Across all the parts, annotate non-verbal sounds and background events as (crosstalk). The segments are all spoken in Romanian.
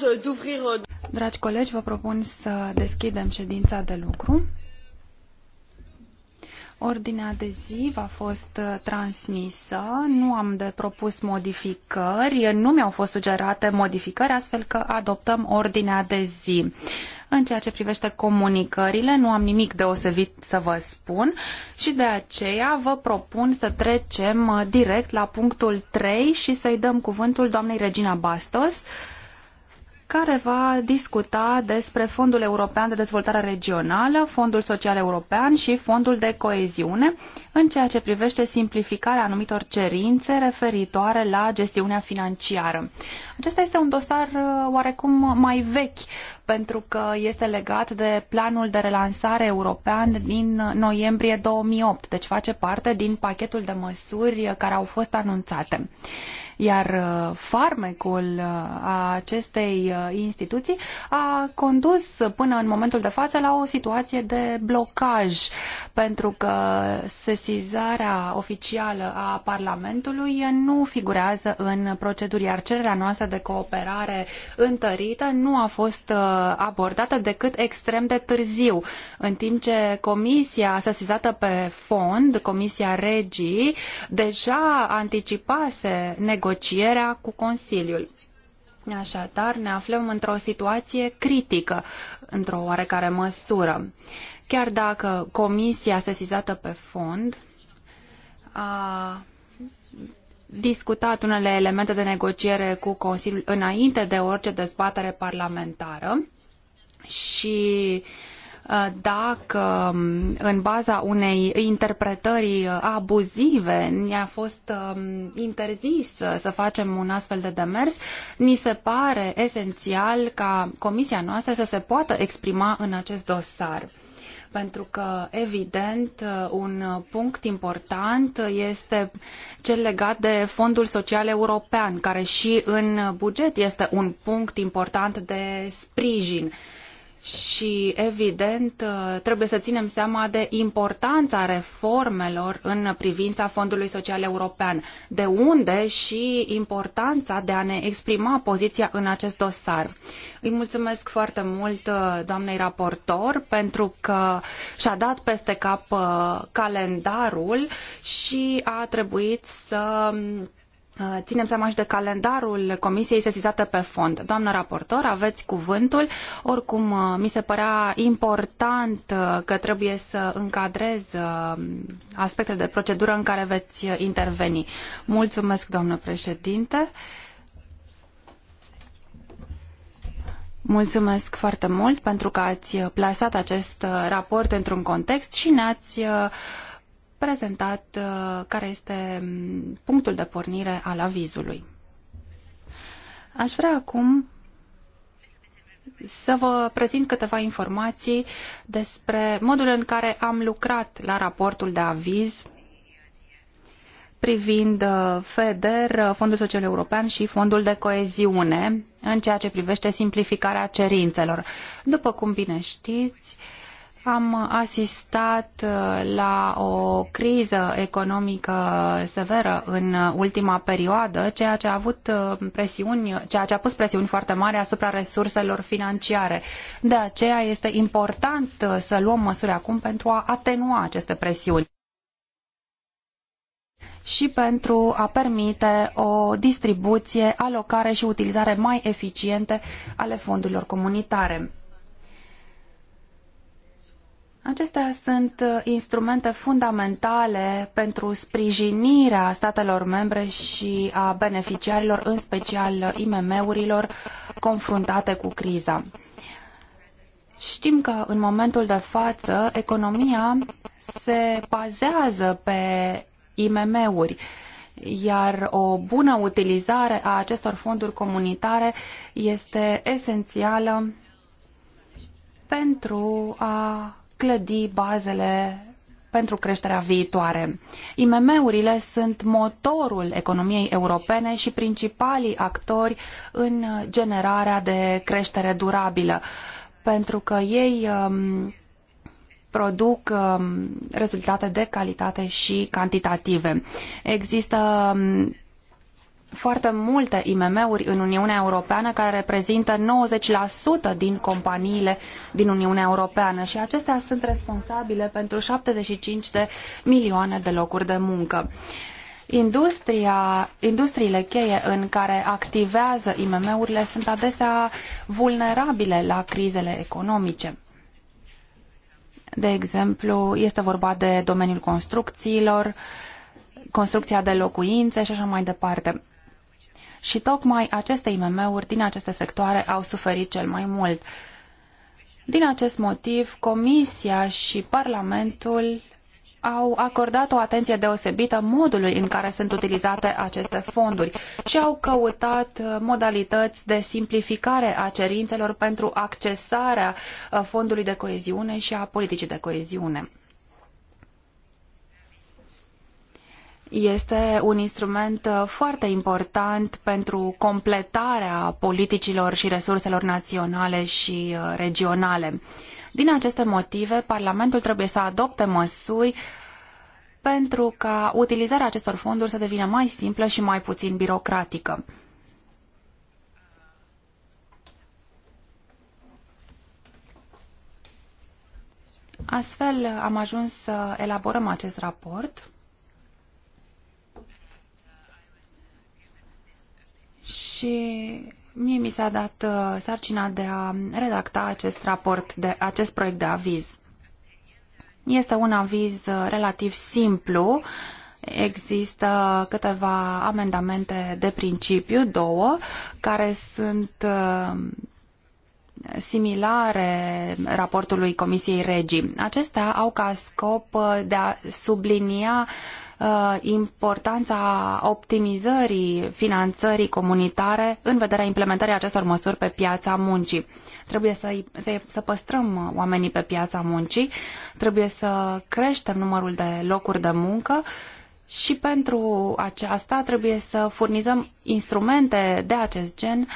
Euh, Dragi colegi, vă propun să deschidem ședința de lucru. Ordinea de zi v-a fost uh, transmisă, nu am de propus modificări, nu mi-au fost sugerate modificări, astfel că adoptăm ordinea de zi. În ceea ce privește comunicările, nu am nimic deosebit să vă spun și de aceea vă propun să trecem uh, direct la punctul 3 și să-i dăm cuvântul doamnei Regina Bastos, care va discuta despre Fondul European de Dezvoltare Regională, Fondul Social European și Fondul de Coeziune în ceea ce privește simplificarea anumitor cerințe referitoare la gestiunea financiară. Acesta este un dosar uh, oarecum mai vechi pentru că este legat de planul de relansare european din noiembrie 2008, deci face parte din pachetul de măsuri care au fost anunțate iar uh, farmecul uh, acestei uh, instituții a condus până în momentul de față la o situație de blocaj, pentru că sesizarea oficială a Parlamentului nu figurează în proceduri, iar cererea noastră de cooperare întărită nu a fost abordată decât extrem de târziu, în timp ce comisia sesizată pe fond, Comisia Regii, deja anticipase negocierile negocierea cu Consiliul. Așadar, ne aflăm într-o situație critică, într-o oarecare măsură. Chiar dacă comisia sesizată pe fond a discutat unele elemente de negociere cu Consiliul înainte de orice dezbatere parlamentară și uh, Uh, dacă um, în baza unei interpretări uh, abuzive ne-a fost um, interzis să facem un astfel de demers, ni se pare esențial ca comisia noastră să se poată exprima în acest dosar pentru că, evident, uh, un punct important este cel legat de Fondul Social European, care și în buget este un punct important de sprijin și, evident, trebuie să ținem seama de importanța reformelor în privința Fondului Social European, de unde și importanța de a ne exprima poziția în acest dosar. Îi mulțumesc foarte mult uh, doamnei raportor pentru că și-a dat peste cap uh, calendarul și a trebuit să Uh, ținem seama și de calendarul comisiei sesizată pe fond. Doamnă raportor, aveți cuvântul. Oricum, uh, mi se părea important uh, că trebuie să încadrez aspectele de procedură în care veți interveni. Mulțumesc, doamnă președinte. Mulțumesc foarte mult pentru că ați plasat acest raport într-un context și ne-ați uh, prezentat uh, care este mm, punctul de pornire al avizului. Aș vrea acum să vă prezint câteva informații despre modul în care am lucrat la raportul de aviz privind uh, FEDER, uh, Fondul Social European și Fondul de Coeziune în ceea ce privește simplificarea cerințelor. După cum bine știți, am asistat uh, la o criză economică severă în ultima perioadă, ceea ce a avut uh, presiuni, ceea ce a pus presiuni foarte mari asupra resurselor financiare. De aceea este important uh, să luăm măsuri acum pentru a atenua aceste presiuni și pentru a permite o distribuție, alocare și utilizare mai eficiente ale fondurilor comunitare. Acestea sunt uh, instrumente fundamentale pentru sprijinirea statelor membre și a beneficiarilor, în special uh, IMM-urilor confruntate cu criza. Știm că în momentul de față economia se bazează pe IMM-uri, iar o bună utilizare a acestor fonduri comunitare este esențială pentru a clădi bazele pentru creșterea viitoare. IMM-urile sunt motorul economiei europene și principalii actori în generarea de creștere durabilă, pentru că ei um, produc um, rezultate de calitate și cantitative. Există um, foarte multe IMM-uri în Uniunea Europeană care reprezintă 90% din companiile din Uniunea Europeană și acestea sunt responsabile pentru 75 de milioane de locuri de muncă. Industria, industriile cheie în care activează IMM-urile sunt adesea vulnerabile la crizele economice. De exemplu, este vorba de domeniul construcțiilor, construcția de locuințe și așa mai departe și tocmai aceste IMM-uri din aceste sectoare au suferit cel mai mult. Din acest motiv, Comisia și Parlamentul au acordat o atenție deosebită modului în care sunt utilizate aceste fonduri și au căutat uh, modalități de simplificare a cerințelor pentru accesarea uh, fondului de coeziune și a politicii de coeziune. este un instrument uh, foarte important pentru completarea politicilor și resurselor naționale și uh, regionale. Din aceste motive, Parlamentul trebuie să adopte măsuri pentru ca utilizarea acestor fonduri să devină mai simplă și mai puțin birocratică. Astfel am ajuns să elaborăm acest raport și mie mi s-a dat uh, sarcina de a redacta acest raport, de acest proiect de aviz. Este un aviz uh, relativ simplu, există câteva amendamente de principiu, două, care sunt uh, similare raportului Comisiei Regii. Acestea au ca scop de a sublinia Uh, importanța optimizării finanțării comunitare în vederea implementării acestor măsuri pe piața muncii. Trebuie să, să păstrăm uh, oamenii pe piața muncii, trebuie să creștem numărul de locuri de muncă și pentru aceasta trebuie să furnizăm instrumente de acest gen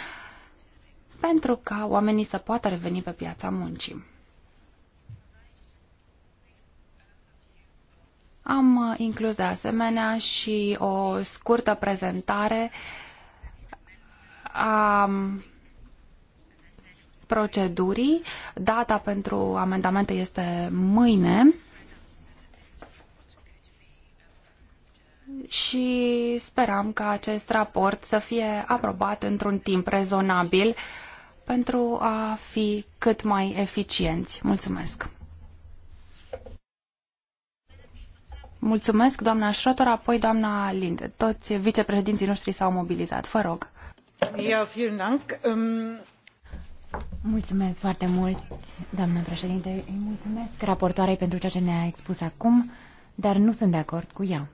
pentru ca oamenii să poată reveni pe piața muncii. Am uh, inclus de asemenea și o scurtă prezentare a um, procedurii. Data pentru amendamente este mâine. Și sperăm ca acest raport să fie aprobat într-un timp rezonabil pentru a fi cât mai eficienți. Mulțumesc! Mulțumesc, doamna Schrotter, apoi doamna Linde. Toți vicepreședinții noștri s-au mobilizat. Vă rog. Ja, vielen Dank. Um... Mulțumesc foarte mult, doamnă președinte. Îi mulțumesc raportoarei pentru ceea ce ne-a expus acum, dar nu sunt de acord cu ea.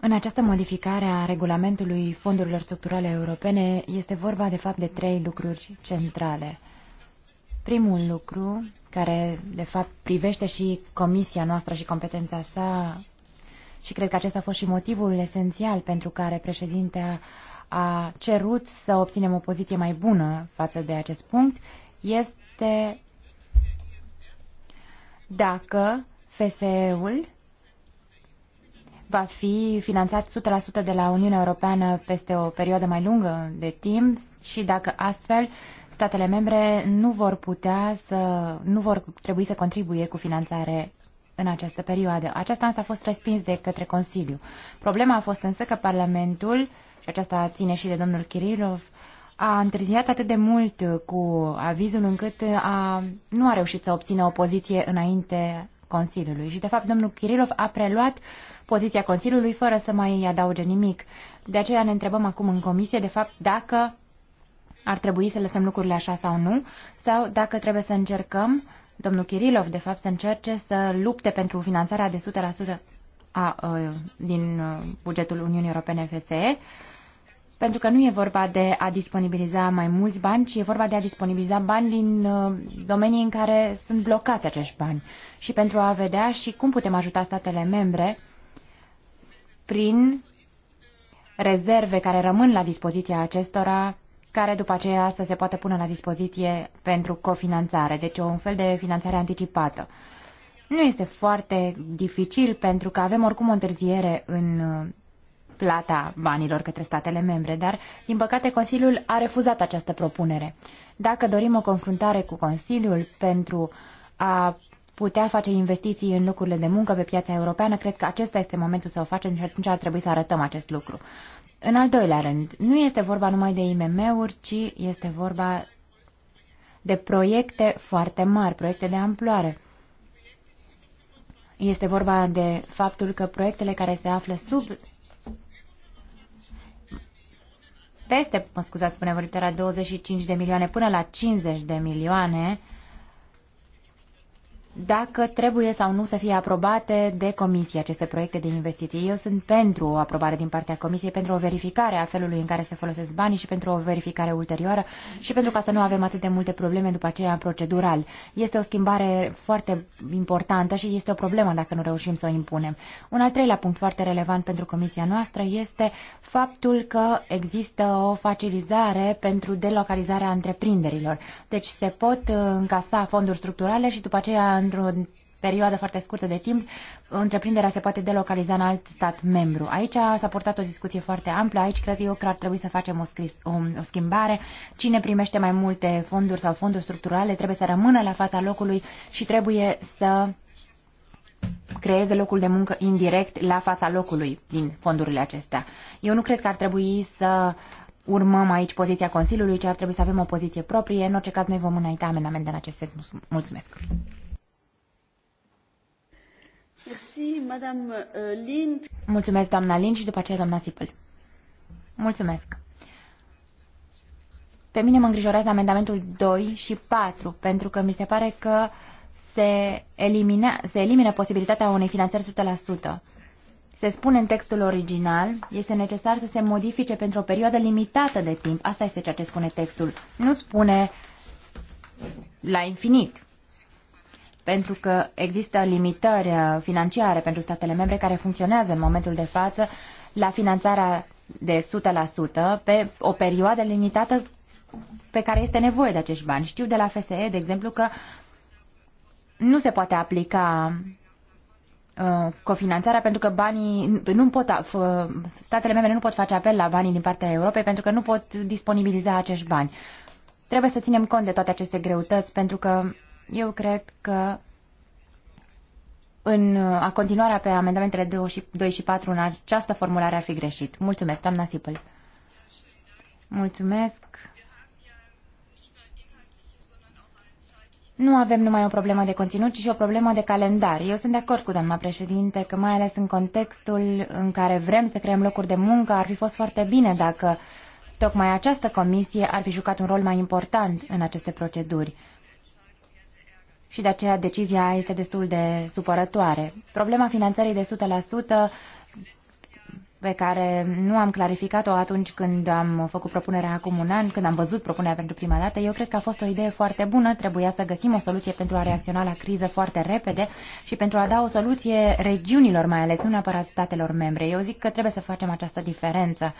În această modificare a regulamentului fondurilor structurale europene este vorba de fapt de trei lucruri centrale – Primul lucru, care de fapt privește și comisia noastră și competența sa, și cred că acesta a fost și motivul esențial pentru care președintea a cerut să obținem o poziție mai bună față de acest punct, este dacă FSE-ul va fi finanțat 100% de la Uniunea Europeană peste o perioadă mai lungă de timp și dacă astfel statele membre nu vor putea să, nu vor trebui să contribuie cu finanțare în această perioadă. Aceasta însă a fost respins de către Consiliu. Problema a fost însă că Parlamentul, și aceasta ține și de domnul Kirilov, a întârziat atât de mult cu avizul încât a, nu a reușit să obțină o poziție înainte Consiliului. Și, de fapt, domnul Kirilov a preluat poziția Consiliului fără să mai adauge nimic. De aceea ne întrebăm acum în comisie, de fapt, dacă ar trebui să lăsăm lucrurile așa sau nu, sau dacă trebuie să încercăm, domnul Kirilov, de fapt, să încerce să lupte pentru finanțarea de 100% a, a, din bugetul Uniunii Europene FSE, pentru că nu e vorba de a disponibiliza mai mulți bani, ci e vorba de a disponibiliza bani din domenii în care sunt blocați acești bani. Și pentru a vedea și cum putem ajuta statele membre prin rezerve care rămân la dispoziția acestora care după aceea să se poată pune la dispoziție pentru cofinanțare, deci un fel de finanțare anticipată. Nu este foarte dificil pentru că avem oricum o întârziere în uh, plata banilor către statele membre, dar, din păcate, Consiliul a refuzat această propunere. Dacă dorim o confruntare cu Consiliul pentru a putea face investiții în locurile de muncă pe piața europeană, cred că acesta este momentul să o facem și atunci ar trebui să arătăm acest lucru. În al doilea rând, nu este vorba numai de IMM-uri, ci este vorba de proiecte foarte mari, proiecte de amploare. Este vorba de faptul că proiectele care se află sub peste, mă scuzați, spune vorbitoarea, 25 de milioane până la 50 de milioane, uh, dacă trebuie sau nu să fie aprobate de comisie aceste proiecte de investiții. Eu sunt pentru o aprobare din partea comisiei, pentru o verificare a felului în care se folosesc banii și pentru o verificare ulterioară și pentru ca să nu avem atât de multe probleme după aceea procedural. Este o schimbare foarte importantă și este o problemă dacă nu reușim să o impunem. Un al treilea punct foarte relevant pentru comisia noastră este faptul că există o facilizare pentru delocalizarea întreprinderilor. Deci se pot încasa fonduri structurale și după aceea într-o perioadă foarte scurtă de timp, întreprinderea se poate delocaliza în alt stat membru. Aici s-a portat o discuție foarte amplă, aici cred eu că ar trebui să facem o, scris, o, o schimbare. Cine primește mai multe fonduri sau fonduri structurale trebuie să rămână la fața locului și trebuie să creeze locul de muncă indirect la fața locului din fondurile acestea. Eu nu cred că ar trebui să urmăm aici poziția Consiliului, ci ar trebui să avem o poziție proprie. În orice caz, noi vom înainta amendamente în acest sens. Mulțumesc! Euh, Mulțumesc, doamna Lin și după aceea doamna Sipel. Mulțumesc. Pe mine mă îngrijorează amendamentul 2 și 4, pentru că mi se pare că se, elimina, se elimină posibilitatea unei finanțări 100%. Se spune în textul original, este necesar să se modifice pentru o perioadă limitată de timp. Asta este ceea ce spune textul. Nu spune la infinit pentru că există limitări uh, financiare pentru statele membre care funcționează în momentul de față la finanțarea de 100% pe o perioadă limitată pe care este nevoie de acești bani. Știu de la FSE, de exemplu, că nu se poate aplica uh, cofinanțarea pentru că banii nu pot uh, statele membre nu pot face apel la banii din partea Europei pentru că nu pot disponibiliza acești bani. Trebuie să ținem cont de toate aceste greutăți pentru că eu cred că în a continuarea pe amendamentele 2 și, 2 și 4 în această formulare ar fi greșit. Mulțumesc, doamna Sipăl. Mulțumesc. Nu avem numai o problemă de conținut, ci și o problemă de calendar. Eu sunt de acord cu doamna președinte că mai ales în contextul în care vrem să creăm locuri de muncă, ar fi fost foarte bine dacă tocmai această comisie ar fi jucat un rol mai important în aceste proceduri și de aceea decizia este destul de supărătoare. Problema finanțării de 100% pe care nu am clarificat-o atunci când am făcut propunerea acum un an, când am văzut propunerea pentru prima dată, eu cred că a fost o idee foarte bună, trebuia să găsim o soluție pentru a reacționa la criză foarte repede și pentru a da o soluție regiunilor mai ales, nu neapărat statelor membre. Eu zic că trebuie să facem această diferență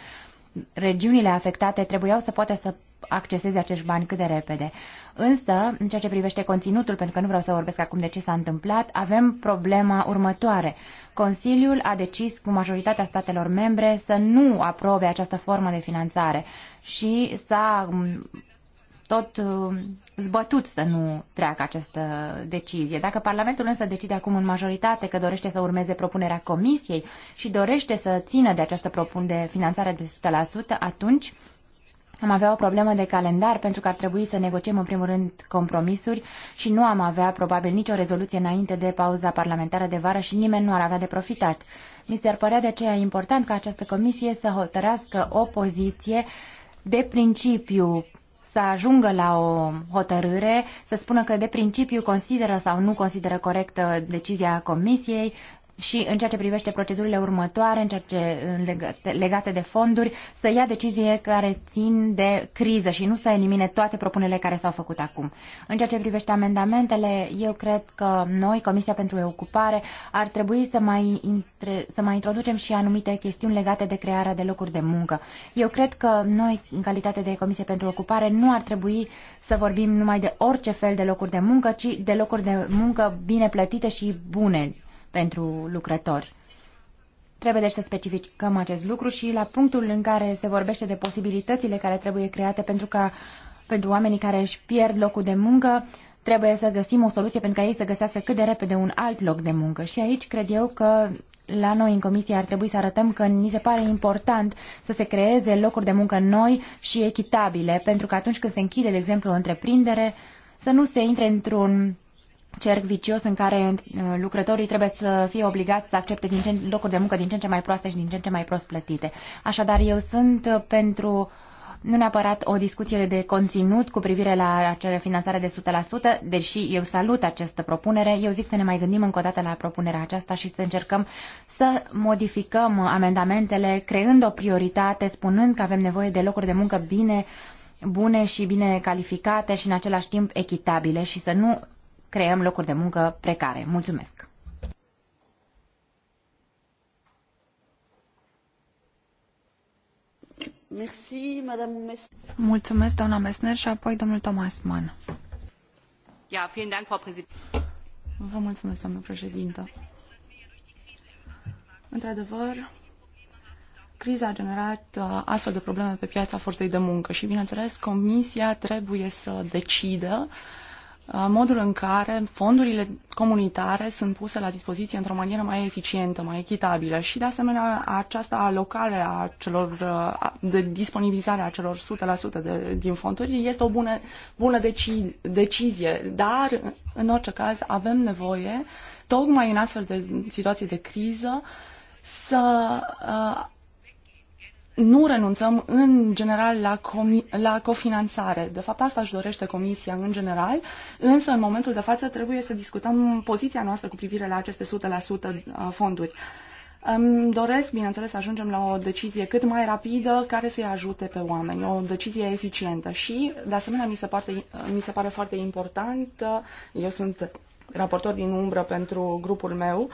regiunile afectate trebuiau să poată să acceseze acești bani cât de repede. Însă, în ceea ce privește conținutul, pentru că nu vreau să vorbesc acum de ce s-a întâmplat, avem problema următoare. Consiliul a decis cu majoritatea statelor membre să nu aprobe această formă de finanțare și s-a tot uh, zbătut să nu treacă această decizie. Dacă Parlamentul însă decide acum în majoritate că dorește să urmeze propunerea Comisiei și dorește să țină de această propunere de finanțare de 100%, atunci am avea o problemă de calendar pentru că ar trebui să negociem în primul rând compromisuri și nu am avea probabil nicio rezoluție înainte de pauza parlamentară de vară și nimeni nu ar avea de profitat. Mi se ar părea de aceea important ca această comisie să hotărească o poziție de principiu să ajungă la o hotărâre, să spună că de principiu consideră sau nu consideră corectă uh, decizia Comisiei, și în ceea ce privește procedurile următoare, în ceea ce legate, de fonduri, să ia decizie care țin de criză și nu să elimine toate propunerile care s-au făcut acum. În ceea ce privește amendamentele, eu cred că noi, Comisia pentru Ocupare, ar trebui să mai, intre, să mai introducem și anumite chestiuni legate de crearea de locuri de muncă. Eu cred că noi, în calitate de Comisie pentru Ocupare, nu ar trebui să vorbim numai de orice fel de locuri de muncă, ci de locuri de muncă bine plătite și bune, pentru lucrători. Trebuie deci să specificăm acest lucru și la punctul în care se vorbește de posibilitățile care trebuie create pentru ca pentru oamenii care își pierd locul de muncă, trebuie să găsim o soluție pentru ca ei să găsească cât de repede un alt loc de muncă. Și aici cred eu că la noi în comisie ar trebui să arătăm că ni se pare important să se creeze locuri de muncă noi și echitabile, pentru că atunci când se închide, de exemplu, o întreprindere, să nu se intre într-un cerc vicios în care uh, lucrătorii trebuie să fie obligați să accepte din ce, locuri de muncă din ce în ce mai proaste și din ce în ce mai prost plătite. Așadar, eu sunt uh, pentru nu neapărat o discuție de conținut cu privire la acele finanțare de 100%, deși eu salut această propunere, eu zic să ne mai gândim încă o dată la propunerea aceasta și să încercăm să modificăm amendamentele, creând o prioritate, spunând că avem nevoie de locuri de muncă bine bune și bine calificate și în același timp echitabile și să nu creăm locuri de muncă precare. Mulțumesc! Merci, Madame Mulțumesc, doamna Messner, și apoi domnul Thomas Mann. Ja, vielen Dank, Frau Präsidentin. Vă mulțumesc, doamnă președintă. Într-adevăr, criza a generat uh, astfel de probleme pe piața forței de muncă și, bineînțeles, Comisia trebuie să decidă uh, modul în care fondurile comunitare sunt puse la dispoziție într-o manieră mai eficientă, mai echitabilă și, de asemenea, această alocare a celor, de disponibilizare a celor 100% de, din fonduri este o bună, bună deci, decizie, dar, în orice caz, avem nevoie, tocmai în astfel de situații de criză, să uh, nu renunțăm în general la, la cofinanțare. De fapt, asta își dorește Comisia în general, însă în momentul de față trebuie să discutăm poziția noastră cu privire la aceste 100% uh, fonduri. Îmi doresc, bineînțeles, să ajungem la o decizie cât mai rapidă care să-i ajute pe oameni, o decizie eficientă și, de asemenea, mi se, poate, uh, mi se pare foarte important, uh, eu sunt raportor din umbră pentru grupul meu, uh,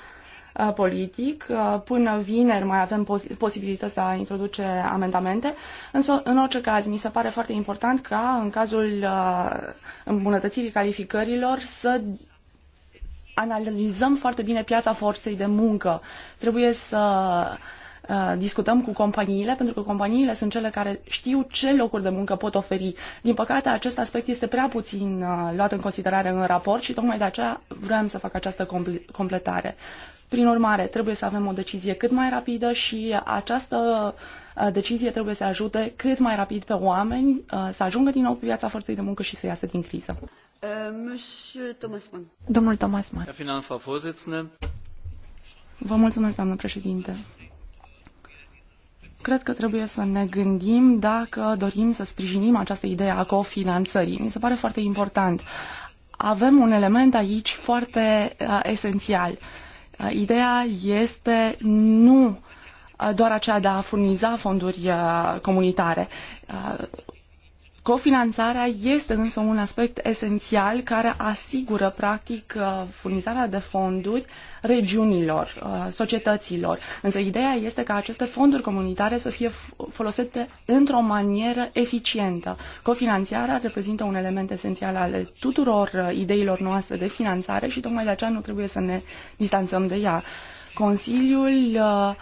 Uh, politic. Uh, până vineri mai avem posibilitatea de a introduce amendamente, însă în orice caz mi se pare foarte important ca în cazul uh, îmbunătățirii calificărilor să analizăm foarte bine piața forței de muncă. Trebuie să discutăm cu companiile, pentru că companiile sunt cele care știu ce locuri de muncă pot oferi. Din păcate, acest aspect este prea puțin luat în considerare în raport și tocmai de aceea vreau să fac această completare. Prin urmare, trebuie să avem o decizie cât mai rapidă și această uh, decizie trebuie să ajute cât mai rapid pe oameni uh, să ajungă din nou pe viața forței de muncă și să iasă din criză. Uh, Thomas Mann. Domnul Thomas Mann. Vă mulțumesc, doamnă președinte. Cred că trebuie să ne gândim dacă dorim să sprijinim această idee a cofinanțării. Mi se pare foarte important. Avem un element aici foarte uh, esențial. Uh, Ideea este nu uh, doar aceea de a furniza fonduri uh, comunitare. Uh, Cofinanțarea este însă un aspect esențial care asigură, practic, uh, furnizarea de fonduri regiunilor, uh, societăților. Însă ideea este ca aceste fonduri comunitare să fie folosite într-o manieră eficientă. Cofinanțarea reprezintă un element esențial al tuturor uh, ideilor noastre de finanțare și tocmai de aceea nu trebuie să ne distanțăm de ea. Consiliul uh,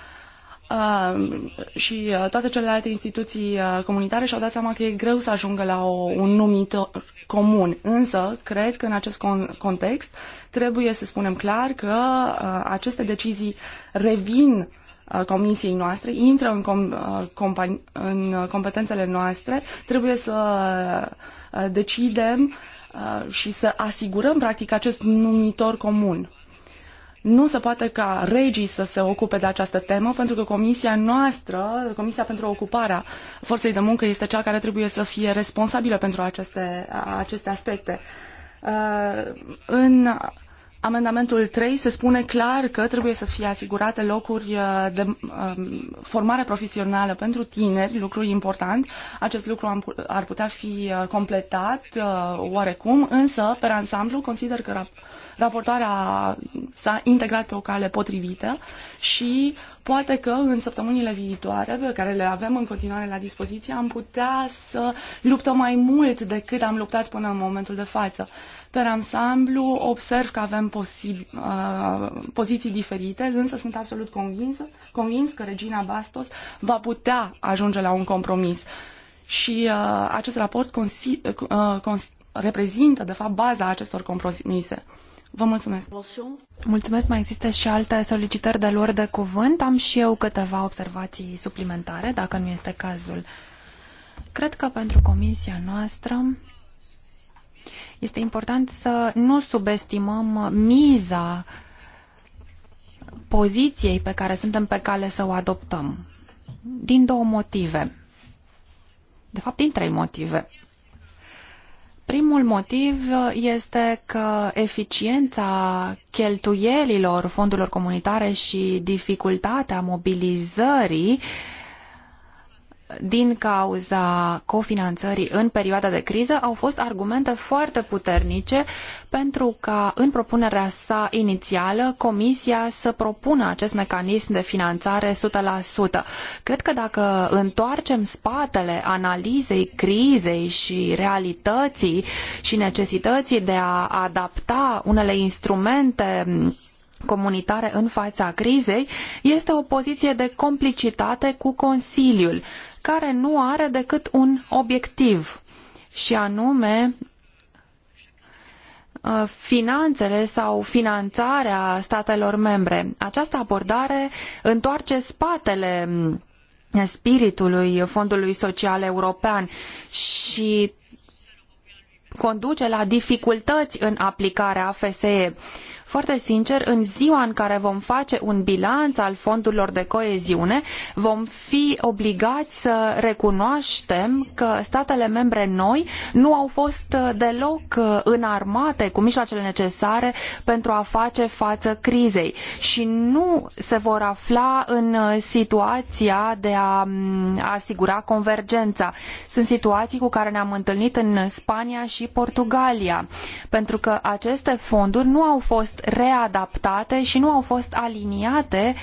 Um, și uh, toate celelalte instituții uh, comunitare și-au dat seama că e greu să ajungă la o, un numitor comun. Însă, cred că în acest con- context trebuie să spunem clar că uh, aceste decizii revin comisiei noastre, intră în, com- în competențele noastre, trebuie să decidem și să asigurăm, practic, acest numitor comun. Nu se poate ca regii să se ocupe de această temă, pentru că comisia noastră, Comisia pentru Ocuparea Forței de Muncă, este cea care trebuie să fie responsabilă pentru aceste, aceste aspecte. Uh, în amendamentul 3 se spune clar că trebuie să fie asigurate locuri uh, de uh, formare profesională pentru tineri, lucru important. Acest lucru ar putea fi completat oarecum, însă, pe ansamblu, consider că raportarea s-a integrat pe o cale potrivită și poate că în săptămânile viitoare, pe care le avem în continuare la dispoziție, am putea să luptăm mai mult decât am luptat până în momentul de față. Pe ansamblu observ că avem posi- uh, poziții diferite, însă sunt absolut convinsă, convins că Regina Bastos va putea ajunge la un compromis. Și uh, acest raport consi- uh, cons- reprezintă, de fapt, baza acestor compromise. Vă mulțumesc. Mulțumesc. Mai există și alte solicitări de luări de cuvânt. Am și eu câteva observații suplimentare, dacă nu este cazul. Cred că pentru comisia noastră este important să nu subestimăm miza poziției pe care suntem pe cale să o adoptăm. Din două motive. De fapt, din trei motive. Primul motiv uh, este că eficiența cheltuielilor fondurilor comunitare și dificultatea mobilizării uh, din cauza cofinanțării în perioada de criză au fost argumente foarte puternice pentru ca în propunerea sa inițială Comisia să propună acest mecanism de finanțare 100%. Cred că dacă întoarcem spatele analizei crizei și realității și necesității de a adapta unele instrumente comunitare în fața crizei este o poziție de complicitate cu Consiliul care nu are decât un obiectiv și anume uh, finanțele sau finanțarea statelor membre. Această abordare întoarce spatele mm, spiritului Fondului Social European și conduce la dificultăți în aplicarea FSE. Foarte sincer, în ziua în care vom face un bilanț al fondurilor de coeziune, vom fi obligați să recunoaștem că statele membre noi nu au fost uh, deloc uh, înarmate cu mijloacele necesare pentru a face față crizei și nu se vor afla în uh, situația de a mm, asigura convergența. Sunt situații cu care ne-am întâlnit în Spania și Portugalia, pentru că aceste fonduri nu au fost readaptate și nu au fost aliniate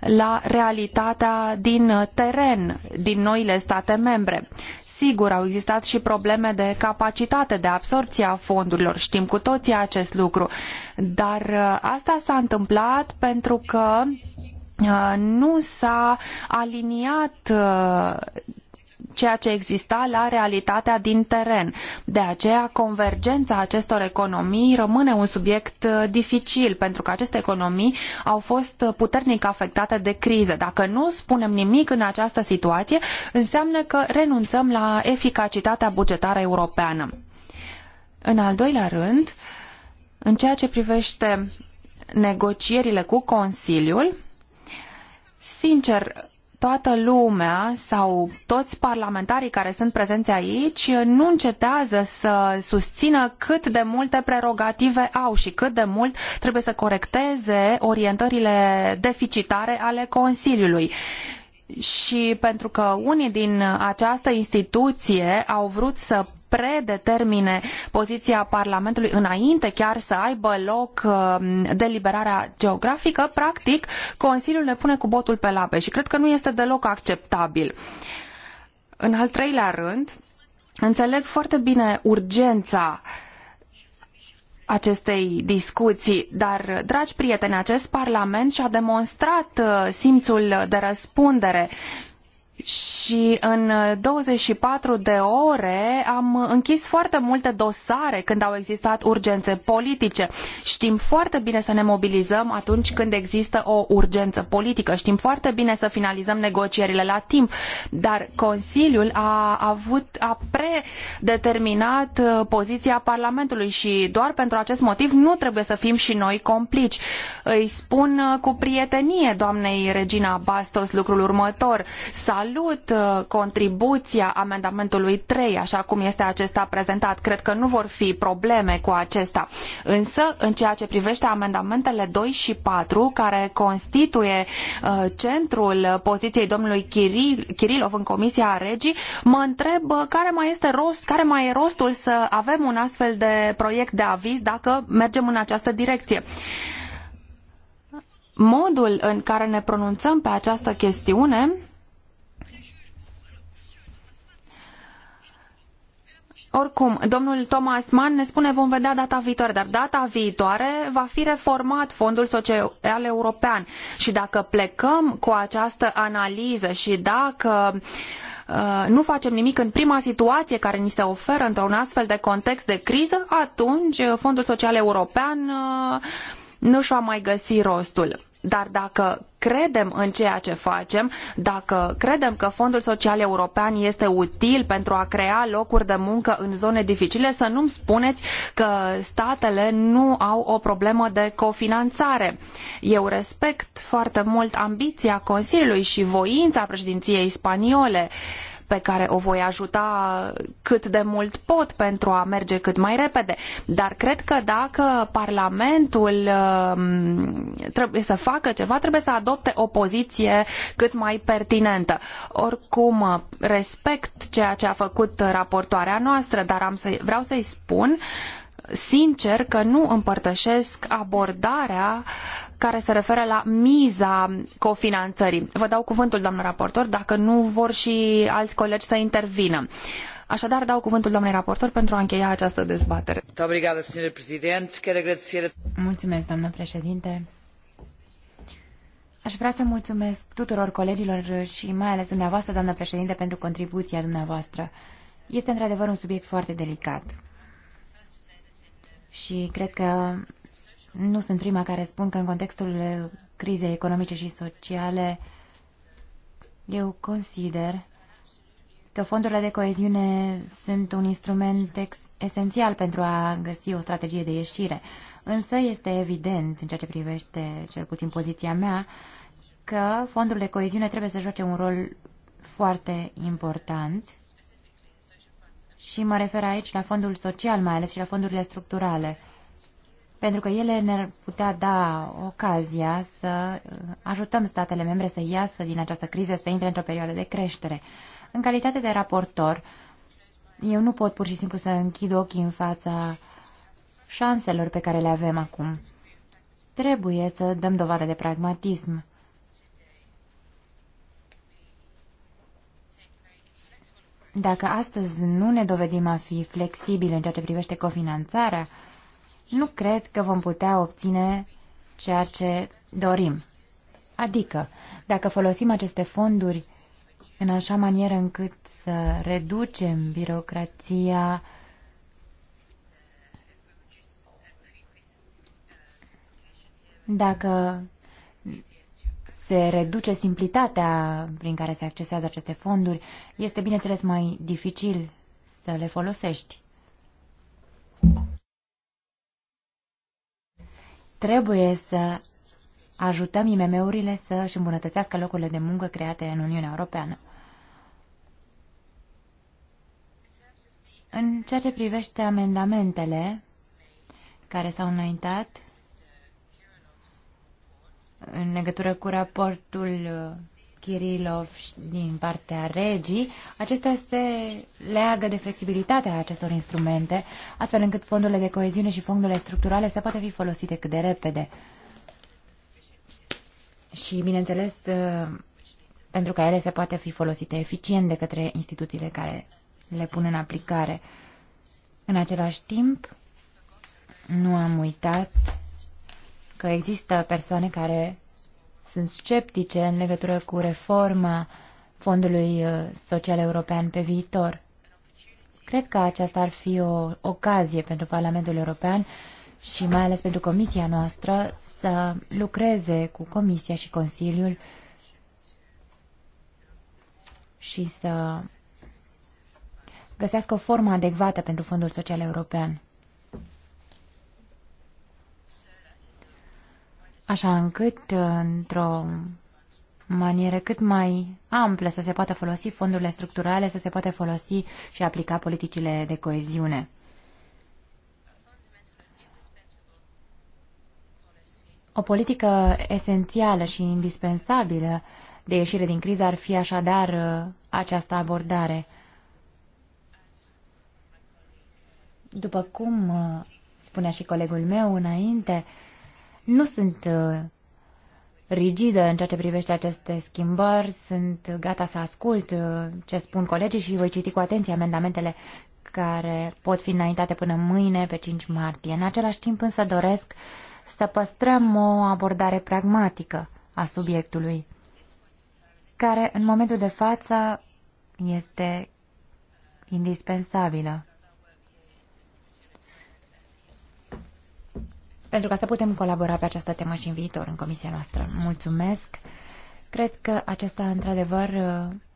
la realitatea din teren, din noile state membre. Sigur, au existat și probleme de capacitate de absorție a fondurilor, știm cu toții acest lucru, dar uh, asta s-a întâmplat pentru că uh, nu s-a aliniat uh, ceea ce exista la realitatea din teren. De aceea, convergența acestor economii rămâne un subiect uh, dificil, pentru că aceste economii au fost puternic afectate de criză. Dacă nu spunem nimic în această situație, înseamnă că renunțăm la eficacitatea bugetară europeană. În al doilea rând, în ceea ce privește negocierile cu Consiliul, sincer, toată lumea sau toți parlamentarii care sunt prezenți aici nu încetează să susțină cât de multe prerogative au și cât de mult trebuie să corecteze orientările deficitare ale Consiliului și pentru că unii din această instituție au vrut să predetermine poziția Parlamentului înainte chiar să aibă loc uh, deliberarea geografică, practic Consiliul ne pune cu botul pe labe și cred că nu este deloc acceptabil. În al treilea rând, înțeleg foarte bine urgența acestei discuții, dar, dragi prieteni, acest Parlament și-a demonstrat uh, simțul de răspundere și în 24 uh, de ore am închis foarte multe dosare când au existat urgențe politice. Știm foarte bine să ne mobilizăm atunci când există o urgență politică. Știm foarte bine să finalizăm negocierile la timp, dar Consiliul a avut a predeterminat uh, poziția Parlamentului și doar pentru acest motiv nu trebuie să fim și noi complici. Îi spun uh, cu prietenie doamnei Regina Bastos lucrul următor. Să salut uh, contribuția amendamentului 3, așa cum este acesta prezentat. Cred că nu vor fi probleme cu acesta. Însă, în ceea ce privește amendamentele 2 și 4, care constituie uh, centrul poziției domnului Kirilov în Comisia Regii, mă întreb uh, care mai este rost, care mai e rostul să avem un astfel de proiect de aviz dacă mergem în această direcție. Modul în care ne pronunțăm pe această chestiune Oricum, domnul Thomas Mann ne spune vom vedea data viitoare, dar data viitoare va fi reformat Fondul Social European și dacă plecăm cu această analiză și dacă uh, nu facem nimic în prima situație care ni se oferă într-un astfel de context de criză, atunci Fondul Social European uh, nu își va mai găsi rostul. Dar dacă credem în ceea ce facem, dacă credem că Fondul Social European este util pentru a crea locuri de muncă în zone dificile, să nu-mi spuneți că statele nu au o problemă de cofinanțare. Eu respect foarte mult ambiția Consiliului și voința președinției spaniole pe care o voi ajuta cât de mult pot pentru a merge cât mai repede. Dar cred că dacă Parlamentul um, trebuie să facă ceva, trebuie să adopte o poziție cât mai pertinentă. Oricum, respect ceea ce a făcut raportoarea noastră, dar am să, vreau să-i spun sincer că nu împărtășesc abordarea care se referă la miza cofinanțării. Vă dau cuvântul, doamnă raportor, dacă nu vor și alți colegi să intervină. Așadar, dau cuvântul doamnei raportor pentru a încheia această dezbatere. Mulțumesc, doamnă președinte. Aș vrea să mulțumesc tuturor colegilor și mai ales dumneavoastră, doamnă președinte, pentru contribuția dumneavoastră. Este într-adevăr un subiect foarte delicat și cred că nu sunt prima care spun că în contextul crizei economice și sociale eu consider că fondurile de coeziune sunt un instrument esențial pentru a găsi o strategie de ieșire. Însă este evident, în ceea ce privește cel puțin poziția mea, că fondul de coeziune trebuie să joace un rol foarte important și mă refer aici la fondul social, mai ales și la fondurile structurale, pentru că ele ne-ar putea da ocazia să uh, ajutăm statele membre să iasă din această criză, să intre într-o perioadă de creștere. În calitate de raportor, eu nu pot pur și simplu să închid ochii în fața șanselor pe care le avem acum. Trebuie să dăm dovadă de pragmatism. Dacă astăzi nu ne dovedim a fi flexibili în ceea ce privește cofinanțarea, nu cred că vom putea obține ceea ce dorim. Adică, dacă folosim aceste fonduri în așa manieră încât să reducem birocrația, dacă se reduce simplitatea prin care se accesează aceste fonduri, este bineînțeles mai dificil să le folosești. Trebuie să ajutăm IMM-urile să își îmbunătățească locurile de muncă create în Uniunea Europeană. În ceea ce privește amendamentele care s-au înaintat, în legătură cu raportul uh, Kirilov din partea regii, acestea se leagă de flexibilitatea acestor instrumente, astfel încât fondurile de coeziune și fondurile structurale să poată fi folosite cât de repede. Și, bineînțeles, uh, pentru ca ele să poată fi folosite eficient de către instituțiile care le pun în aplicare. În același timp, nu am uitat că există persoane care sunt sceptice în legătură cu reforma Fondului uh, Social European pe viitor. Cred că aceasta ar fi o ocazie pentru Parlamentul European și mai ales pentru Comisia noastră să lucreze cu Comisia și Consiliul și să găsească o formă adecvată pentru Fondul Social European. așa încât, într-o manieră cât mai amplă, să se poată folosi fondurile structurale, să se poată folosi și aplica politicile de coeziune. O politică esențială și indispensabilă de ieșire din criză ar fi așadar uh, această abordare. După cum uh, spunea și colegul meu înainte, nu sunt uh, rigidă în ceea ce privește aceste schimbări, sunt gata să ascult uh, ce spun colegii și voi citi cu atenție amendamentele care pot fi înaintate până mâine, pe 5 martie. În același timp însă doresc să păstrăm o abordare pragmatică a subiectului, care în momentul de față este indispensabilă. pentru ca să putem colabora pe această temă și în viitor în comisia noastră. Mulțumesc! Cred că acesta, într-adevăr,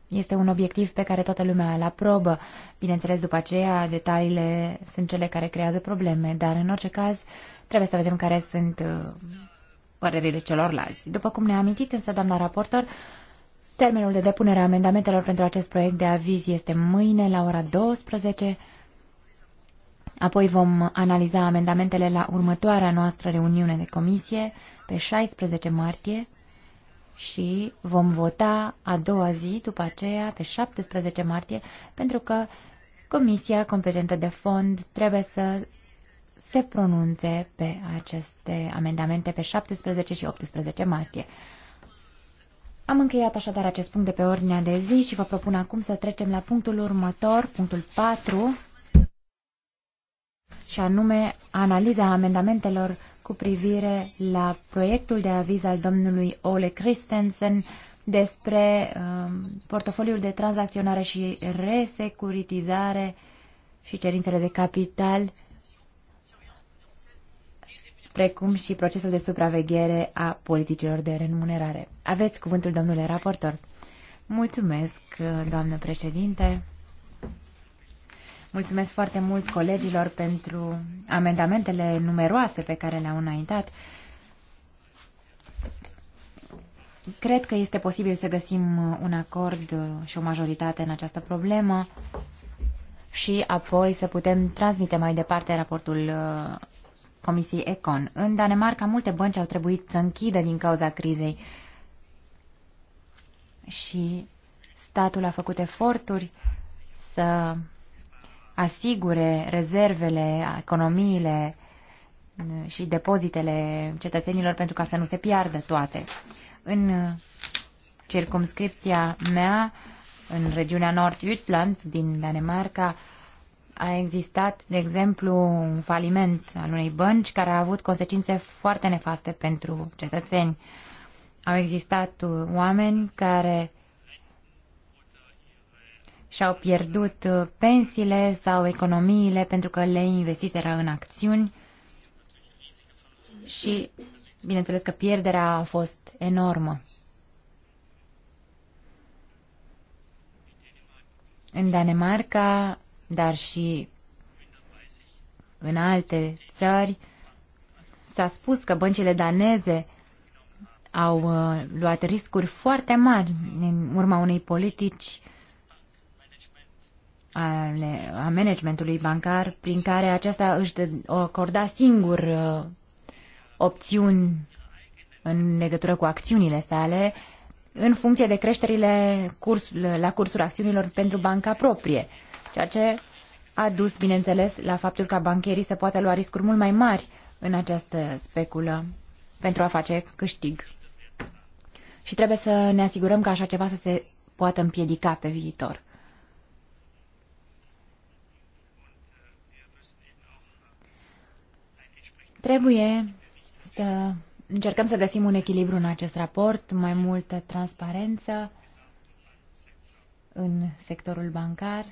este un obiectiv pe care toată lumea îl aprobă. Bineînțeles, după aceea, detaliile sunt cele care creează probleme, dar, în orice caz, trebuie să vedem care sunt uh, părerile celorlalți. După cum ne-a amintit, însă, doamna raportor, termenul de depunere a amendamentelor pentru acest proiect de aviz este mâine la ora 12. Apoi vom analiza amendamentele la următoarea noastră reuniune de comisie pe 16 martie și vom vota a doua zi după aceea pe 17 martie pentru că comisia competentă de fond trebuie să se pronunțe pe aceste amendamente pe 17 și 18 martie. Am încheiat așadar acest punct de pe ordinea de zi și vă propun acum să trecem la punctul următor, punctul 4, și anume analiza amendamentelor cu privire la proiectul de aviz al domnului Ole Christensen despre um, portofoliul de tranzacționare și resecuritizare și cerințele de capital, precum și procesul de supraveghere a politicilor de remunerare. Aveți cuvântul, domnule raportor. Mulțumesc, doamnă președinte. Mulțumesc foarte mult colegilor pentru amendamentele numeroase pe care le-au înaintat. Cred că este posibil să găsim un acord și o majoritate în această problemă și apoi să putem transmite mai departe raportul uh, Comisiei Econ. În Danemarca, multe bănci au trebuit să închidă din cauza crizei și statul a făcut eforturi să asigure rezervele, economiile mm, și depozitele cetățenilor pentru ca să nu se piardă toate. În circumscripția mea, în regiunea Nord Jutland din Danemarca, a existat, de exemplu, un faliment al unei bănci care a avut consecințe foarte nefaste pentru cetățeni. Au existat uh, oameni care și-au pierdut uh, pensiile sau economiile pentru că le investiseră în acțiuni și, bineînțeles că pierderea a fost enormă. În Danemarca, dar și în alte țări, s-a spus că băncile daneze au uh, luat riscuri foarte mari în urma unei politici uh, ale, a managementului bancar prin care acesta își acorda singur uh, opțiuni în legătură cu acțiunile sale în funcție de creșterile curs, la cursul acțiunilor pentru banca proprie, ceea ce a dus, bineînțeles, la faptul ca bancherii să poată lua riscuri mult mai mari în această speculă pentru a face câștig. Și trebuie să ne asigurăm că așa ceva să se poată împiedica pe viitor. Trebuie să încercăm să găsim un echilibru în acest raport, mai multă transparență în sectorul bancar.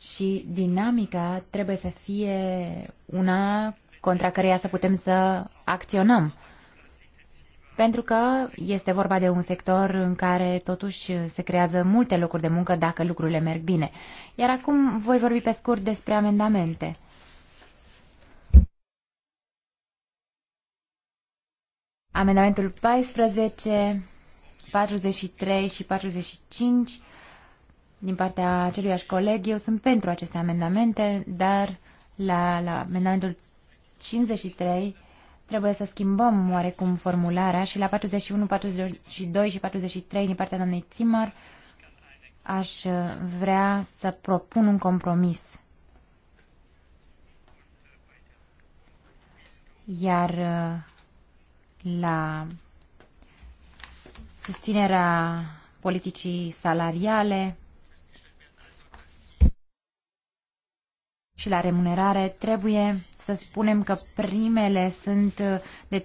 Și dinamica trebuie să fie una contra căreia să putem să acționăm pentru că este vorba de un sector în care totuși se creează multe locuri de muncă dacă lucrurile merg bine. Iar acum voi vorbi pe scurt despre amendamente. Amendamentul 14, 43 și 45 din partea aceluiași coleg, eu sunt pentru aceste amendamente, dar la, la amendamentul 53 Trebuie să schimbăm oarecum formularea și la 41, 42 și 43 din partea doamnei Zimmer aș vrea să propun un compromis. Iar uh, la susținerea politicii salariale, și la remunerare, trebuie să spunem că primele sunt uh,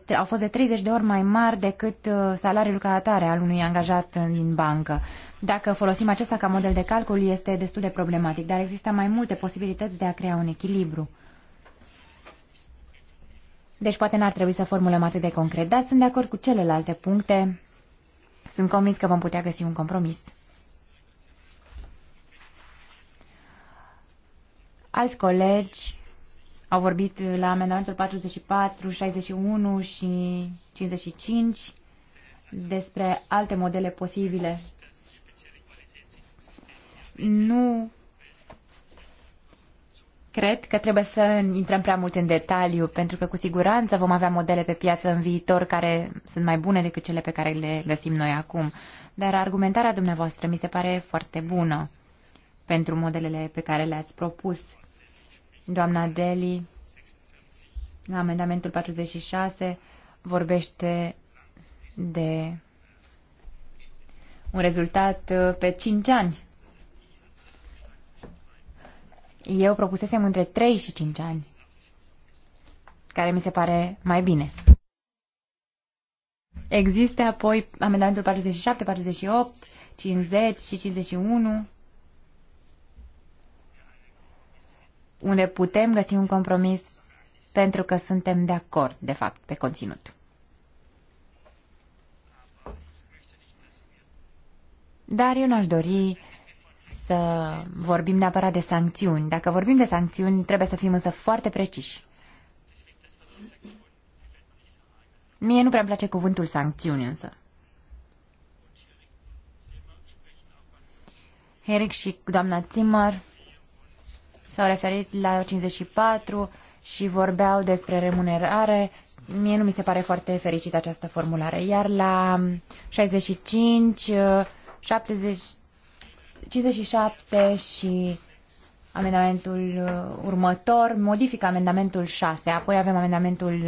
de, au fost de 30 de ori mai mari decât uh, salariul ca atare al unui angajat din bancă. Dacă folosim acesta ca model de calcul, este destul de problematic, dar există mai multe posibilități de a crea un echilibru. Deci poate n-ar trebui să formulăm atât de concret, dar sunt de acord cu celelalte puncte. Sunt convins că vom putea găsi un compromis. Alți colegi au vorbit la amendamentul 44, 61 și 55 despre alte modele posibile. Nu cred că trebuie să intrăm prea mult în detaliu, pentru că cu siguranță vom avea modele pe piață în viitor care sunt mai bune decât cele pe care le găsim noi acum. Dar argumentarea dumneavoastră mi se pare foarte bună pentru modelele pe care le-ați propus. Doamna Deli, la amendamentul 46, vorbește de un rezultat uh, pe 5 ani. Eu propusesem între 3 și 5 ani, care mi se pare mai bine. Există apoi amendamentul 47, 48, 50 și 51 unde putem găsi un compromis pentru că suntem de acord, de fapt, pe conținut. Dar eu n-aș dori să vorbim neapărat de sancțiuni. Dacă vorbim de sancțiuni, trebuie să fim însă foarte preciși. Mie nu prea îmi place cuvântul sancțiuni însă. Eric și doamna Zimmer s-au referit la 54 și vorbeau despre remunerare. Mie nu mi se pare foarte fericită această formulare. Iar la 65, 70, 57 și amendamentul următor modifică amendamentul 6. Apoi avem amendamentul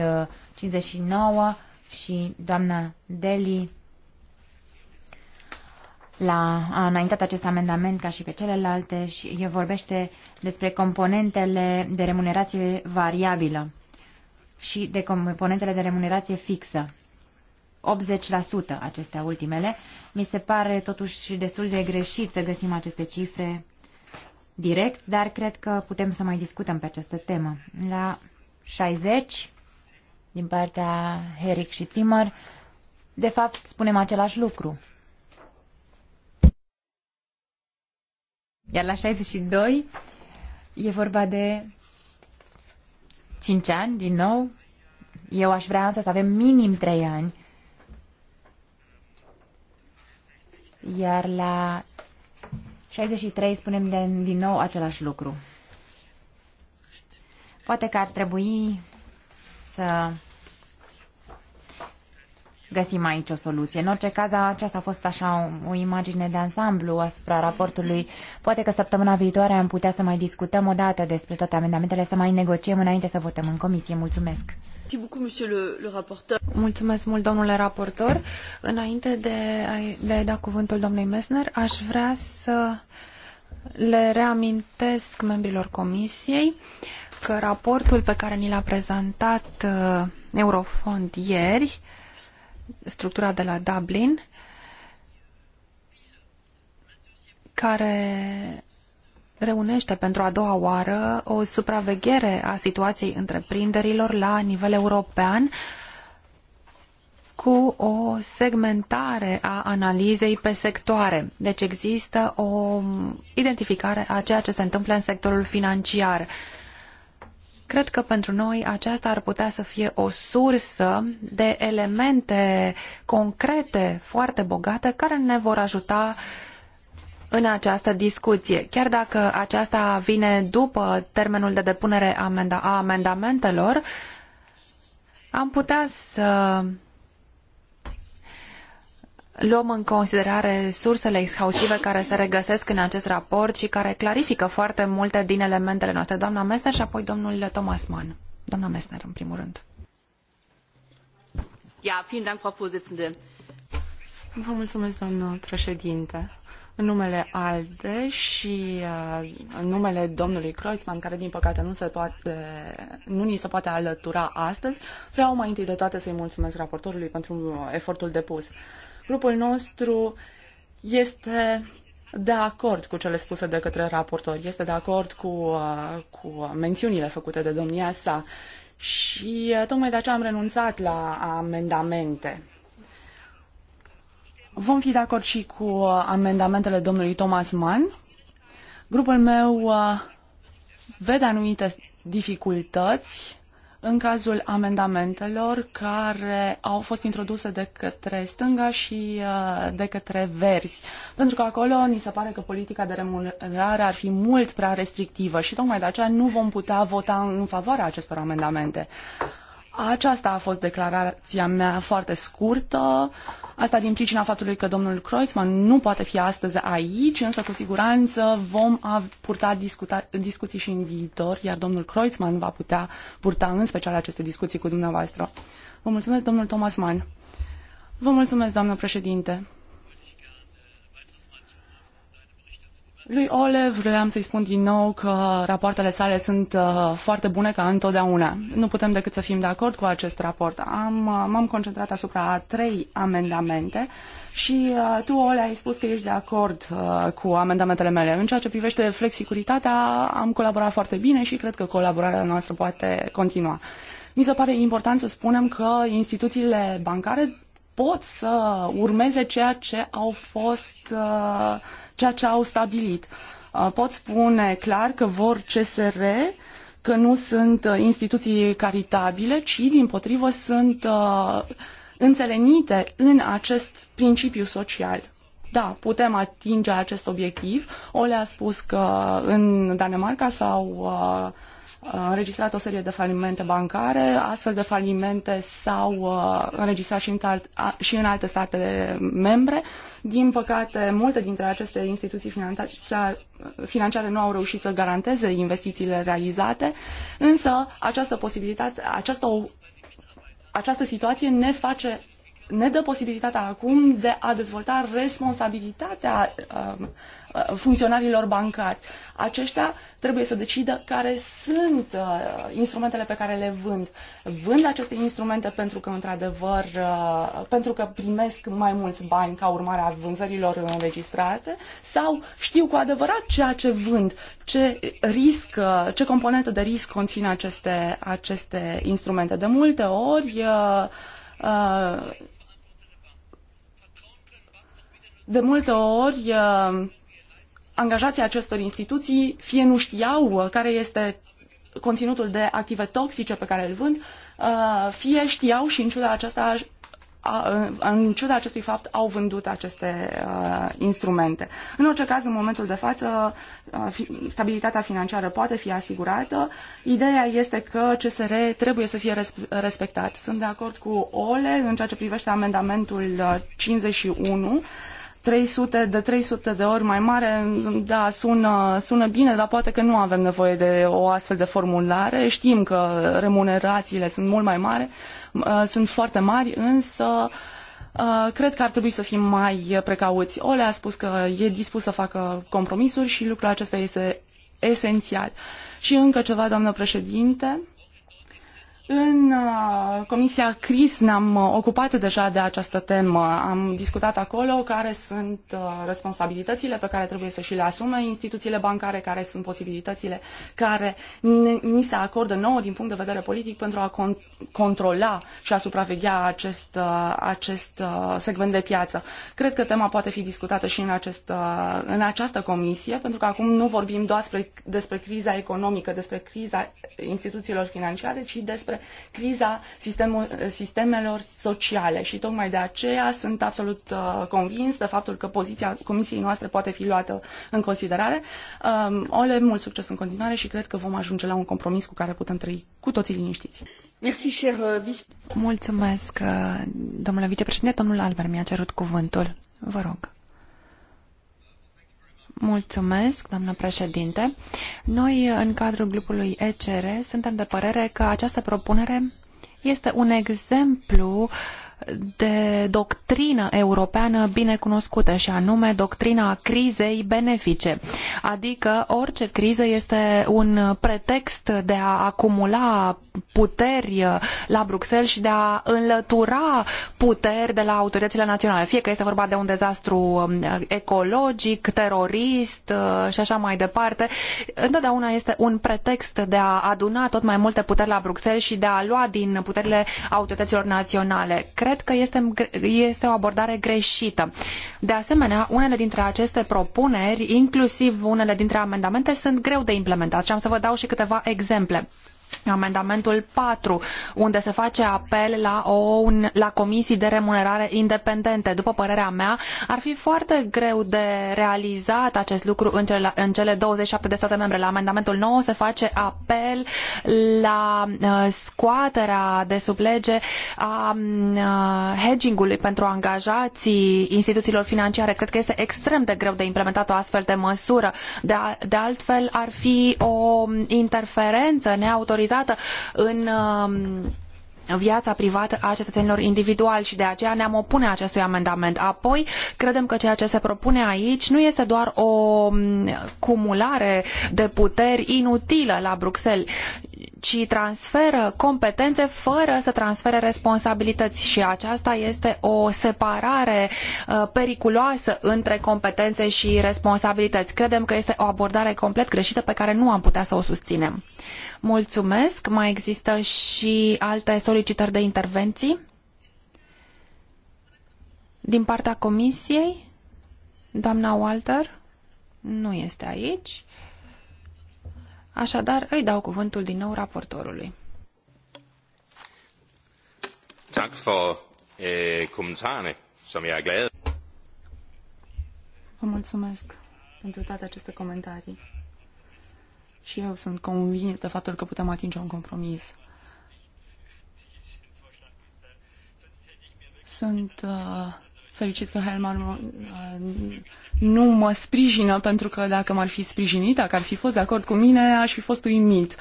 59 și doamna Deli la, a înaintat acest amendament ca și pe celelalte și e vorbește despre componentele de remunerație variabilă și de componentele de remunerație fixă. 80% acestea ultimele. Mi se pare totuși destul de greșit să găsim aceste cifre direct, dar cred că putem să mai discutăm pe această temă. La 60, din partea Heric și Timăr, de fapt spunem același lucru. Iar la 62 e vorba de 5 ani, din nou. Eu aș vrea însă să avem minim 3 ani. Iar la 63 spunem de, din nou același lucru. Poate că ar trebui să găsim aici o soluție. În orice caz, aceasta a fost așa o, o imagine de ansamblu asupra raportului. Poate că săptămâna viitoare am putea să mai discutăm o dată despre toate amendamentele, să mai negociem înainte să votăm în comisie. Mulțumesc! Mulțumesc mult, domnule raportor. Înainte de a, de a da cuvântul domnului Messner, aș vrea să le reamintesc membrilor comisiei că raportul pe care ni l-a prezentat uh, Eurofond ieri structura de la Dublin, care reunește pentru a doua oară o supraveghere a situației întreprinderilor la nivel european cu o segmentare a analizei pe sectoare. Deci există o identificare a ceea ce se întâmplă în sectorul financiar. Uh, Cred că pentru noi aceasta ar putea să fie o sursă de elemente concrete foarte bogate care ne vor ajuta în această discuție. Chiar dacă aceasta vine după termenul de depunere a amendamentelor, am putea să luăm în considerare sursele exhaustive care se regăsesc în acest raport și care clarifică foarte multe din elementele noastre. Doamna Messner și apoi domnul Thomas Mann. Doamna Messner, în primul rând. Ja, vielen Dank, Frau Vorsitzende. Vă mulțumesc, doamnă președinte în numele ALDE și uh, în numele domnului Kreuzmann, care din păcate nu, se poate, nu ni se poate alătura astăzi, vreau mai întâi de toate să-i mulțumesc raportorului pentru efortul depus. Grupul nostru este de acord cu cele spuse de către raportor, este de acord cu, uh, cu mențiunile făcute de domnia sa și uh, tocmai de aceea am renunțat la amendamente. Vom fi de acord și cu uh, amendamentele domnului Thomas Mann. Grupul meu vede anumite dificultăți în cazul amendamentelor care au fost introduse de către stânga și uh, de către verzi. Pentru că acolo ni se pare că politica de remunerare ar fi mult prea restrictivă și tocmai de aceea nu vom putea vota în favoarea acestor amendamente. Aceasta a fost declarația mea foarte scurtă. Asta din pricina faptului că domnul Kreutzmann nu poate fi astăzi aici, însă cu siguranță vom purta discuta, discuții și în viitor, iar domnul Kreutzmann va putea purta în special aceste discuții cu dumneavoastră. Vă mulțumesc, domnul Thomas Mann. Vă mulțumesc, doamnă președinte. Lui Olev vreau să-i spun din nou că rapoartele sale sunt uh, foarte bune ca întotdeauna. Nu putem decât să fim de acord cu acest raport. Am, uh, m-am concentrat asupra a trei amendamente și uh, tu, Ole, ai spus că ești de acord uh, cu amendamentele mele. În ceea ce privește flexicuritatea, am colaborat foarte bine și cred că colaborarea noastră poate continua. Mi se pare important să spunem că instituțiile bancare pot să urmeze ceea ce au fost uh, ceea ce au stabilit. Uh, pot spune clar că vor CSR, că nu sunt uh, instituții caritabile, ci din potrivă sunt uh, înțelenite în acest principiu social. Da, putem atinge acest obiectiv. Ole a spus că în Danemarca s-au uh, înregistrat o serie de falimente bancare, astfel de falimente s-au uh, înregistrat și în, și în alte state membre. Din păcate, multe dintre aceste instituții financiare nu au reușit să garanteze investițiile realizate, însă această posibilitate, această această situație ne face ne dă posibilitatea acum de a dezvolta responsabilitatea um, uh, funcționarilor bancari. Aceștia trebuie să decidă care sunt uh, instrumentele pe care le vând. Vând aceste instrumente pentru că, într-adevăr, uh, pentru că primesc mai mulți bani ca urmare a vânzărilor înregistrate sau știu cu adevărat ceea ce vând, ce risc, ce componentă de risc conține aceste, aceste instrumente. De multe ori, de multe ori, uh, angajații acestor instituții fie nu știau uh, care este conținutul de active toxice pe care îl vând, uh, fie știau și în ciuda aceasta în ciuda acestui fapt au vândut aceste instrumente. În orice caz, în momentul de față, stabilitatea financiară poate fi asigurată. Ideea este că CSR trebuie să fie respectat. Sunt de acord cu Ole în ceea ce privește amendamentul 51 300 de 300 de ori mai mare, da, sună, sună bine, dar poate că nu avem nevoie de o astfel de formulare. Știm că remunerațiile sunt mult mai mari, uh, sunt foarte mari, însă uh, cred că ar trebui să fim mai precauți. Ole a spus că e dispus să facă compromisuri și lucrul acesta este esențial. Și încă ceva, doamnă președinte, în uh, Comisia CRIS ne-am uh, ocupat deja de această temă. Am discutat acolo care sunt uh, responsabilitățile pe care trebuie să și le asume instituțiile bancare, care sunt posibilitățile care ni se acordă nouă din punct de vedere politic pentru a con- controla și a supraveghea acest, acest segment de piață. Cred că tema poate fi discutată și în, acest, în această comisie, pentru că acum nu vorbim doar despre, despre criza economică, despre criza instituțiilor financiare, ci despre criza sistemul, sistemelor sociale și tocmai de aceea sunt absolut uh, convins de faptul că poziția comisiei noastre poate fi luată în considerare. Um, Ole, mult succes în continuare și cred că vom ajunge la un compromis cu care putem trăi cu toții liniștiți. Uh, Mulțumesc, uh, domnule vicepreședinte. Domnul Albert mi-a cerut cuvântul. Vă rog. Mulțumesc, doamnă președinte. Noi, în cadrul grupului ECR, suntem de părere că această propunere este un exemplu uh, de doctrină europeană bine cunoscută și anume doctrina crizei benefice. Adică orice criză este un pretext de a acumula puteri la Bruxelles și de a înlătura puteri de la autoritățile naționale. Fie că este vorba de un dezastru um, ecologic, terorist uh, și așa mai departe, întotdeauna este un pretext de a aduna tot mai multe puteri la Bruxelles și de a lua din puterile autorităților naționale. Cred cred că este, este o abordare greșită. De asemenea, unele dintre aceste propuneri, inclusiv unele dintre amendamente, sunt greu de implementat și am să vă dau și câteva exemple amendamentul patru, unde se face apel la, o, la comisii de remunerare independente. După părerea mea, ar fi foarte greu de realizat acest lucru în cele, în cele 27 de state membre. La amendamentul 9 se face apel la uh, scoaterea de sub lege a mm, uh, hedging-ului pentru angajații instituțiilor financiare. Cred că este extrem de greu de implementat o astfel de măsură. De, de altfel, ar fi o mm, interferență neautorizată utilizată um, în viața privată a cetățenilor individuali și de aceea ne-am opune acestui amendament. Apoi, credem că ceea ce se propune aici nu este doar o um, cumulare de puteri inutilă la Bruxelles, ci transferă competențe fără să transfere responsabilități și aceasta este o separare uh, periculoasă între competențe și responsabilități. Credem că este o abordare complet greșită pe care nu am putea să o susținem. Mulțumesc. Mai există și alte solicitări de intervenții? Din partea comisiei? Doamna Walter? Nu este aici. Așadar, îi dau cuvântul din nou raportorului. for øh, som jeg er Vă mulțumesc pentru toate aceste comentarii. Și eu sunt convins de faptul că putem atinge un compromis. Sunt uh, fericit că Helmar uh, nu mă sprijină, pentru că dacă m-ar fi sprijinit, dacă ar fi fost de acord cu mine, aș fi fost uimit.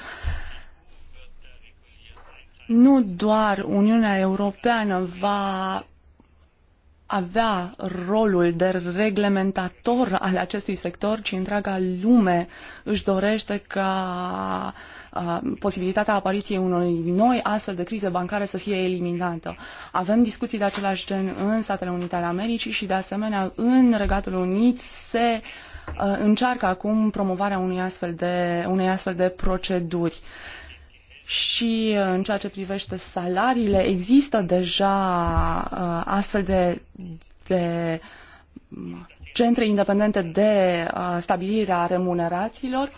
Nu doar Uniunea Europeană va avea rolul de reglementator al acestui sector, ci întreaga lume își dorește ca uh, Uh, posibilitatea apariției unei noi astfel de crize bancare să fie eliminată. Avem discuții de același gen în Statele Unite ale Americii și, de asemenea, în Regatul Unit se uh, încearcă acum promovarea unei astfel de, unei astfel de proceduri și uh, în ceea ce privește salariile, există deja astfel de, de centre independente de stabilire a remunerațiilor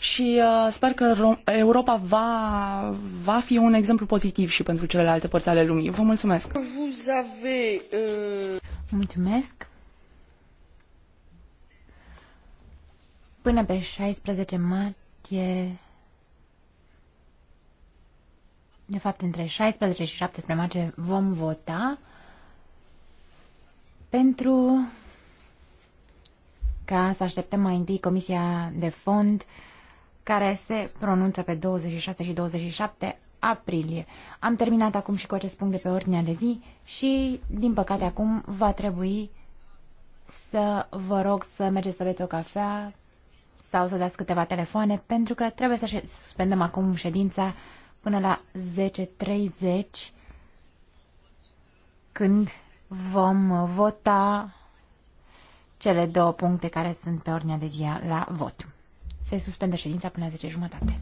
și uh, sper că Europa va, va fi un exemplu pozitiv și pentru celelalte părți ale lumii. Vă mulțumesc! Uh, mulțumesc! Până pe 16 martie, de fapt între 16 și 17 martie vom vota pentru ca să așteptăm mai întâi Comisia de Fond uh, care se pronunță pe 26 și 27 aprilie. Am terminat acum și cu acest punct de pe ordinea de zi și, din păcate, acum va trebui să vă rog să mergeți să beți o cafea sau să dați câteva telefoane, pentru că trebuie să suspendăm acum ședința până la 10.30, când vom vota cele două puncte care sunt pe ordinea de zi la vot. Se suspendă ședința până la 10 jumătate.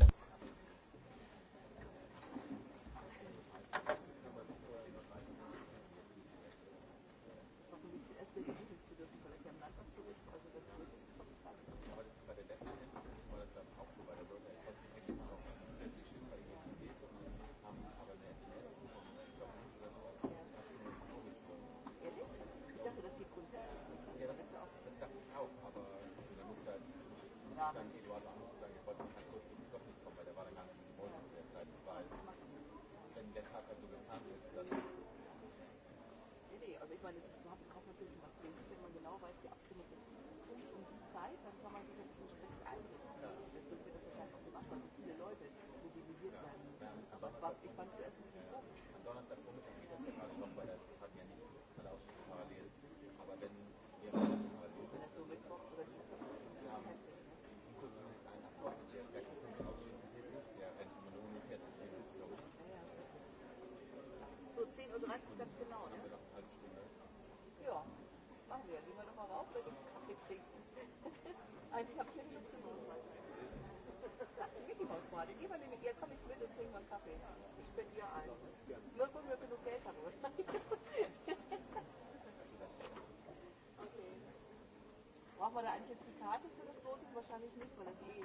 wir da eigentlich jetzt die Karte für das Voting? Wahrscheinlich nicht, weil das eh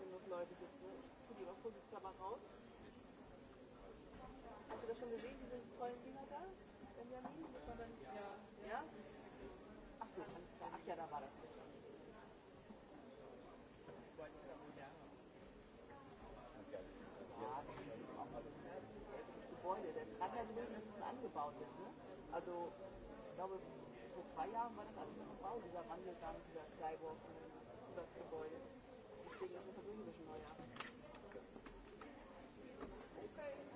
genug Leute gibt. Ne? Ich tue die mal vorsichtig mal raus. Hast du das schon gesehen, diese vollen Dinger da? Benjamin? Ja. Ja? Ach so, alles klar. Ach ja, da war das nicht. Das Gebäude, der da drüben, das ist ein angebautes, ne? Also, ich glaube, vor drei Jahren war das alles noch im Bau, dieser Wandel Wandelgang, dieser Skywalk und das Gebäude. Deswegen ist es natürlich ein bisschen neuer. Okay.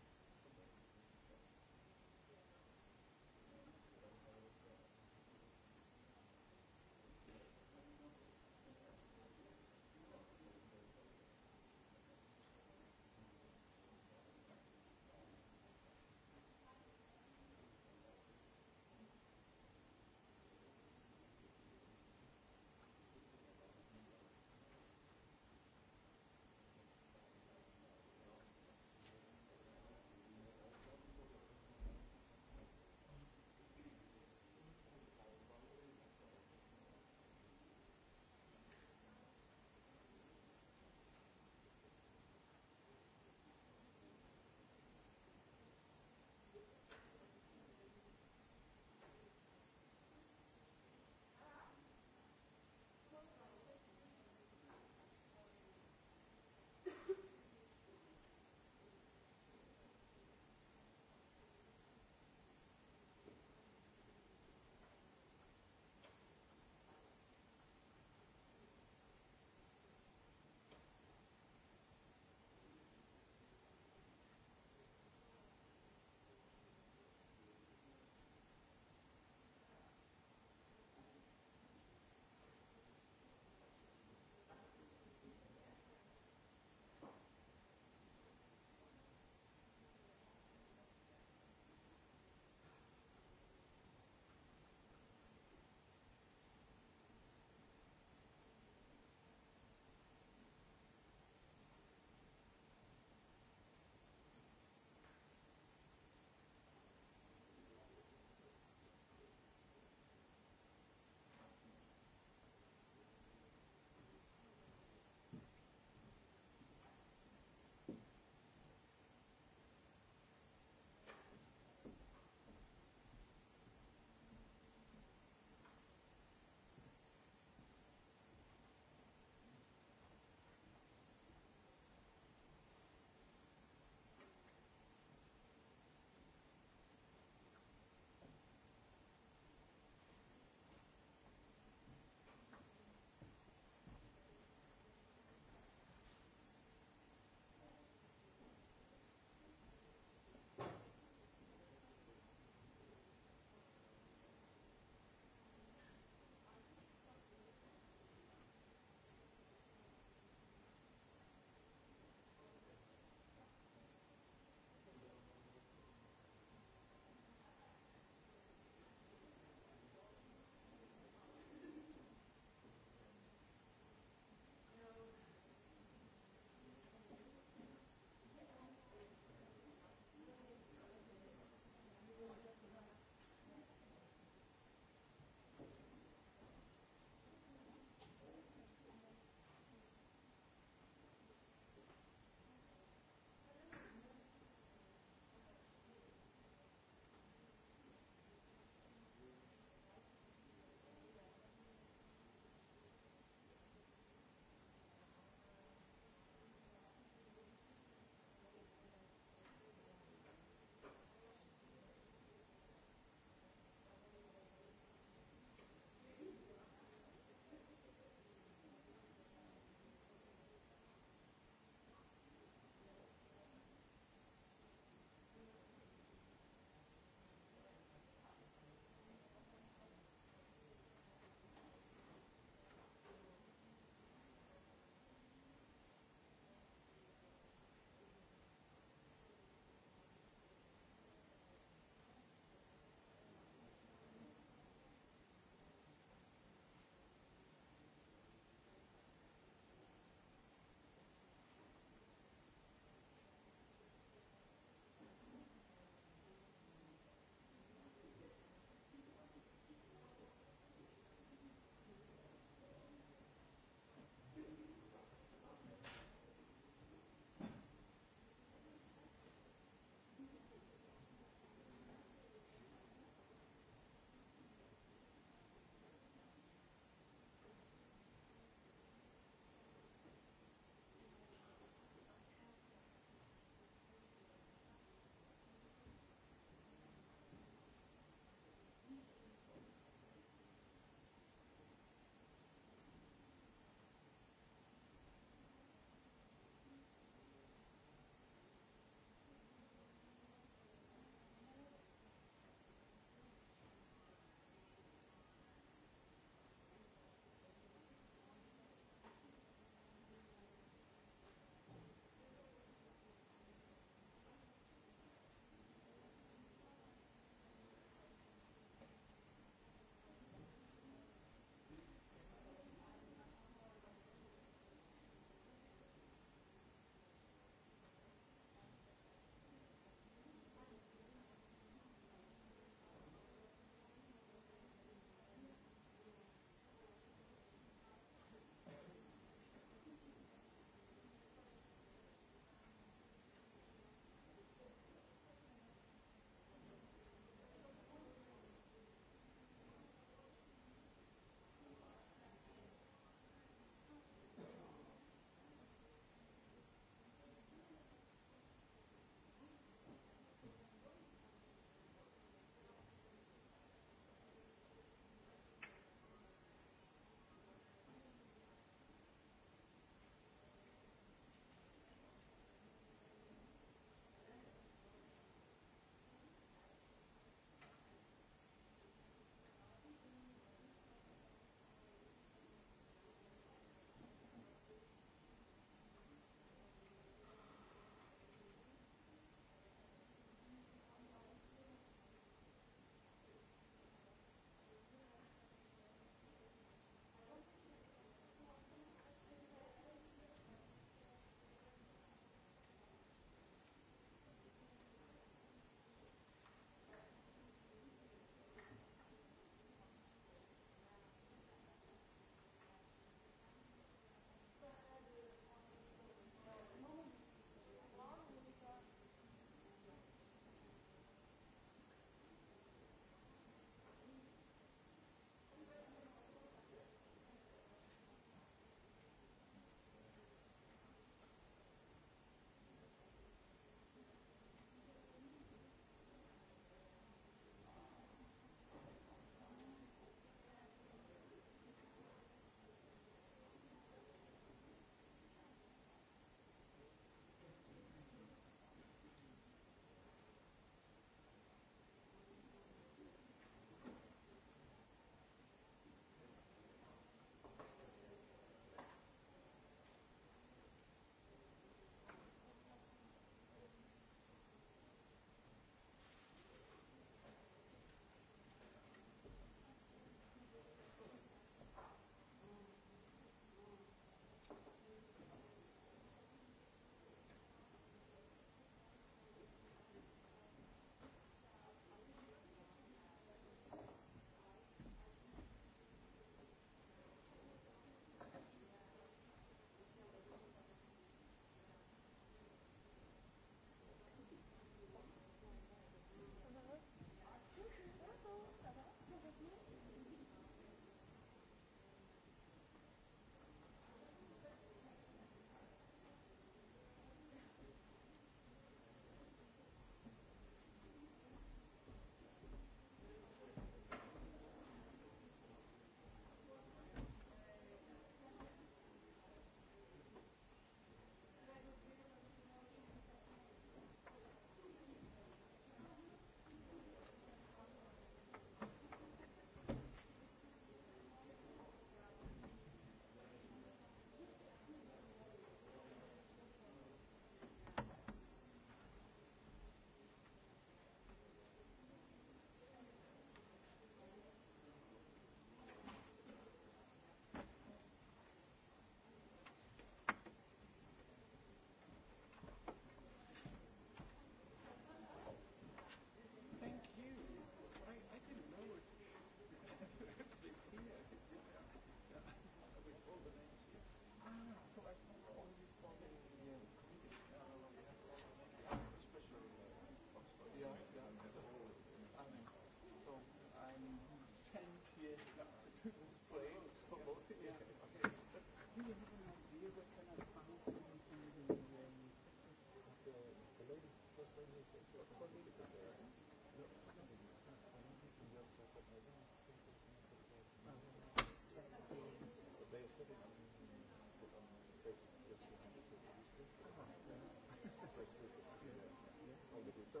So,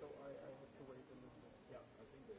so I, I have to wait a little bit. Yeah, I think they.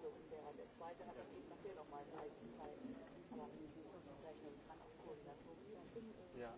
Hause und der zweite hat dann eben nachher nochmal Aber kann auch Ja.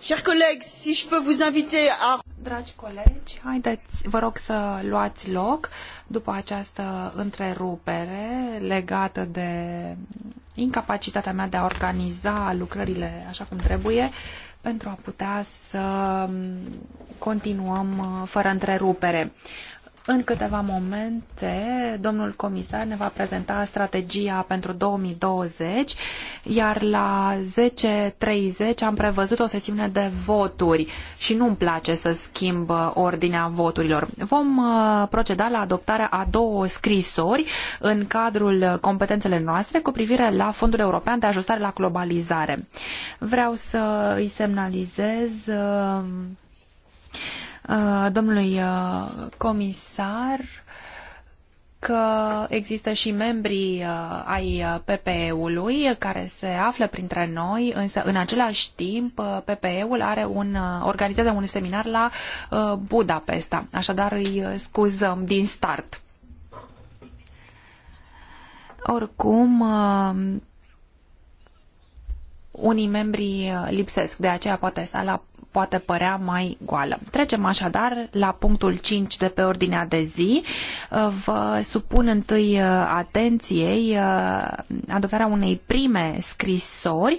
Chers collègues, si je peux vous inviter à... Dragi colegi, haideți, vă rog să luați loc după această întrerupere legată de incapacitatea mea de a organiza lucrările așa cum trebuie pentru a putea să continuăm uh, fără întrerupere. În câteva momente, domnul comisar ne va prezenta strategia pentru 2020, iar la 10.30 am prevăzut o sesiune de voturi și nu-mi place să schimb uh, ordinea voturilor. Vom uh, proceda la adoptarea a două scrisori în cadrul competențelor noastre cu privire la Fondul European de Ajustare la Globalizare. Vreau să îi semnalizez uh, Uh, domnului uh, comisar că există și membrii uh, ai PPE-ului care se află printre noi, însă în același timp PPE-ul are un, organizează un seminar la Budapesta, așadar îi scuzăm din start. Oricum, unii membri lipsesc, de aceea poate sala poate părea mai goală. Trecem așadar la punctul 5 de pe ordinea de zi. Uh, vă supun întâi uh, atenției uh, adoptarea unei prime scrisori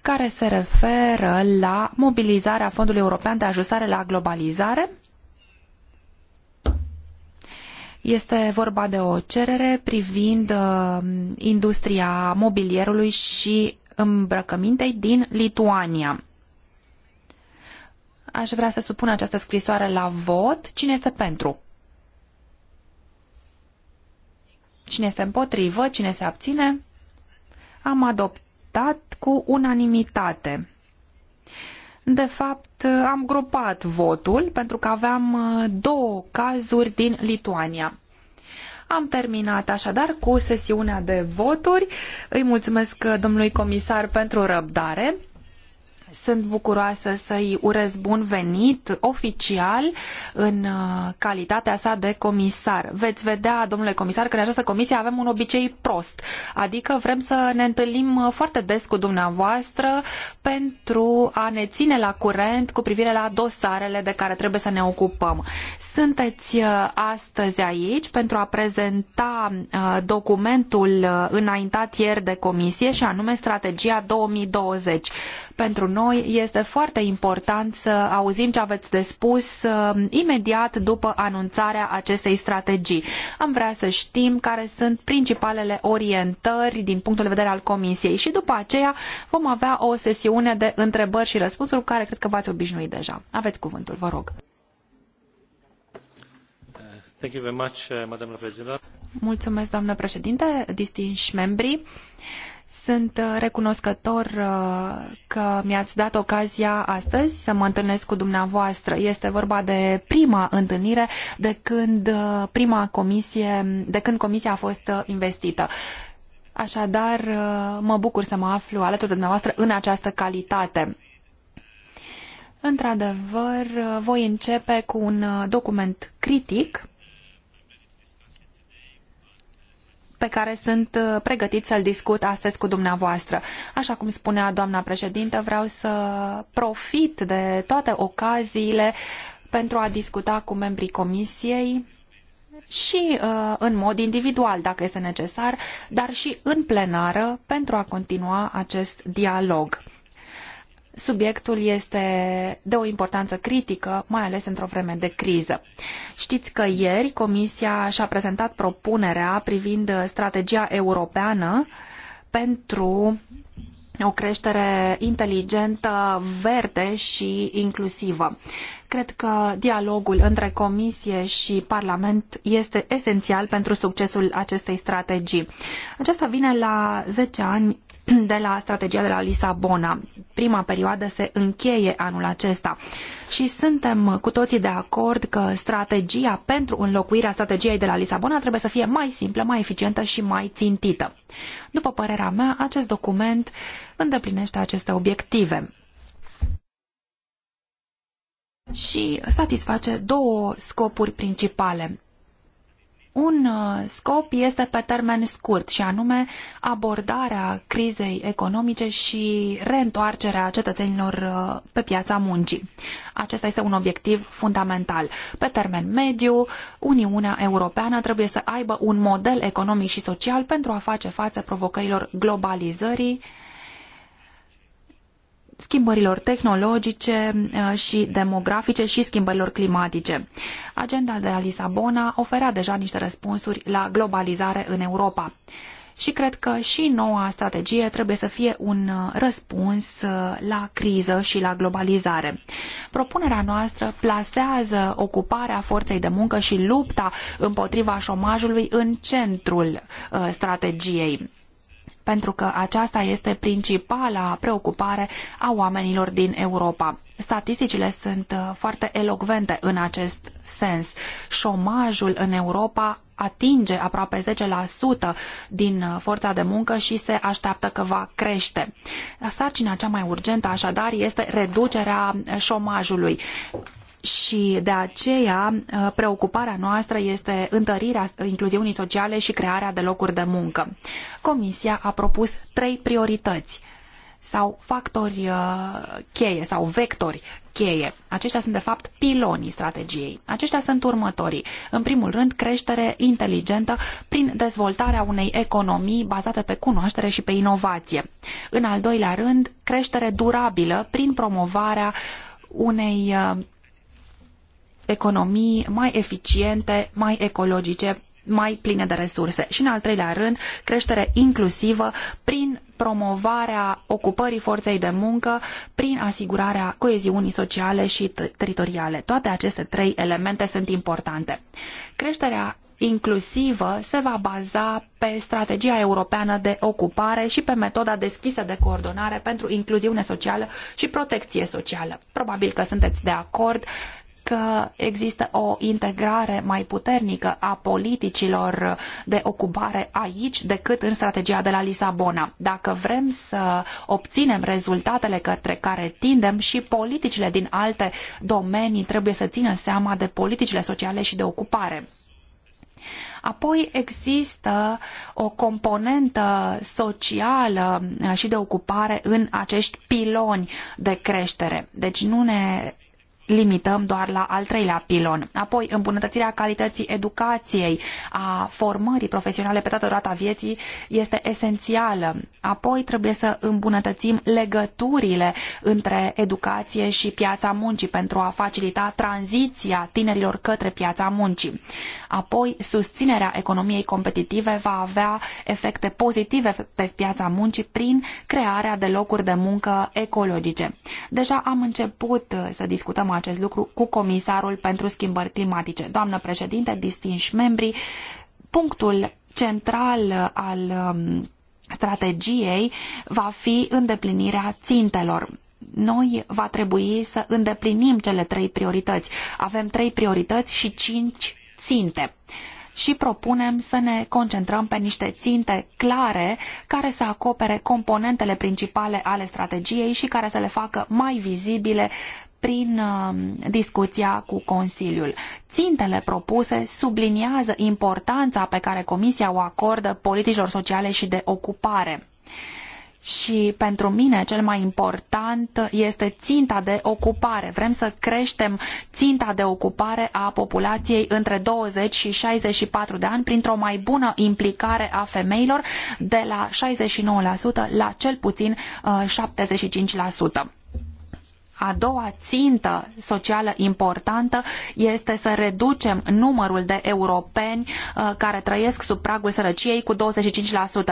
care se referă la mobilizarea Fondului European de Ajustare la Globalizare. Este vorba de o cerere privind uh, industria mobilierului și îmbrăcămintei din Lituania. Aș vrea să supun această scrisoare la vot. Cine este pentru? Cine este împotrivă? Cine se abține? Am adoptat cu unanimitate. De fapt, am grupat votul pentru că aveam uh, două cazuri din Lituania. Am terminat așadar cu sesiunea de voturi. Îi mulțumesc uh, domnului comisar pentru răbdare. Sunt bucuroasă să-i urez bun venit oficial în uh, calitatea sa de comisar. Veți vedea, domnule comisar, că în această comisie avem un obicei prost, adică vrem să ne întâlnim uh, foarte des cu dumneavoastră pentru a ne ține la curent cu privire la dosarele de care trebuie să ne ocupăm. Sunteți uh, astăzi aici pentru a prezenta documentul înaintat ieri de comisie și anume strategia 2020 pentru noi este foarte important să auzim ce aveți de spus um, imediat după anunțarea acestei strategii. Am vrea să știm care sunt principalele orientări din punctul de vedere al Comisiei și după aceea vom avea o sesiune de întrebări și răspunsuri care cred că v-ați obișnuit deja. Aveți cuvântul, vă rog. Uh, Mulțumesc, doamnă președinte, distinși membri. Sunt uh, recunoscător uh, că mi-ați dat ocazia astăzi să mă întâlnesc cu dumneavoastră. Este vorba de prima întâlnire de când uh, prima comisie, de când comisia a fost investită. Așadar, mă bucur să mă aflu alături de dumneavoastră în această calitate. Într-adevăr, voi începe cu un document critic pe care sunt uh, pregătit să-l discut astăzi cu dumneavoastră. Așa cum spunea doamna președintă, vreau să profit de toate ocaziile pentru a discuta cu membrii comisiei și uh, în mod individual, dacă este necesar, dar și în plenară pentru a continua acest dialog subiectul este de o importanță critică, mai ales într-o vreme de criză. Știți că ieri Comisia și-a prezentat propunerea privind strategia europeană pentru o creștere inteligentă, verde și inclusivă. Cred că dialogul între Comisie și Parlament este esențial pentru succesul acestei strategii. Aceasta vine la 10 ani de la strategia de la Lisabona. Prima perioadă se încheie anul acesta și suntem cu toții de acord că strategia pentru înlocuirea strategiei de la Lisabona trebuie să fie mai simplă, mai eficientă și mai țintită. După părerea mea, acest document îndeplinește aceste obiective și satisface două scopuri principale. Un uh, scop este pe termen scurt și anume abordarea crizei economice și reîntoarcerea cetățenilor uh, pe piața muncii. Acesta este un obiectiv fundamental. Pe termen mediu, Uniunea Europeană trebuie să aibă un model economic și social pentru a face față provocărilor globalizării, schimbărilor tehnologice eh, și demografice și schimbărilor climatice. Agenda de la Lisabona oferea deja niște răspunsuri la globalizare în Europa. Și cred că și noua strategie trebuie să fie un eh, răspuns eh, la criză și la globalizare. Propunerea noastră plasează ocuparea forței de muncă și lupta împotriva șomajului în centrul strategiei pentru că aceasta este principala preocupare a oamenilor din Europa. Statisticile sunt uh, foarte elocvente în acest sens. Șomajul în Europa atinge aproape 10% din uh, forța de muncă și se așteaptă că va crește. Sarcina cea mai urgentă așadar este reducerea uh, șomajului și de aceea uh, preocuparea noastră este întărirea incluziunii sociale și crearea de locuri de muncă. Comisia a propus trei priorități sau factori uh, cheie sau vectori cheie. Aceștia sunt, de fapt, pilonii strategiei. Aceștia sunt următorii. În primul rând, creștere inteligentă prin dezvoltarea unei economii bazate pe cunoaștere și pe inovație. În al doilea rând, creștere durabilă prin promovarea unei uh, economii mai eficiente, mai ecologice, mai pline de resurse. Și în al treilea rând, creștere inclusivă prin promovarea ocupării forței de muncă, prin asigurarea coeziunii sociale și teritoriale. Toate aceste trei elemente sunt importante. Creșterea inclusivă se va baza pe strategia europeană de ocupare și pe metoda deschisă de coordonare pentru incluziune socială și protecție socială. Probabil că sunteți de acord că există o integrare mai puternică a politicilor de ocupare aici decât în strategia de la Lisabona. Dacă vrem să obținem rezultatele către care tindem și politicile din alte domenii trebuie să țină seama de politicile sociale și de ocupare. Apoi există o componentă socială uh, și de ocupare în acești piloni de creștere. Deci nu ne limităm doar la al treilea pilon. Apoi, îmbunătățirea calității educației, a formării profesionale pe toată durata vieții este esențială. Apoi, trebuie să îmbunătățim legăturile între educație și piața muncii pentru a facilita tranziția tinerilor către piața muncii. Apoi, susținerea economiei competitive va avea efecte pozitive pe piața muncii prin crearea de locuri de muncă ecologice. Deja am început să discutăm acest lucru cu comisarul pentru schimbări climatice. Doamnă președinte, distinși membri, punctul central al um, strategiei va fi îndeplinirea țintelor noi va trebui să îndeplinim cele trei priorități. Avem trei priorități și cinci ținte. Și propunem să ne concentrăm pe niște ținte clare care să acopere componentele principale ale strategiei și care să le facă mai vizibile prin uh, discuția cu Consiliul. Țintele propuse subliniază importanța pe care Comisia o acordă politicilor sociale și de ocupare. Și pentru mine cel mai important este ținta de ocupare. Vrem să creștem ținta de ocupare a populației între 20 și 64 de ani printr-o mai bună implicare a femeilor de la 69% la cel puțin 75%. Uh, a doua țintă socială importantă este să reducem numărul de europeni uh, care trăiesc sub pragul sărăciei cu 25%.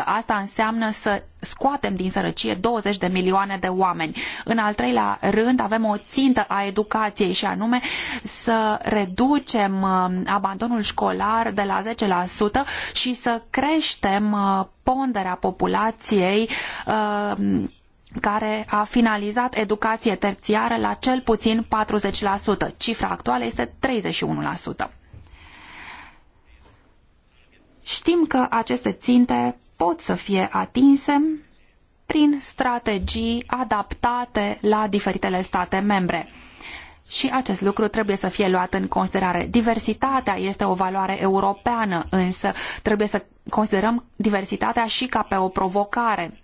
Asta înseamnă să scoatem din sărăcie 20 de milioane de oameni. În al treilea rând avem o țintă a educației și anume să reducem uh, abandonul școlar de la 10% și să creștem uh, ponderea populației care a finalizat educație terțiară la cel puțin 40%. Cifra actuală este 31%. Știm că aceste ținte pot să fie atinse prin strategii adaptate la diferitele state membre. Și acest lucru trebuie să fie luat în considerare. Diversitatea este o valoare europeană, însă trebuie să considerăm diversitatea și ca pe o provocare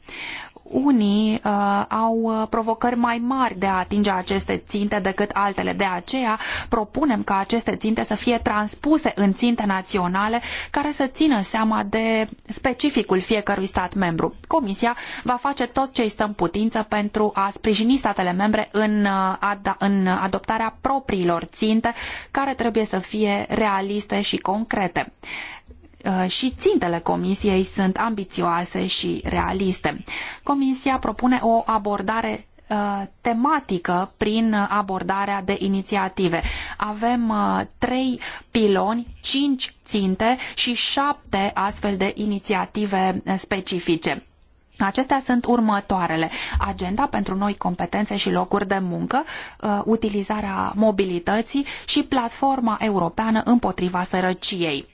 unii uh, au uh, provocări mai mari de a atinge aceste ținte decât altele. De aceea propunem ca aceste ținte să fie transpuse în ținte naționale care să țină seama de specificul fiecărui stat membru. Comisia va face tot ce îi stă în putință pentru a sprijini statele membre în, uh, ad în adoptarea propriilor ținte care trebuie să fie realiste și concrete. Uh, și țintele comisiei sunt ambițioase și realiste. Comisia propune o abordare uh, tematică prin abordarea de inițiative. Avem uh, trei piloni, cinci ținte și șapte astfel de inițiative specifice. Acestea sunt următoarele. Agenda pentru noi competențe și locuri de muncă, utilizarea mobilității și platforma europeană împotriva sărăciei.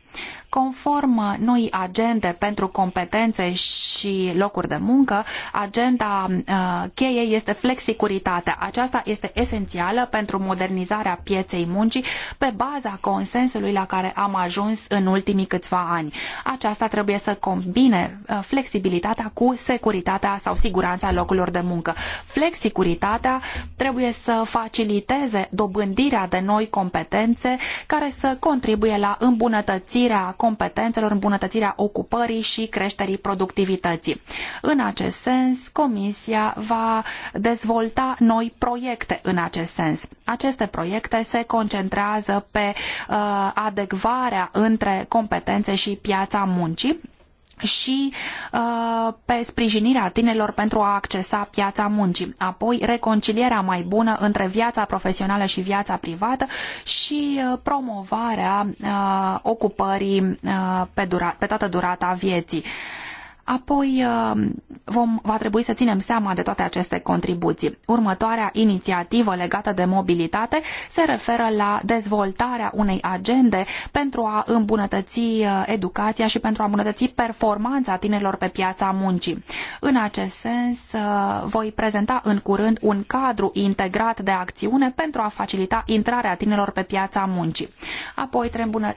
Conform noii agende pentru competențe și locuri de muncă, agenda uh, cheie este flexicuritatea. Aceasta este esențială pentru modernizarea pieței muncii pe baza consensului la care am ajuns în ultimii câțiva ani. Aceasta trebuie să combine uh, flexibilitatea cu securitatea sau siguranța locurilor de muncă. Flexicuritatea trebuie să faciliteze dobândirea de noi competențe care să contribuie la îmbunătățirea competențelor, îmbunătățirea ocupării și creșterii productivității. În acest sens, Comisia va dezvolta noi proiecte în acest sens. Aceste proiecte se concentrează pe uh, adecvarea între competențe și piața muncii, și uh, pe sprijinirea tinerilor pentru a accesa piața muncii, apoi reconcilierea mai bună între viața profesională și viața privată și uh, promovarea uh, ocupării pe, dura- pe toată durata vieții. Apoi uh, vom, va trebui să ținem seama de toate aceste contribuții. Următoarea inițiativă legată de mobilitate se referă la dezvoltarea unei agende pentru a îmbunătăți uh, educația și pentru a îmbunătăți performanța tinerilor pe piața muncii. În acest sens, uh, voi prezenta în curând un cadru integrat de acțiune pentru a facilita intrarea tinerilor pe piața muncii. Apoi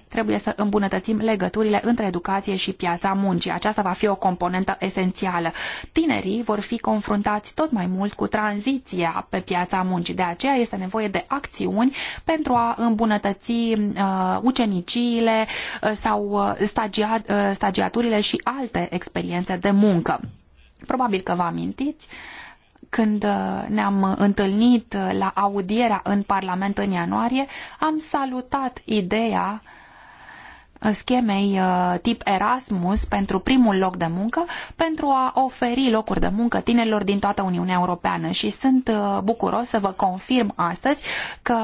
trebuie să îmbunătățim legăturile între educație și piața muncii. Aceasta va fi o comp- componentă esențială. Tinerii vor fi confruntați tot mai mult cu tranziția pe piața muncii. De aceea este nevoie de acțiuni pentru a îmbunătăți uh, uceniciile uh, sau uh, stagia, uh, stagiaturile și alte experiențe de muncă. Probabil că vă amintiți când uh, ne-am întâlnit la audierea în Parlament în ianuarie, am salutat ideea uh, schemei uh, tip Erasmus pentru primul loc de muncă pentru a oferi locuri de muncă tinerilor din toată Uniunea Europeană și sunt uh, bucuros să vă confirm astăzi că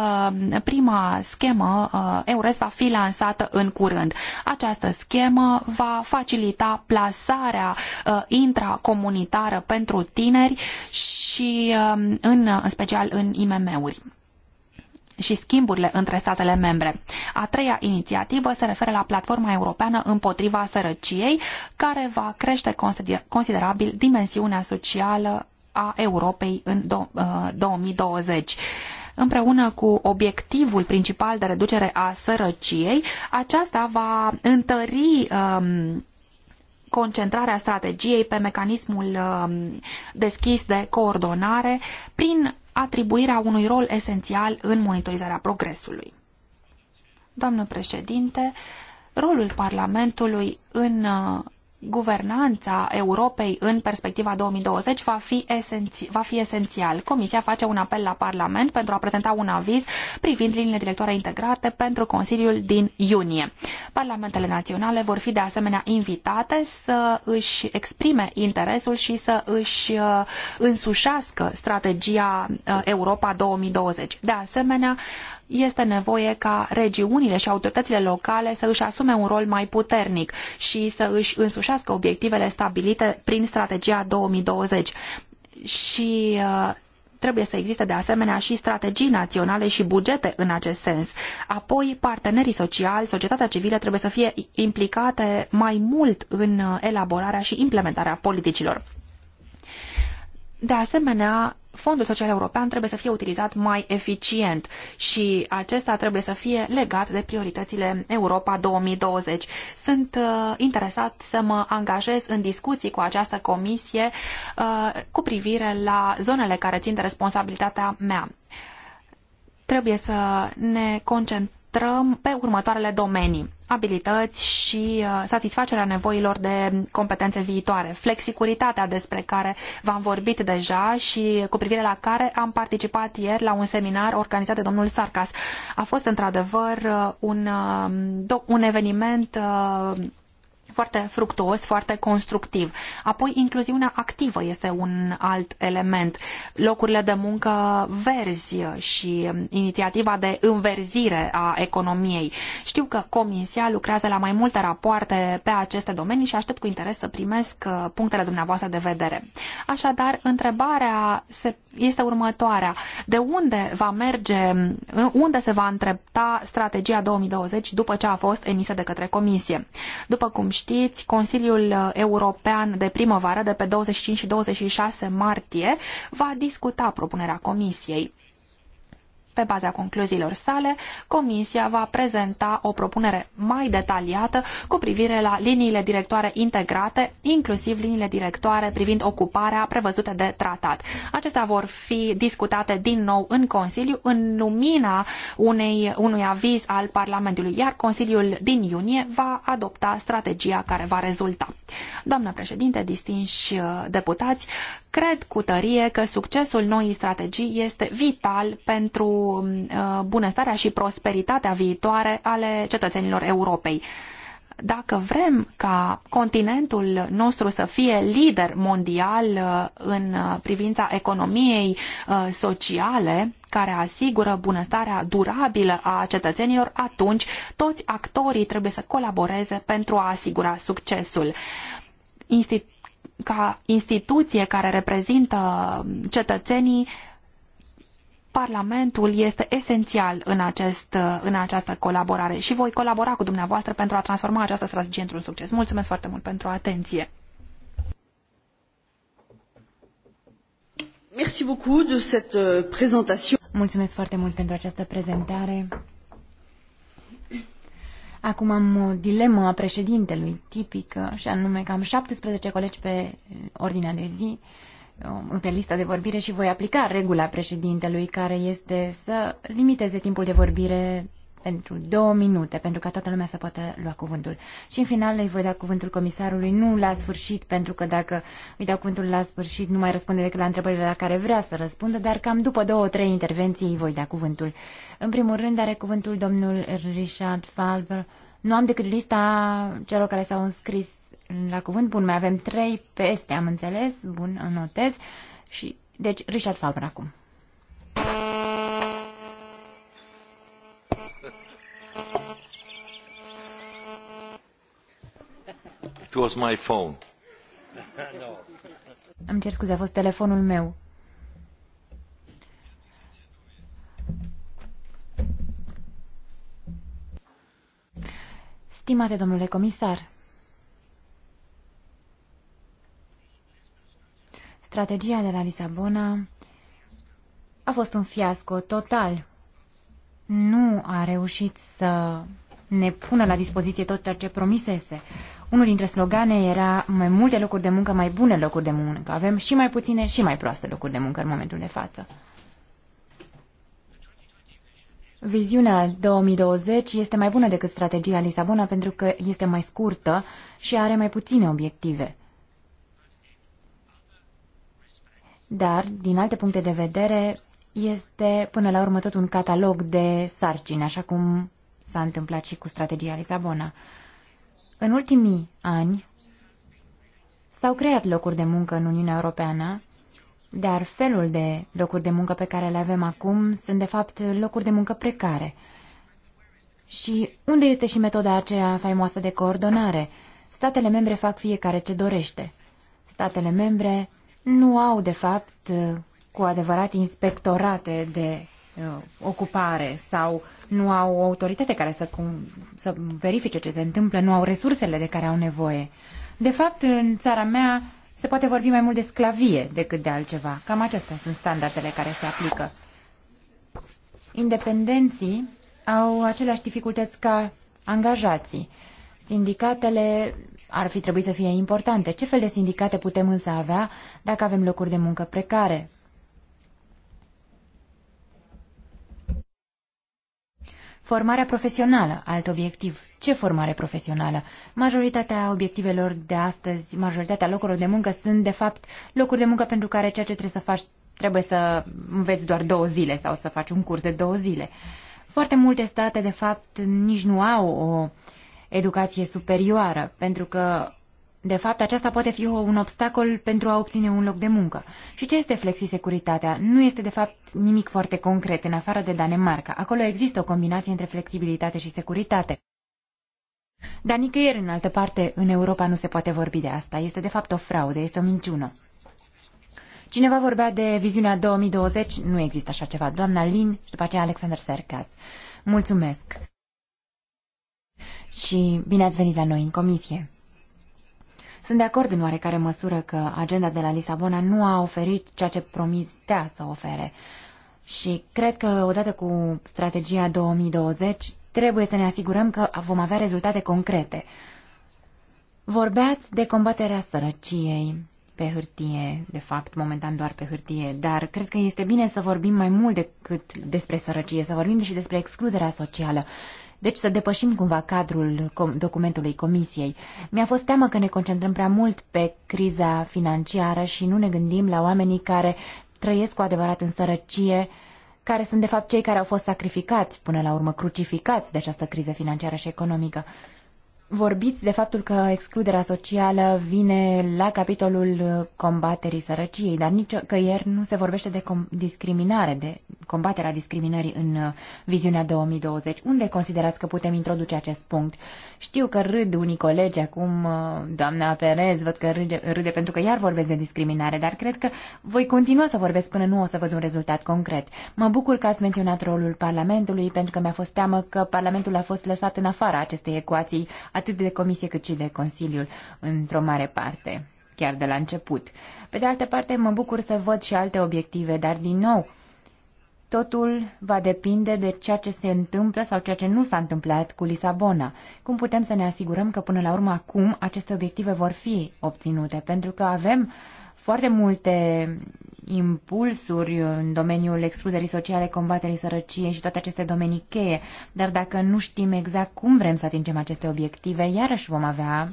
prima schemă uh, EURES va fi lansată în curând. Această schemă va facilita plasarea intracomunitară pentru tineri și um, în, în special în IMM-uri și schimburile între statele membre. A treia inițiativă se referă la platforma europeană împotriva sărăciei, care va crește considerabil dimensiunea socială a Europei în 2020. Uh, Împreună cu obiectivul principal de reducere a sărăciei, aceasta va întări um, concentrarea strategiei pe mecanismul um, deschis de coordonare prin atribuirea unui rol esențial în monitorizarea progresului. Doamnă președinte, rolul Parlamentului în uh, guvernanța Europei în perspectiva 2020 va fi, esenți- va fi esențial. Comisia face un apel la Parlament pentru a prezenta un aviz privind liniile directoare integrate pentru Consiliul din iunie. Parlamentele naționale vor fi de asemenea invitate să își exprime interesul și să își uh, însușească strategia uh, Europa 2020. De asemenea, este nevoie ca regiunile și autoritățile locale să își asume un rol mai puternic și să își însușească obiectivele stabilite prin strategia 2020. Și uh, trebuie să existe de asemenea și strategii naționale și bugete în acest sens. Apoi, partenerii sociali, societatea civilă trebuie să fie implicate mai mult în uh, elaborarea și implementarea politicilor. De asemenea, Fondul Social European trebuie să fie utilizat mai eficient și acesta trebuie să fie legat de prioritățile Europa 2020. Sunt uh, interesat să mă angajez în discuții cu această comisie uh, cu privire la zonele care țin de responsabilitatea mea. Trebuie să ne concentrăm pe următoarele domenii abilități și uh, satisfacerea nevoilor de competențe viitoare. Flexicuritatea despre care v-am vorbit deja și cu privire la care am participat ieri la un seminar organizat de domnul Sarcas. A fost într-adevăr uh, un, uh, un eveniment foarte fructuos, foarte constructiv. Apoi, incluziunea activă este un alt element. Locurile de muncă verzi și inițiativa de înverzire a economiei. Știu că Comisia lucrează la mai multe rapoarte pe aceste domenii și aștept cu interes să primesc uh, punctele dumneavoastră de vedere. Așadar, întrebarea este următoarea. De unde va merge, uh, unde se va întrepta strategia 2020 după ce a fost emisă de către Comisie? După cum știți, știți, Consiliul uh, European de primăvară de pe 25 și 26 martie va discuta propunerea Comisiei. Pe baza concluziilor sale, Comisia va prezenta o propunere mai detaliată cu privire la liniile directoare integrate, inclusiv liniile directoare privind ocuparea prevăzute de tratat. Acestea vor fi discutate din nou în Consiliu în lumina unei, unui aviz al Parlamentului, iar Consiliul din iunie va adopta strategia care va rezulta. Doamnă președinte, distinși uh, deputați, Cred cu tărie că succesul noii strategii este vital pentru uh, bunăstarea și prosperitatea viitoare ale cetățenilor Europei. Dacă vrem ca continentul nostru să fie lider mondial uh, în uh, privința economiei sociale, care asigură bunăstarea durabilă a cetățenilor, atunci toți actorii trebuie să colaboreze pentru a asigura succesul. Institu ca instituție care reprezintă cetățenii, Parlamentul este esențial în, acest, în această colaborare și voi colabora cu dumneavoastră pentru a transforma această strategie într-un succes. Mulțumesc foarte mult pentru atenție! Euh, Mulțumesc foarte mult pentru această prezentare. Acum am o dilemă a președintelui tipică uh, și anume că am 17 colegi pe uh, ordinea de zi, uh, pe lista de vorbire și voi aplica regula președintelui care este să limiteze timpul de vorbire pentru două minute, pentru ca toată lumea să poată lua cuvântul. Și în final îi voi da cuvântul comisarului, nu la sfârșit, pentru că dacă îi dau cuvântul la sfârșit, nu mai răspunde decât la întrebările la care vrea să răspundă, dar cam după două, trei intervenții îi voi da cuvântul. În primul rând are cuvântul domnul Richard Falber. Nu am decât lista celor care s-au înscris la cuvânt. Bun, mai avem trei peste, am înțeles. Bun, notez. Și, deci, Richard Falber acum. It was my phone. no. (laughs) Îmi cer scuze, a fost telefonul meu. Stimate domnule comisar, strategia de la Lisabona a fost un fiasco total. Nu a reușit să ne pună la dispoziție tot ceea ce promisese. Unul dintre slogane era mai multe locuri de muncă, mai bune locuri de muncă. Avem și mai puține și mai proaste locuri de muncă în momentul de față. Viziunea 2020 este mai bună decât strategia Lisabona pentru că este mai scurtă și are mai puține obiective. Dar, din alte puncte de vedere, este până la urmă tot un catalog de sarcini, așa cum s-a întâmplat și cu strategia Lisabona. În ultimii ani s-au creat locuri de muncă în Uniunea Europeană, dar felul de locuri de muncă pe care le avem acum sunt de fapt locuri de muncă precare. Și unde este și metoda aceea faimoasă de coordonare? Statele membre fac fiecare ce dorește. Statele membre nu au, de fapt, cu adevărat inspectorate de Uh, ocupare sau nu au o autoritate care să, cum, să verifice ce se întâmplă, nu au resursele de care au nevoie. De fapt, în țara mea se poate vorbi mai mult de sclavie decât de altceva. Cam acestea sunt standardele care se aplică. Independenții au aceleași dificultăți ca angajații. Sindicatele ar fi trebuit să fie importante. Ce fel de sindicate putem însă avea dacă avem locuri de muncă precare? Formarea profesională, alt obiectiv. Ce formare profesională? Majoritatea obiectivelor de astăzi, majoritatea locurilor de muncă sunt, de fapt, locuri de muncă pentru care ceea ce trebuie să faci trebuie să înveți doar două zile sau să faci un curs de două zile. Foarte multe state, de fapt, nici nu au o educație superioară, pentru că de fapt, aceasta poate fi un obstacol pentru a obține un loc de muncă. Și ce este flexisecuritatea? Nu este, de fapt, nimic foarte concret, în afară de Danemarca. Acolo există o combinație între flexibilitate și securitate. Dar nicăieri, în altă parte, în Europa nu se poate vorbi de asta. Este, de fapt, o fraudă, este o minciună. Cineva vorbea de viziunea 2020, nu există așa ceva. Doamna Lin și după aceea Alexander Sercas. Mulțumesc! Și bine ați venit la noi în comisie! Sunt de acord în oarecare măsură că agenda de la Lisabona nu a oferit ceea ce promitea să ofere. Și cred că odată cu strategia 2020 trebuie să ne asigurăm că vom avea rezultate concrete. Vorbeați de combaterea sărăciei pe hârtie, de fapt, momentan doar pe hârtie, dar cred că este bine să vorbim mai mult decât despre sărăcie, să vorbim și despre excluderea socială. Deci să depășim cumva cadrul documentului Comisiei. Mi-a fost teamă că ne concentrăm prea mult pe criza financiară și nu ne gândim la oamenii care trăiesc cu adevărat în sărăcie, care sunt de fapt cei care au fost sacrificați, până la urmă crucificați de această criză financiară și economică vorbiți de faptul că excluderea socială vine la capitolul combaterii sărăciei, dar nici că ieri nu se vorbește de discriminare, de combaterea discriminării în uh, viziunea 2020. Unde considerați că putem introduce acest punct? Știu că râd unii colegi acum, uh, doamna Perez, văd că râde, râde pentru că iar vorbesc de discriminare, dar cred că voi continua să vorbesc până nu o să văd un rezultat concret. Mă bucur că ați menționat rolul Parlamentului, pentru că mi-a fost teamă că Parlamentul a fost lăsat în afara acestei ecuații atât de Comisie cât și de Consiliul, într-o mare parte, chiar de la început. Pe de altă parte, mă bucur să văd și alte obiective, dar, din nou, Totul va depinde de ceea ce se întâmplă sau ceea ce nu s-a întâmplat cu Lisabona. Cum putem să ne asigurăm că până la urmă acum aceste obiective vor fi obținute? Pentru că avem foarte multe impulsuri în domeniul excluderii sociale, combaterii sărăciei și toate aceste domenii cheie. Dar dacă nu știm exact cum vrem să atingem aceste obiective, iarăși vom avea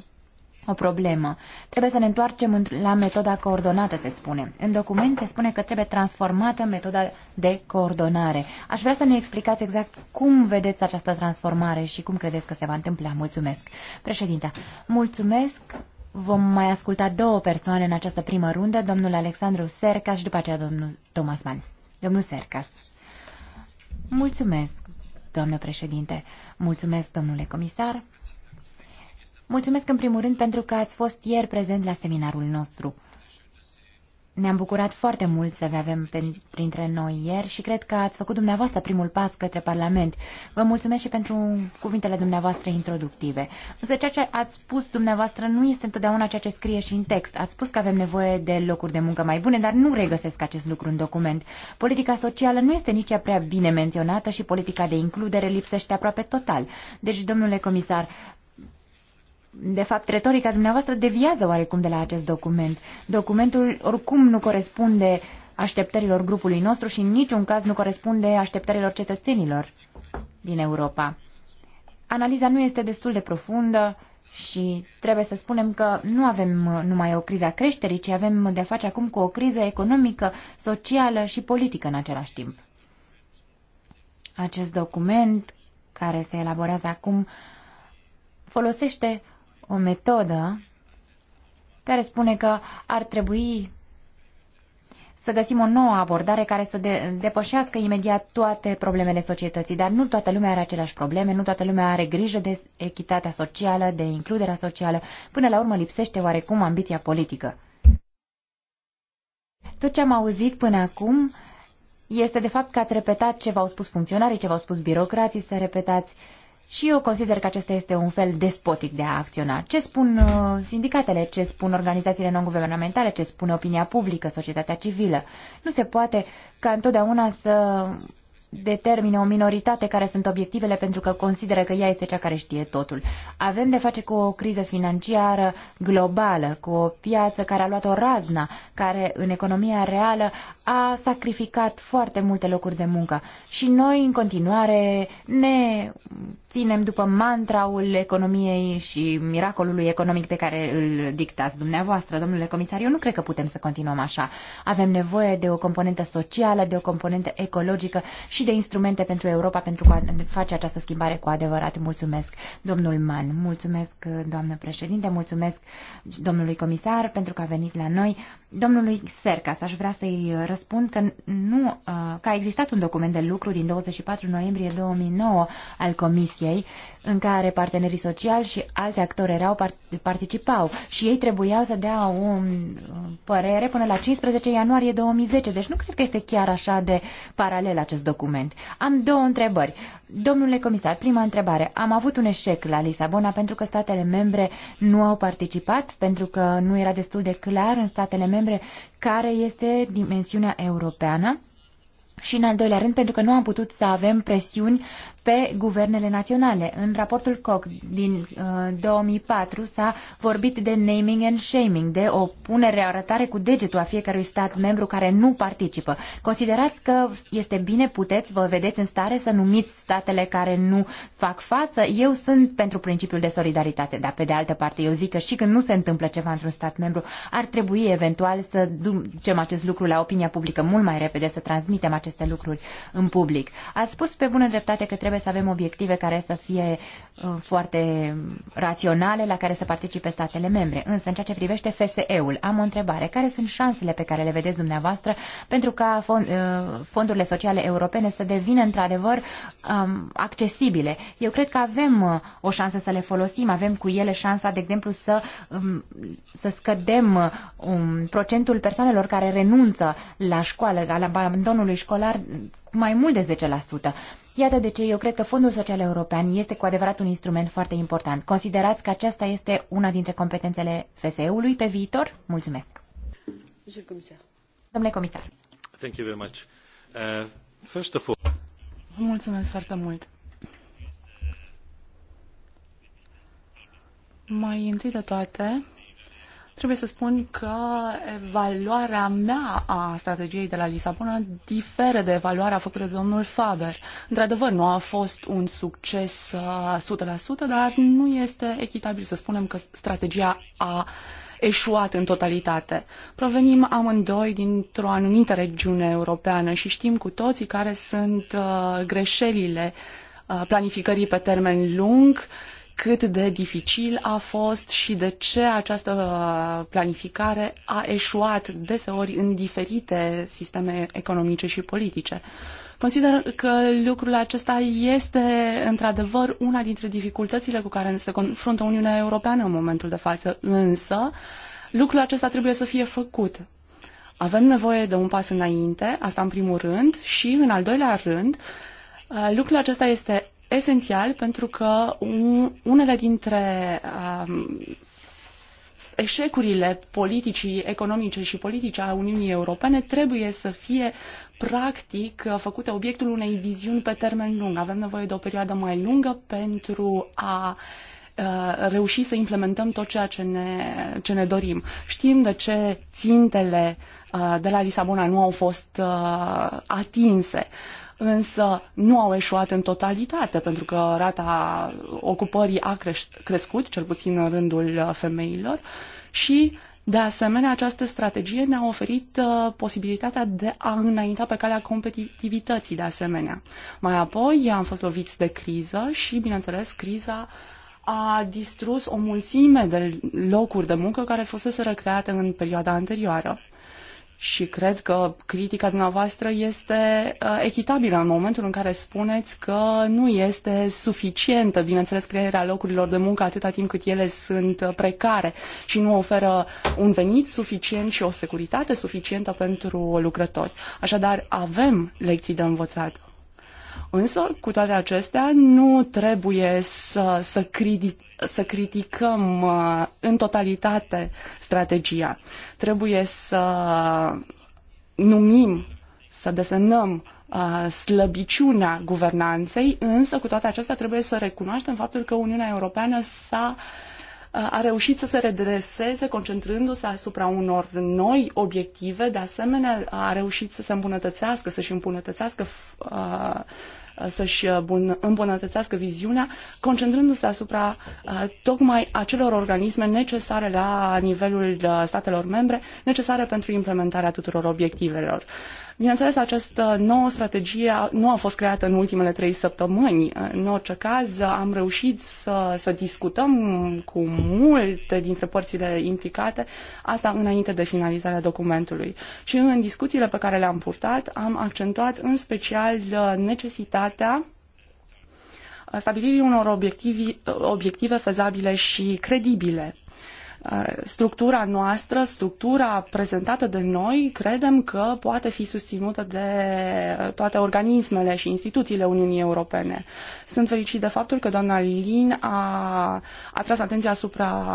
o problemă. Trebuie să ne întoarcem la metoda coordonată, se spune. În document se spune că trebuie transformată metoda de coordonare. Aș vrea să ne explicați exact cum vedeți această transformare și cum credeți că se va întâmpla. Mulțumesc. Președinte, mulțumesc. Vom mai asculta două persoane în această primă rundă, domnul Alexandru Sercas și după aceea domnul Thomas Mann. Domnul Sercas. Mulțumesc, doamnă președinte. Mulțumesc, domnule comisar. Mulțumesc în primul rând pentru că ați fost ieri prezent la seminarul nostru. Ne-am bucurat foarte mult să vă avem printre noi ieri și cred că ați făcut dumneavoastră primul pas către Parlament. Vă mulțumesc și pentru cuvintele dumneavoastră introductive. Însă ceea ce ați spus dumneavoastră nu este întotdeauna ceea ce scrie și în text. Ați spus că avem nevoie de locuri de muncă mai bune, dar nu regăsesc acest lucru în document. Politica socială nu este nici prea bine menționată și politica de includere lipsește aproape total. Deci, domnule comisar, de fapt, retorica dumneavoastră deviază oarecum de la acest document. Documentul oricum nu corespunde așteptărilor grupului nostru și în niciun caz nu corespunde așteptărilor cetățenilor din Europa. Analiza nu este destul de profundă și trebuie să spunem că nu avem uh, numai o criză a creșterii, ci avem de-a face acum cu o criză economică, socială și politică în același timp. Acest document care se elaborează acum folosește o metodă care spune că ar trebui să găsim o nouă abordare care să de- depășească imediat toate problemele societății. Dar nu toată lumea are aceleași probleme, nu toată lumea are grijă de echitatea socială, de includerea socială. Până la urmă lipsește oarecum ambiția politică. Tot ce am auzit până acum este de fapt că ați repetat ce v-au spus funcționarii, ce v-au spus birocrații, să repetați uh, și eu consider că acesta este un fel despotic de a acționa. Ce spun uh, sindicatele, ce spun organizațiile non-guvernamentale, ce spune opinia publică, societatea civilă? Nu se poate ca întotdeauna să determine o minoritate care sunt obiectivele pentru că consideră că ea este cea care știe totul. Avem de face cu o criză financiară globală, cu o piață care a luat o razna, care în economia reală a sacrificat foarte multe locuri de muncă. Și noi în continuare ne ținem după mantraul economiei și miracolului economic pe care îl dictați dumneavoastră, domnule comisar. Eu nu cred că putem să continuăm așa. Avem nevoie de o componentă socială, de o componentă ecologică și de instrumente pentru Europa pentru a face această schimbare cu adevărat. Mulțumesc, domnul Man, mulțumesc, doamnă președinte, mulțumesc domnului comisar pentru că a venit la noi. Domnului Sercas, aș vrea să-i răspund că, nu, că a existat un document de lucru din 24 noiembrie 2009 al Comisiei în care partenerii sociali și alți actori erau, participau și ei trebuiau să dea o um, părere până la 15 ianuarie 2010, deci nu cred că este chiar așa de paralel acest document. Am două întrebări. Domnule comisar, prima întrebare. Am avut un eșec la Lisabona pentru că statele membre nu au participat, pentru că nu era destul de clar în statele membre care este dimensiunea europeană și în al doilea rând pentru că nu am putut să avem presiuni pe guvernele naționale. În raportul Koch din uh, 2004 s-a vorbit de naming and shaming, de o punere arătare cu degetul a fiecărui stat membru care nu participă. Considerați că este bine, puteți, vă vedeți în stare să numiți statele care nu fac față? Eu sunt pentru principiul de solidaritate, dar pe de altă parte eu zic că și când nu se întâmplă ceva într-un stat membru, ar trebui eventual să ducem acest lucru la opinia publică mult mai repede, să transmitem aceste lucruri în public. Ați spus pe bună dreptate că trebuie trebuie să avem obiective care să fie uh, foarte raționale la care să participe statele membre. Însă, în ceea ce privește FSE-ul, am o întrebare. Care sunt șansele pe care le vedeți dumneavoastră pentru ca fond, uh, fondurile sociale europene să devină într-adevăr um, accesibile? Eu cred că avem uh, o șansă să le folosim, avem cu ele șansa, de exemplu, să, um, să scădem un um, procentul persoanelor care renunță la școală, al abandonului școlar, cu mai mult de 10%. Iată de ce eu cred că Fondul Social European este cu adevărat un instrument foarte important. Considerați că aceasta este una dintre competențele FSE-ului pe viitor? Mulțumesc. Domnule comisar. Thank you very much. Uh, first of all... Mulțumesc foarte mult. Mai întâi de toate, Trebuie să spun că evaluarea mea a strategiei de la Lisabona diferă de evaluarea făcută de domnul Faber. Într-adevăr, nu a fost un succes uh, 100%, dar nu este echitabil să spunem că strategia a eșuat în totalitate. Provenim amândoi dintr-o anumită regiune europeană și știm cu toții care sunt uh, greșelile uh, planificării pe termen lung, cât de dificil a fost și de ce această planificare a eșuat deseori în diferite sisteme economice și politice. Consider că lucrul acesta este într-adevăr una dintre dificultățile cu care se confruntă Uniunea Europeană în momentul de față, însă lucrul acesta trebuie să fie făcut. Avem nevoie de un pas înainte, asta în primul rând, și în al doilea rând, lucrul acesta este esențial pentru că unele dintre um, eșecurile politicii economice și politice a Uniunii Europene trebuie să fie practic făcute obiectul unei viziuni pe termen lung. Avem nevoie de o perioadă mai lungă pentru a uh, reuși să implementăm tot ceea ce ne, ce ne dorim. Știm de ce țintele uh, de la Lisabona nu au fost uh, atinse însă nu au eșuat în totalitate, pentru că rata ocupării a crescut, cel puțin în rândul uh, femeilor, și de asemenea, această strategie ne-a oferit uh, posibilitatea de a înainta pe calea competitivității, de asemenea. Mai apoi am fost loviți de criză și, bineînțeles, criza a distrus o mulțime de locuri de muncă care fusese recreate în perioada anterioară. Și cred că critica dumneavoastră este uh, echitabilă în momentul în care spuneți că nu este suficientă, bineînțeles, crearea locurilor de muncă atâta timp cât ele sunt uh, precare și nu oferă un venit suficient și o securitate suficientă pentru lucrători. Așadar, avem lecții de învățat. Însă, cu toate acestea, nu trebuie să, să, criti, să criticăm uh, în totalitate strategia. Trebuie să numim, să desenăm uh, slăbiciunea guvernanței, însă cu toate acestea trebuie să recunoaștem faptul că Uniunea Europeană s-a uh, a reușit să se redreseze concentrându-se asupra unor noi obiective, de asemenea a reușit să se îmbunătățească, să-și îmbunătățească uh, Uh, să-și uh, îmbunătățească viziunea, concentrându-se asupra uh, tocmai acelor organisme necesare la nivelul statelor membre, necesare pentru implementarea tuturor obiectivelor. Bineînțeles, această nouă strategie nu a fost creată în ultimele trei săptămâni. În orice caz, am reușit să, să discutăm cu multe dintre părțile implicate, asta înainte de finalizarea documentului. Și în discuțiile pe care le-am purtat, am accentuat în special uh, necesitatea uh, stabilirii unor uh, obiective, fezabile și credibile Uh, structura noastră, structura prezentată de noi, credem că poate fi susținută de toate organismele și instituțiile Uniunii Europene. Sunt fericit de faptul că doamna Lin a atras atenția asupra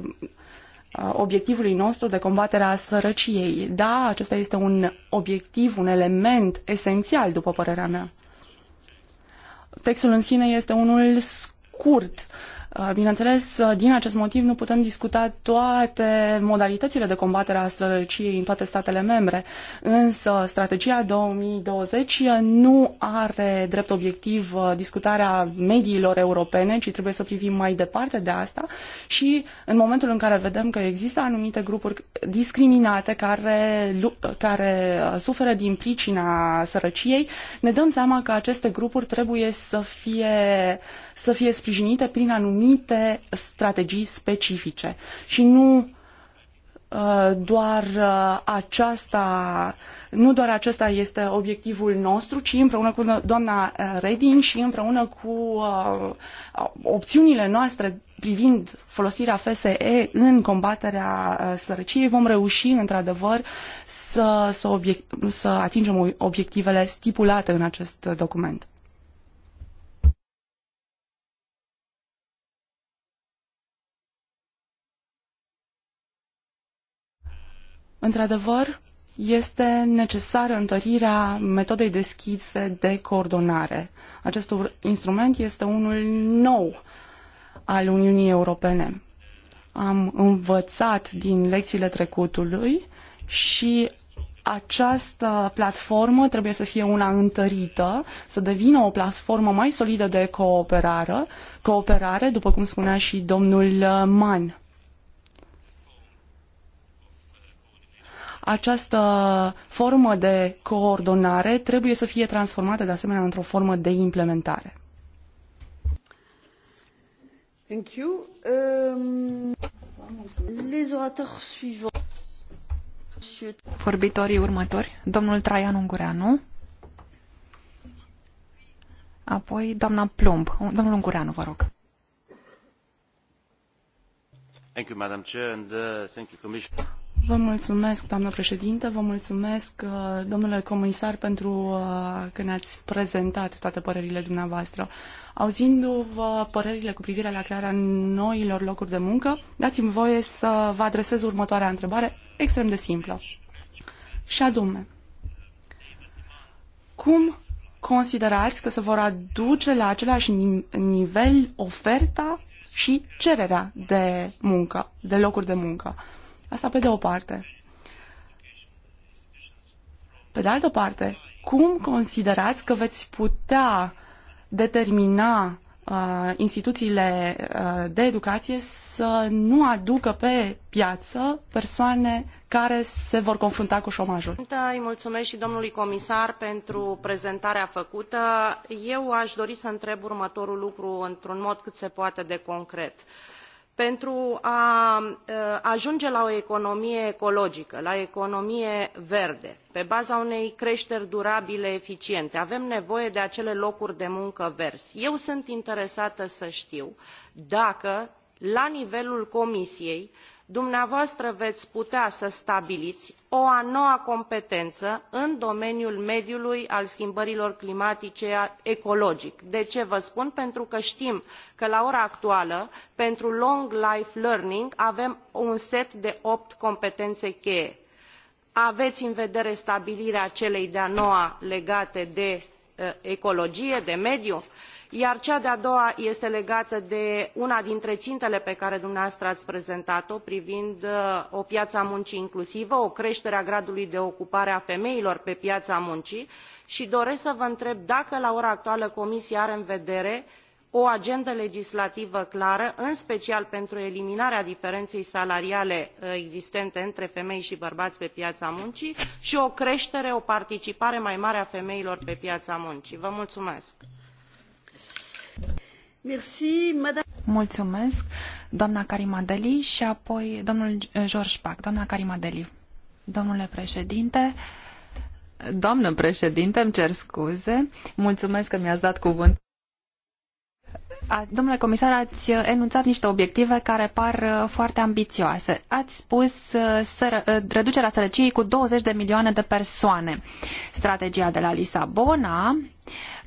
uh, obiectivului nostru de combatere a sărăciei. Da, acesta este un obiectiv, un element esențial, după părerea mea. Textul în sine este unul scurt, Uh, bineînțeles, uh, din acest motiv nu putem discuta toate modalitățile de combatere a sărăciei în toate statele membre, însă strategia 2020 uh, nu are drept obiectiv discutarea mediilor europene, ci trebuie să privim mai departe de asta și în momentul în care vedem că există anumite grupuri discriminate care, care suferă din pricina sărăciei, ne dăm seama că aceste grupuri trebuie să fie să fie sprijinite prin anumite strategii specifice și nu uh, doar uh, aceasta, nu doar acesta este obiectivul nostru, ci împreună cu doamna uh, Reding și împreună cu opțiunile noastre privind folosirea FSE în combaterea sărăciei, vom reuși într-adevăr să, să, să atingem obiectivele stipulate în acest document. Într-adevăr, este necesară întărirea metodei deschise de coordonare. Acest instrument este unul nou al Uniunii Europene. Am învățat din lecțiile trecutului și această platformă trebuie să fie una întărită, să devină o platformă mai solidă de cooperare, cooperare după cum spunea și domnul Mann. Această formă de coordonare trebuie să fie transformată de asemenea într-o formă de implementare. Thank you. Um, les orateurs suivants. Vorbitorii următori, domnul Traian Ungureanu, apoi doamna Plumb. Domnul Ungureanu, vă rog. Thank thank you, you, Madam Chair, and uh, Vă mulțumesc, doamnă președinte, vă mulțumesc, uh, domnule comisar, pentru uh, că ne-ați prezentat toate părerile dumneavoastră. Auzindu-vă părerile cu privire la crearea noilor locuri de muncă, dați-mi voie să vă adresez următoarea întrebare, extrem de simplă. Și adume, cum considerați că se vor aduce la același nivel oferta și cererea de muncă, de locuri de muncă? Asta pe de o parte. Pe de altă parte, cum considerați că veți putea determina uh, instituțiile uh, de educație să nu aducă pe piață persoane care se vor confrunta cu șomajul. Îi mulțumesc și domnului comisar pentru prezentarea făcută. Eu aș dori să întreb următorul lucru într-un mod cât se poate de concret. Uh, pentru a ajunge la o economie ecologică, la o economie verde, pe baza unei creșteri durabile, eficiente. Avem nevoie de acele locuri de muncă verzi. Eu sunt interesată să știu dacă, la nivelul Comisiei, dumneavoastră veți putea să stabiliți o a noua competență în domeniul mediului al schimbărilor climatice ecologic. De ce vă spun? Pentru că știm că la ora actuală, pentru Long Life Learning, avem un set de opt competențe cheie. Aveți în vedere stabilirea celei de-a noua legate de uh, ecologie, de mediu? iar cea de a doua este legată de una dintre intele pe care dumneavoastră ai prezentat uh, o privind o piaă a muncii inclusivă o cretere a gradului de ocupare a femeilor pe piaa muncii i doresc să vă întreb dacă la ora actuală comisia are în vedere o agendă legislativă clară în special pentru eliminarea diferenei salariale uh, existente între femei i bărbai pe piaa muncii i o cretere o participare mai mare a femeilor pe piaa muncii. Vă mulțumesc! Mulțumesc, doamna Karimadeli și apoi domnul eh, George Pac. Doamna Karimadeli. Domnule președinte, doamnă președinte, îmi cer scuze. Mulțumesc că mi-ați dat cuvânt. domnule comisar, ați eh, enunțat niște obiective care par eh, foarte ambițioase. Ați spus sără, reducerea sărăciei cu 20 de milioane de persoane. Strategia de la Lisabona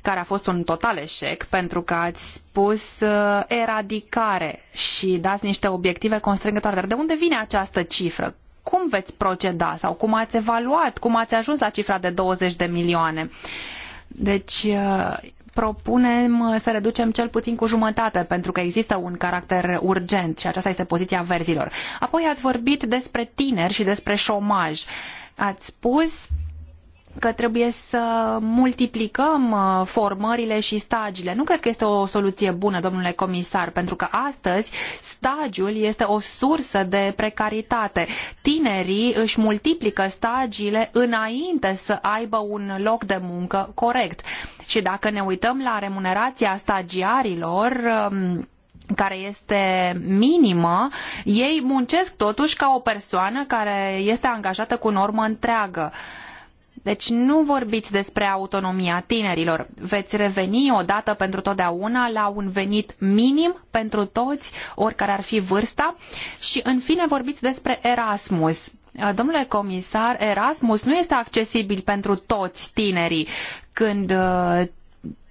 care a fost un total eșec, pentru că ați spus uh, eradicare și dați niște obiective constrângătoare. Dar de unde vine această cifră? Cum veți proceda sau cum ați evaluat, cum ați ajuns la cifra de 20 de milioane? Deci, uh, propunem uh, să reducem cel puțin cu jumătate, pentru că există un caracter urgent și aceasta este poziția verzilor. Apoi ați vorbit despre tineri și despre șomaj. Ați spus că trebuie să multiplicăm uh, formările și stagiile. Nu cred că este o soluție bună, domnule comisar, pentru că astăzi stagiul este o sursă de precaritate. Tinerii își multiplică stagiile înainte să aibă un loc de muncă corect. Și dacă ne uităm la remunerația stagiarilor, um, care este minimă, ei muncesc totuși ca o persoană care este angajată cu normă întreagă. Uh, deci nu vorbiți despre autonomia tinerilor. Veți reveni odată pentru totdeauna la un venit minim pentru toți, oricare ar fi vârsta. Și în fine vorbiți despre Erasmus. Domnule comisar, Erasmus nu este accesibil pentru toți tinerii. Când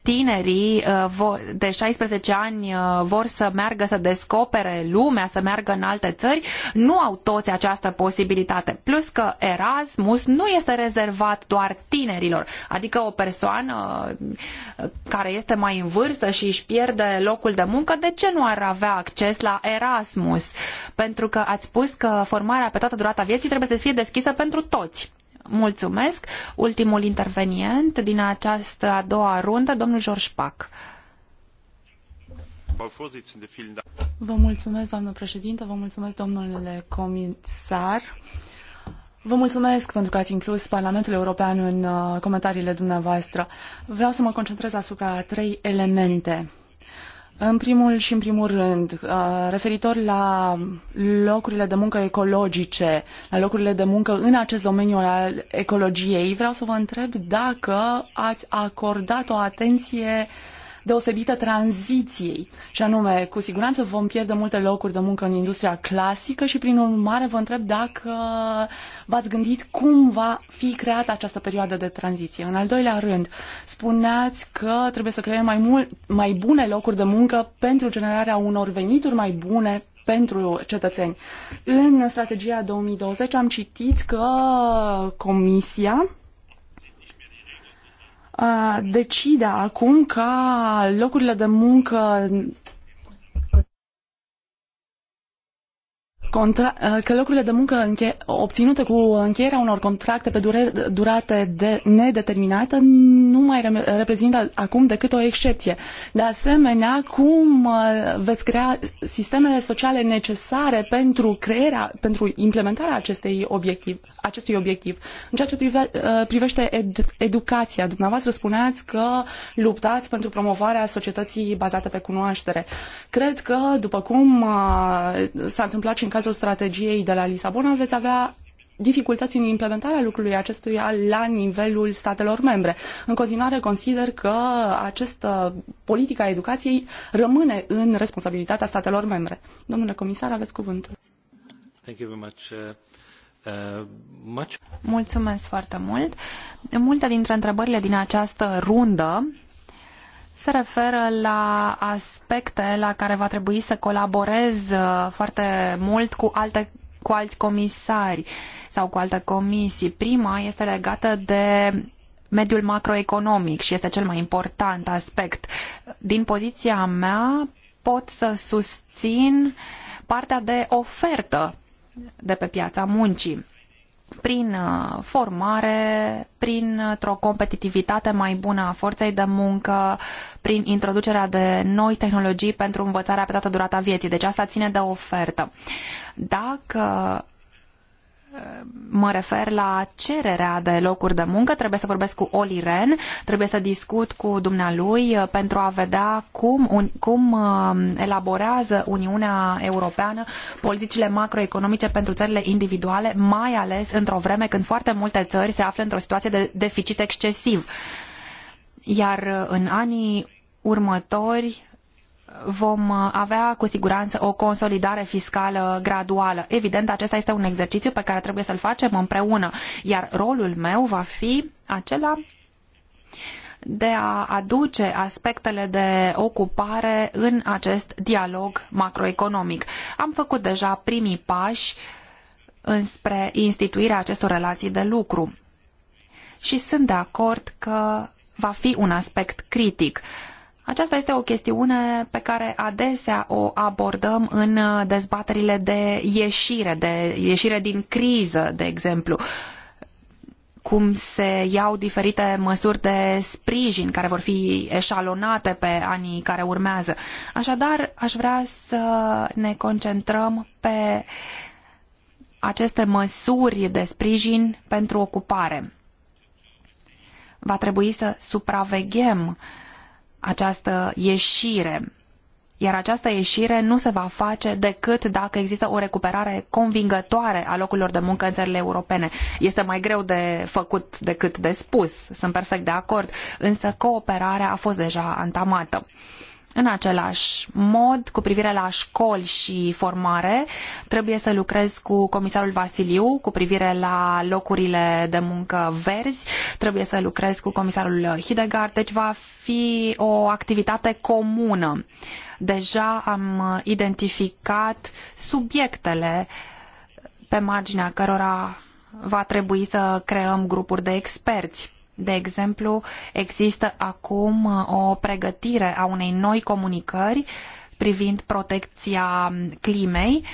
tinerii uh, de 16 ani uh, vor să meargă să descopere lumea, să meargă în alte țări, nu au toți această posibilitate. Plus că Erasmus nu este rezervat doar tinerilor, adică o persoană uh, care este mai în vârstă și își pierde locul de muncă, de ce nu ar avea acces la Erasmus? Pentru că ați spus că formarea pe toată durata vieții trebuie să fie deschisă pentru toți. Mulțumesc. Ultimul intervenient din această a doua rundă, domnul George Pac. Vă mulțumesc, doamnă președintă, vă mulțumesc, domnule comisar. Vă mulțumesc pentru că ați inclus Parlamentul European în uh, comentariile dumneavoastră. Vreau să mă concentrez asupra trei elemente în primul și în primul rând, uh, referitor la locurile de muncă ecologice, la locurile de muncă în acest domeniu al ecologiei, vreau să vă întreb dacă ați acordat o atenție deosebită tranziției. Și anume, cu siguranță vom pierde multe locuri de muncă în industria clasică și, prin urmare, vă întreb dacă v-ați gândit cum va fi creată această perioadă de tranziție. În al doilea rând, spuneați că trebuie să creăm mai, mult, mai bune locuri de muncă pentru generarea unor venituri mai bune pentru cetățeni. În strategia 2020 am citit că Comisia decide acum ca locurile de muncă contra- că locurile de muncă înche- obținute cu încheierea unor contracte pe dure- durate de nedeterminată nu mai re- reprezintă acum decât o excepție. De asemenea, cum veți crea sistemele sociale necesare pentru crearea, pentru implementarea acestei obiectiv- acestui obiectiv. În ceea ce prive, uh, privește ed, educația, dumneavoastră spuneați că luptați pentru promovarea societății bazate pe cunoaștere. Cred că, după cum uh, s-a întâmplat și în cazul strategiei de la Lisabona, veți avea dificultăți în implementarea lucrului acestuia la nivelul statelor membre. În continuare, consider că această politică a educației rămâne în responsabilitatea statelor membre. Domnule comisar, aveți cuvântul. Thank you very much. Uh, Mulțumesc foarte mult. Multe dintre întrebările din această rundă se referă la aspecte la care va trebui să colaborez uh, foarte mult cu alte cu alți comisari sau cu alte comisii. Prima este legată de mediul macroeconomic și este cel mai important aspect. Din poziția mea pot să susțin partea de ofertă de pe piața muncii prin uh, formare, printr-o uh, competitivitate mai bună a forței de muncă, prin introducerea de noi tehnologii pentru învățarea pe toată durata vieții. Deci asta ține de ofertă. Dacă mă refer la cererea de locuri de muncă, trebuie să vorbesc cu Oli Ren, trebuie să discut cu dumnealui pentru a vedea cum, un, cum um, elaborează Uniunea Europeană politicile macroeconomice pentru țările individuale, mai ales într-o vreme când foarte multe țări se află într-o situație de deficit excesiv. Iar uh, în anii următori vom uh, avea cu siguranță o consolidare fiscală graduală. Evident, acesta este un exercițiu pe care trebuie să-l facem împreună, iar rolul meu va fi acela de a aduce aspectele de ocupare în acest dialog macroeconomic. Am făcut deja primii pași înspre instituirea acestor relații de lucru și sunt de acord că va fi un aspect critic. Aceasta este o chestiune pe care adesea o abordăm în dezbaterile de ieșire, de ieșire din criză, de exemplu cum se iau diferite măsuri de sprijin care vor fi eșalonate pe anii care urmează. Așadar, aș vrea să ne concentrăm pe aceste măsuri de sprijin pentru ocupare. Va trebui să supraveghem uh, această ieșire. Iar această ieșire nu se va face decât dacă există o recuperare convingătoare a locurilor de muncă în țările europene. Este mai greu de făcut decât de spus, sunt perfect de acord, însă cooperarea a fost deja antamată. În același mod, cu privire la școli și formare, trebuie să lucrez cu comisarul Vasiliu cu privire la locurile de muncă verzi, trebuie să lucrez cu comisarul Hidegard, deci va fi o activitate comună. Deja am identificat subiectele pe marginea cărora va trebui să creăm grupuri de experți de exemplu, există acum uh, o pregătire a unei noi comunicări privind protecția climei.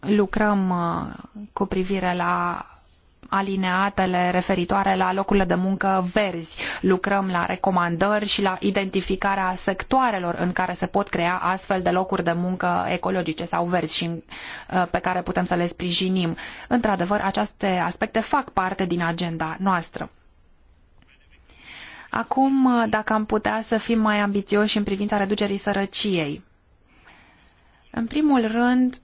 Lucrăm uh, cu privire la alineatele referitoare la locurile de muncă verzi. Lucrăm la recomandări și la identificarea sectoarelor în care se pot crea astfel de locuri de muncă ecologice sau verzi și uh, pe care putem să le sprijinim. Într-adevăr, aceste aspecte fac parte din agenda noastră. Acum, uh, dacă am putea să fim mai ambițioși în privința reducerii sărăciei. În primul rând,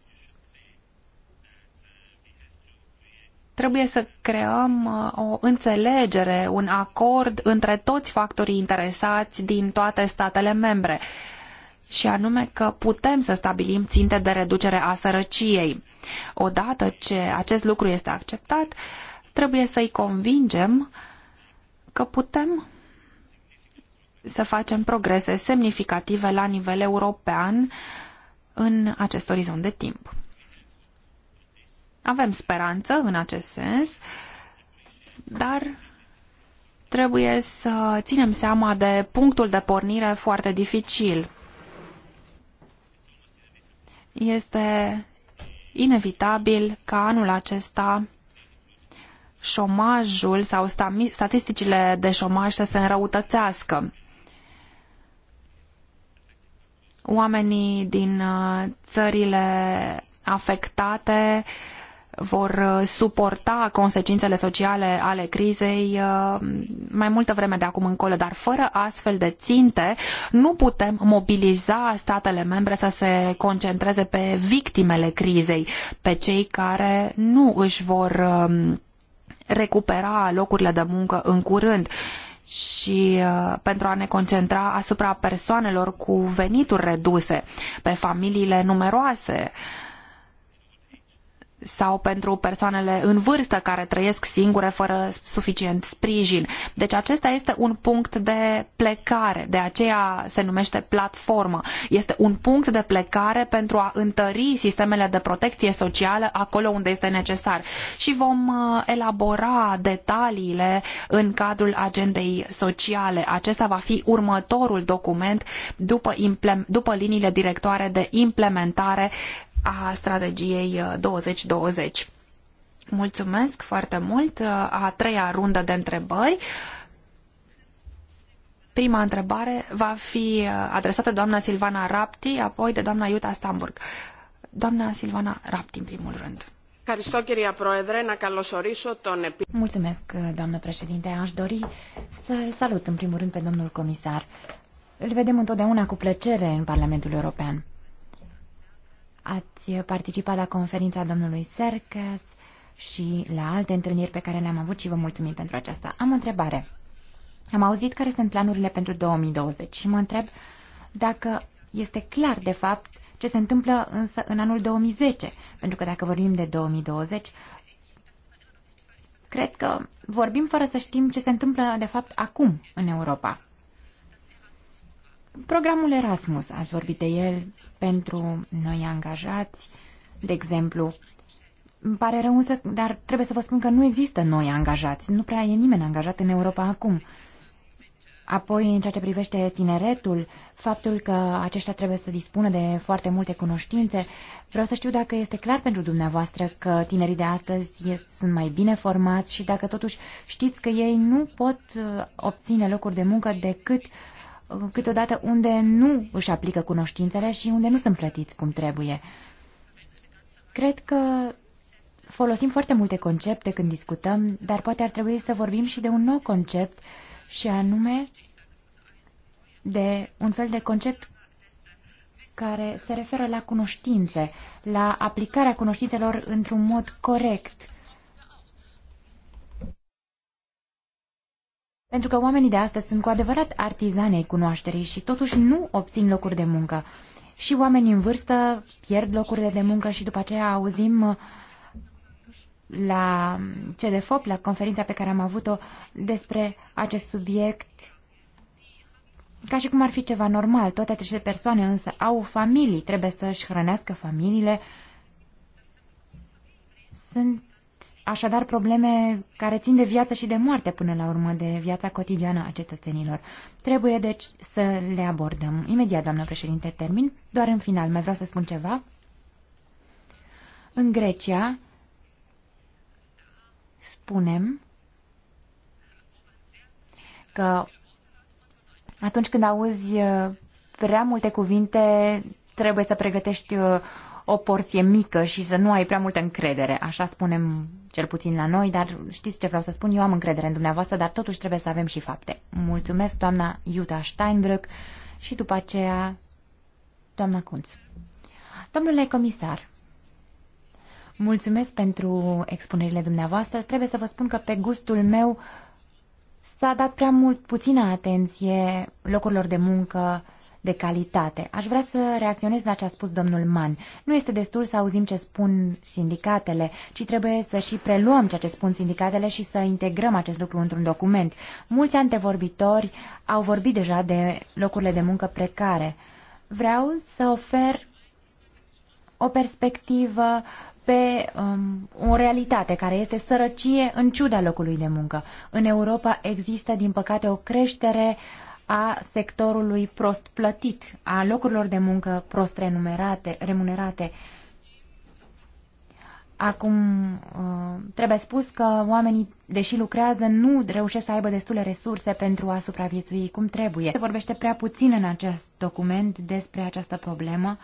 Trebuie să creăm uh, o înțelegere, un acord între toți factorii interesați din toate statele membre, și anume că putem să stabilim ținte de reducere a sărăciei. Odată ce acest lucru este acceptat, trebuie să-i convingem că putem să facem progrese semnificative la nivel european în acest orizont de timp. Avem speranță în acest sens, dar trebuie să ținem seama de punctul de pornire foarte dificil. Este inevitabil ca anul acesta șomajul sau statisticile de șomaj să se înrăutățească. Oamenii din uh, țările afectate uh, vor uh, suporta consecințele sociale ale crizei uh, mai multă vreme de acum încolo, dar fără astfel de ținte nu putem mobiliza statele membre să se concentreze pe victimele crizei, pe cei care nu își vor um, recupera locurile de muncă în curând și uh, pentru a ne concentra asupra persoanelor cu venituri reduse, pe familiile numeroase, uh, sau pentru persoanele în vârstă care trăiesc singure fără suficient sprijin. Deci acesta este un punct de plecare, de aceea se numește platformă. Este un punct de plecare pentru a întări sistemele de protecție socială acolo unde este necesar și vom uh, elabora detaliile în cadrul agendei sociale. Acesta va fi următorul document după, după liniile directoare de implementare a strategiei 2020. Uh, Mulțumesc foarte mult. Uh, a treia rundă de întrebări. Prima întrebare va fi uh, adresată doamna Silvana Rapti, apoi de doamna Iuta Stamburg. Doamna Silvana Rapti, în primul rând. Mulțumesc, doamnă președinte. Aș dori să-l salut în primul rând pe domnul comisar. Îl vedem întotdeauna cu plăcere în Parlamentul European. Ați participat la conferința domnului Serkes și la alte întâlniri pe care le-am avut și vă mulțumim pentru aceasta. Am o întrebare. Am auzit care sunt planurile pentru 2020 și mă întreb dacă este clar, de fapt, ce se întâmplă însă în anul 2010. Pentru că dacă vorbim de 2020, cred că vorbim fără să știm ce se întâmplă, de fapt, acum în Europa. Programul Erasmus, ați vorbit de el pentru noi angajați, de exemplu. Îmi pare rău însă, dar trebuie să vă spun că nu există noi angajați. Nu prea e nimeni angajat în Europa acum. Apoi, în ceea ce privește tineretul, faptul că aceștia trebuie să dispună de foarte multe cunoștințe, vreau să știu dacă este clar pentru dumneavoastră că tinerii de astăzi sunt mai bine formați și dacă totuși știți că ei nu pot uh, obține locuri de muncă decât uh, câteodată unde nu își aplică cunoștințele și unde nu sunt plătiți cum trebuie. Cred că folosim foarte multe concepte când discutăm, dar poate ar trebui să vorbim și de un nou concept și anume de un fel de concept care se referă la cunoștințe, la aplicarea cunoștințelor într-un mod corect, Pentru că oamenii de astăzi sunt cu adevărat artizani ai cunoașterii și totuși nu obțin locuri de muncă. Și oamenii în vârstă pierd locurile de muncă și după aceea auzim uh, la CDFOP, la conferința pe care am avut-o despre acest subiect, ca și cum ar fi ceva normal. Toate aceste persoane însă au familii, trebuie să-și hrănească familiile. Sunt așadar probleme care țin de viață și de moarte până la urmă, de viața cotidiană a cetățenilor. Trebuie deci să le abordăm. Imediat, doamnă președinte, termin. Doar în final, mai vreau să spun ceva. În Grecia spunem că atunci când auzi uh, prea multe cuvinte, trebuie să pregătești uh, o porție mică și să nu ai prea multă încredere. Așa spunem cel puțin la noi, dar știți ce vreau să spun? Eu am încredere în dumneavoastră, dar totuși trebuie să avem și fapte. Mulțumesc, doamna Iuta Steinbrück și după aceea doamna Kunz. Domnule comisar, mulțumesc pentru expunerile dumneavoastră. Trebuie să vă spun că pe gustul meu s-a dat prea mult puțină atenție locurilor de muncă de calitate. Aș vrea să reacționez la ce a spus domnul Mann. Nu este destul să auzim ce spun sindicatele, ci trebuie să și preluăm ceea ce spun sindicatele și să integrăm acest lucru într-un document. Mulți antevorbitori au vorbit deja de locurile de muncă precare. Vreau să ofer o perspectivă pe um, o realitate care este sărăcie în ciuda locului de muncă. În Europa există, din păcate, o creștere uh, a sectorului prost plătit, a locurilor de muncă prost remunerate. remunerate. Acum, uh, trebuie spus că oamenii, deși lucrează, nu reușesc să aibă destule resurse pentru a supraviețui cum trebuie. Se vorbește prea puțin în acest document despre această problemă,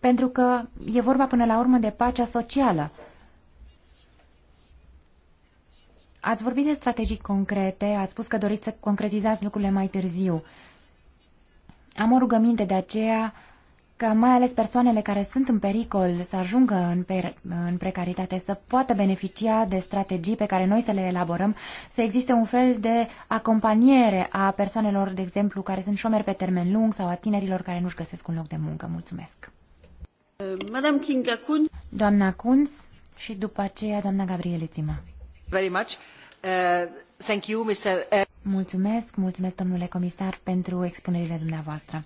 pentru că e vorba până la urmă de pacea socială. Ați vorbit de strategii concrete, ați spus că doriți să concretizați lucrurile mai târziu. Am o rugăminte de aceea ca mai ales persoanele care sunt în pericol să ajungă în, per- în precaritate, să poată beneficia de strategii pe care noi să le elaborăm, să existe un fel de acompaniere a persoanelor, de exemplu, care sunt șomeri pe termen lung sau a tinerilor care nu-și găsesc un loc de muncă. Mulțumesc! Madame Kinga Kunz. Doamna Kunz și după aceea doamna Gabriele Țima. Very much. Uh, uh, mulțumesc, mulțumesc domnule comisar pentru expunerile dumneavoastră.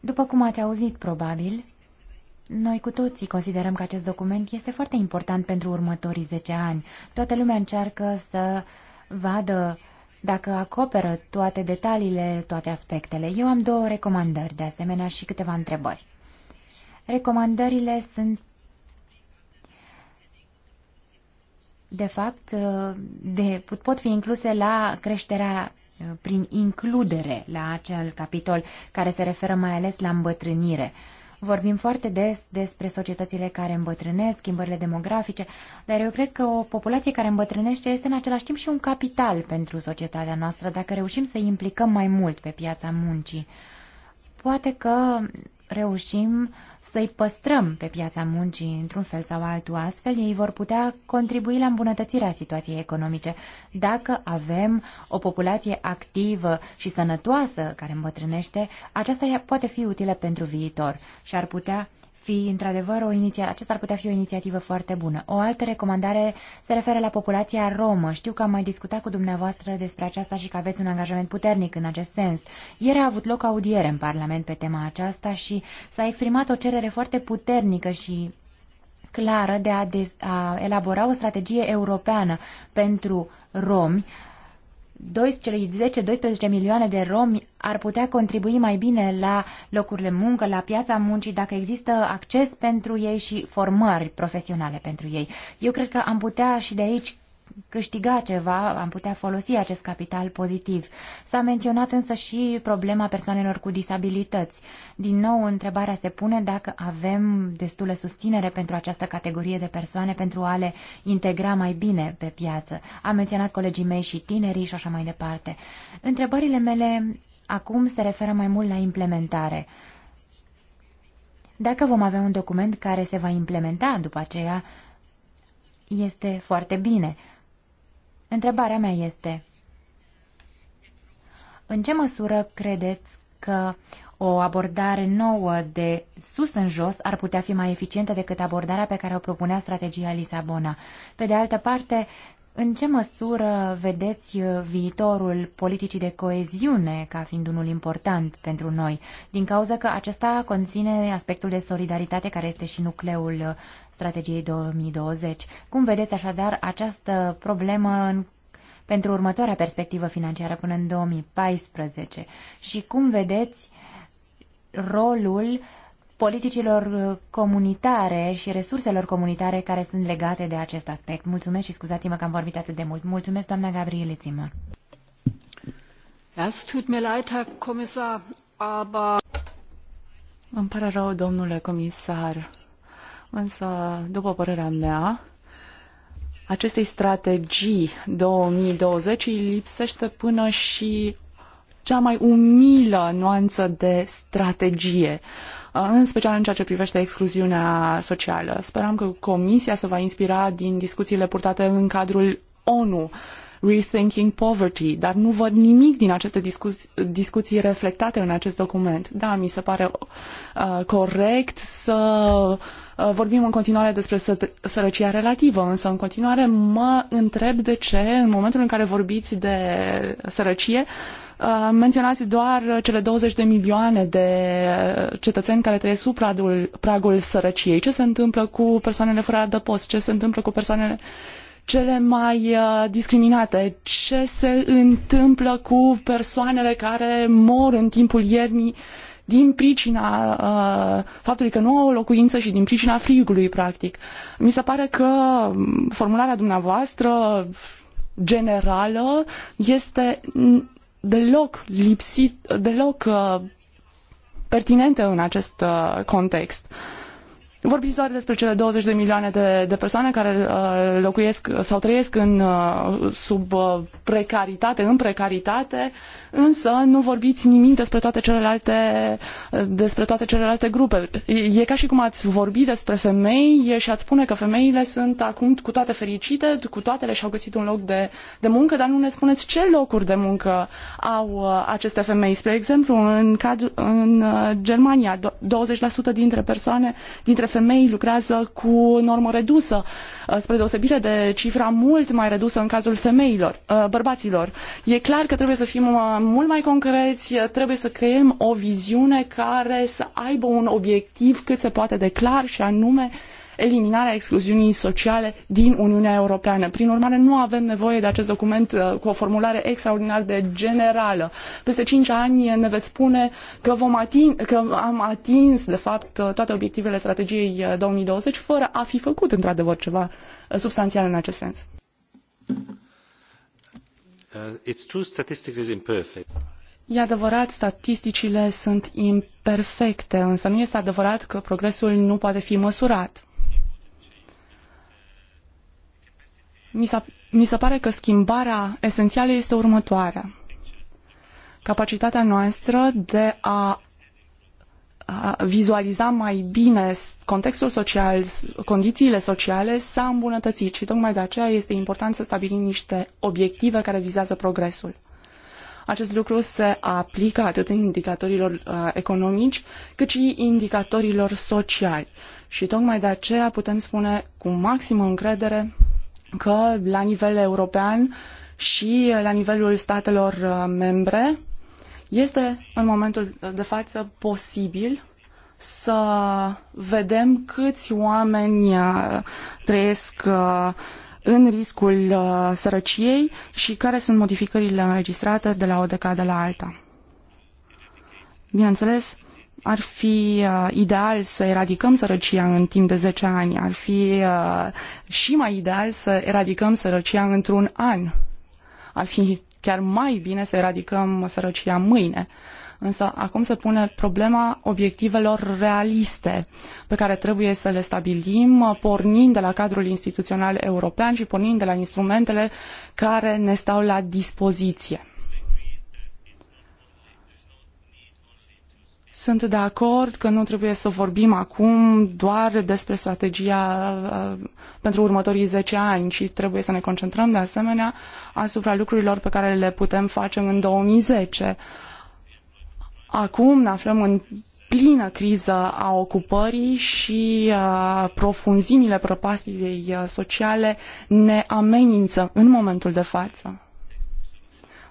După cum ați auzit probabil, noi cu toții considerăm că acest document este foarte important pentru următorii 10 ani. Toată lumea încearcă să vadă dacă acoperă toate detaliile, toate aspectele. Eu am două recomandări, de asemenea, și câteva întrebări. Recomandările sunt de fapt, de, pot fi incluse la creșterea uh, prin includere la acel capitol care se referă mai ales la îmbătrânire. Vorbim foarte des despre societățile care îmbătrânesc, schimbările demografice, dar eu cred că o populație care îmbătrânește este în același timp și un capital pentru societatea noastră, dacă reușim să implicăm mai mult pe piața muncii. Poate că reușim să-i păstrăm pe piața muncii într-un fel sau altul, astfel ei vor putea contribui la îmbunătățirea situației economice. Dacă avem o populație activă și sănătoasă care îmbătrânește, aceasta poate fi utilă pentru viitor și ar putea fi într-adevăr o inițiativă, aceasta ar putea fi o inițiativă foarte bună. O altă recomandare se referă la populația romă. Știu că am mai discutat cu dumneavoastră despre aceasta și că aveți un angajament puternic în acest sens. Ieri a avut loc audiere în Parlament pe tema aceasta și s-a exprimat o cerere foarte puternică și clară de a, de a elabora o strategie europeană pentru romi, 10-12 milioane de romi ar putea contribui mai bine la locurile muncă, la piața muncii, dacă există acces pentru ei și formări profesionale pentru ei. Eu cred că am putea și de aici câștiga ceva, am putea folosi acest capital pozitiv. S-a menționat însă și problema persoanelor cu disabilități. Din nou, întrebarea se pune dacă avem destulă susținere pentru această categorie de persoane pentru a le integra mai bine pe piață. Am menționat colegii mei și tinerii și așa mai departe. Întrebările mele acum se referă mai mult la implementare. Dacă vom avea un document care se va implementa după aceea, este foarte bine. Întrebarea mea este, în ce măsură credeți că o abordare nouă de sus în jos ar putea fi mai eficientă decât abordarea pe care o propunea strategia Lisabona? Pe de altă parte, în ce măsură vedeți viitorul politicii de coeziune ca fiind unul important pentru noi, din cauza că acesta conține aspectul de solidaritate care este și nucleul strategiei 2020. Cum vedeți așadar această problemă în pentru următoarea perspectivă financiară până în 2014 și cum vedeți rolul politicilor comunitare și resurselor comunitare care sunt legate de acest aspect. Mulțumesc și scuzați-mă că am vorbit atât de mult. Mulțumesc, doamna Gabriele Zimmer. Es tut mir leid, Herr Kommissar, aber... Îmi pare rău, domnule comisar, Însă, după părerea mea, acestei strategii 2020 îi lipsește până și cea mai umilă nuanță de strategie, în special în ceea ce privește excluziunea socială. Sperăm că Comisia se va inspira din discuțiile purtate în cadrul ONU Rethinking Poverty, dar nu văd nimic din aceste discuții, discuții reflectate în acest document. Da, mi se pare uh, corect să uh, vorbim în continuare despre să, sărăcia relativă, însă în continuare mă întreb de ce, în momentul în care vorbiți de sărăcie, uh, menționați doar cele 20 de milioane de cetățeni care trăiesc sub pragul, pragul sărăciei. Ce se întâmplă cu persoanele fără adăpost? Ce se întâmplă cu persoanele uh, cele mai uh, discriminate? Ce se întâmplă cu persoanele care mor în timpul iernii din pricina uh, faptului că nu au o locuință și din pricina frigului, practic? Mi se pare că formularea dumneavoastră generală este deloc lipsit, deloc uh, pertinentă în acest uh, context. Uh, Vorbim doar despre cele 20 de milioane de, de persoane care uh, locuiesc sau trăiesc în, uh, sub uh, precaritate, în precaritate, însă nu vorbiți nimic despre toate celelalte, despre toate celelalte grupe. E, e ca și cum ați vorbi despre femei și ați spune că femeile sunt acum cu toate fericite, cu toate le și-au găsit un loc de, de muncă, dar nu ne spuneți ce locuri de muncă au uh, aceste femei. Spre exemplu, în, cadru, în uh, Germania, 20% dintre persoane, dintre femei lucrează cu normă redusă, uh, spre deosebire de cifra mult mai redusă în cazul femeilor, uh, bărbaților. E clar că trebuie să fim uh, mult mai concreți, trebuie să creăm o viziune care să aibă un obiectiv cât se poate de clar și anume eliminarea excluziunii sociale din Uniunea Europeană. Prin urmare, nu avem nevoie de acest document uh, cu o formulare extraordinar de generală. Peste cinci ani ne veți spune că, vom atin- că am atins, de fapt, uh, toate obiectivele strategiei 2020 uh, fără a fi făcut, într-adevăr, ceva substanțial în acest sens. It's true, statistics is imperfect. E adevărat, statisticile sunt imperfecte, însă nu este adevărat că progresul nu poate fi măsurat. mi, mi se pare că schimbarea esențială este următoarea. Capacitatea noastră de a vizualiza mai bine contextul social, condițiile sociale s-a îmbunătățit și tocmai de aceea este important să stabilim niște obiective care vizează progresul. Acest lucru se aplică atât indicatorilor uh, economici, cât și indicatorilor sociali. Și tocmai de aceea putem spune cu maximă încredere că la nivel european și la nivelul statelor uh, membre este în momentul de față posibil să vedem câți oameni uh, trăiesc uh, în riscul sărăciei și care sunt modificările înregistrate de la o decadă la alta. Bineînțeles, ar fi uh, ideal să eradicăm sărăcia în timp de 10 ani, ar fi uh, și mai ideal să eradicăm sărăcia într-un an, ar fi chiar mai bine să eradicăm sărăcia mâine. Însă acum se pune problema obiectivelor realiste pe care trebuie să le stabilim uh, pornind de la cadrul instituțional european și pornind de la instrumentele care ne stau la dispoziție. Sunt de acord că nu trebuie să vorbim acum doar despre strategia uh, pentru următorii 10 ani, ci trebuie să ne concentrăm de asemenea asupra lucrurilor pe care le putem face în 2010. Acum ne aflăm în plină criză a ocupării și a uh, profunzimile prăpastiei uh, sociale ne amenință în momentul de față.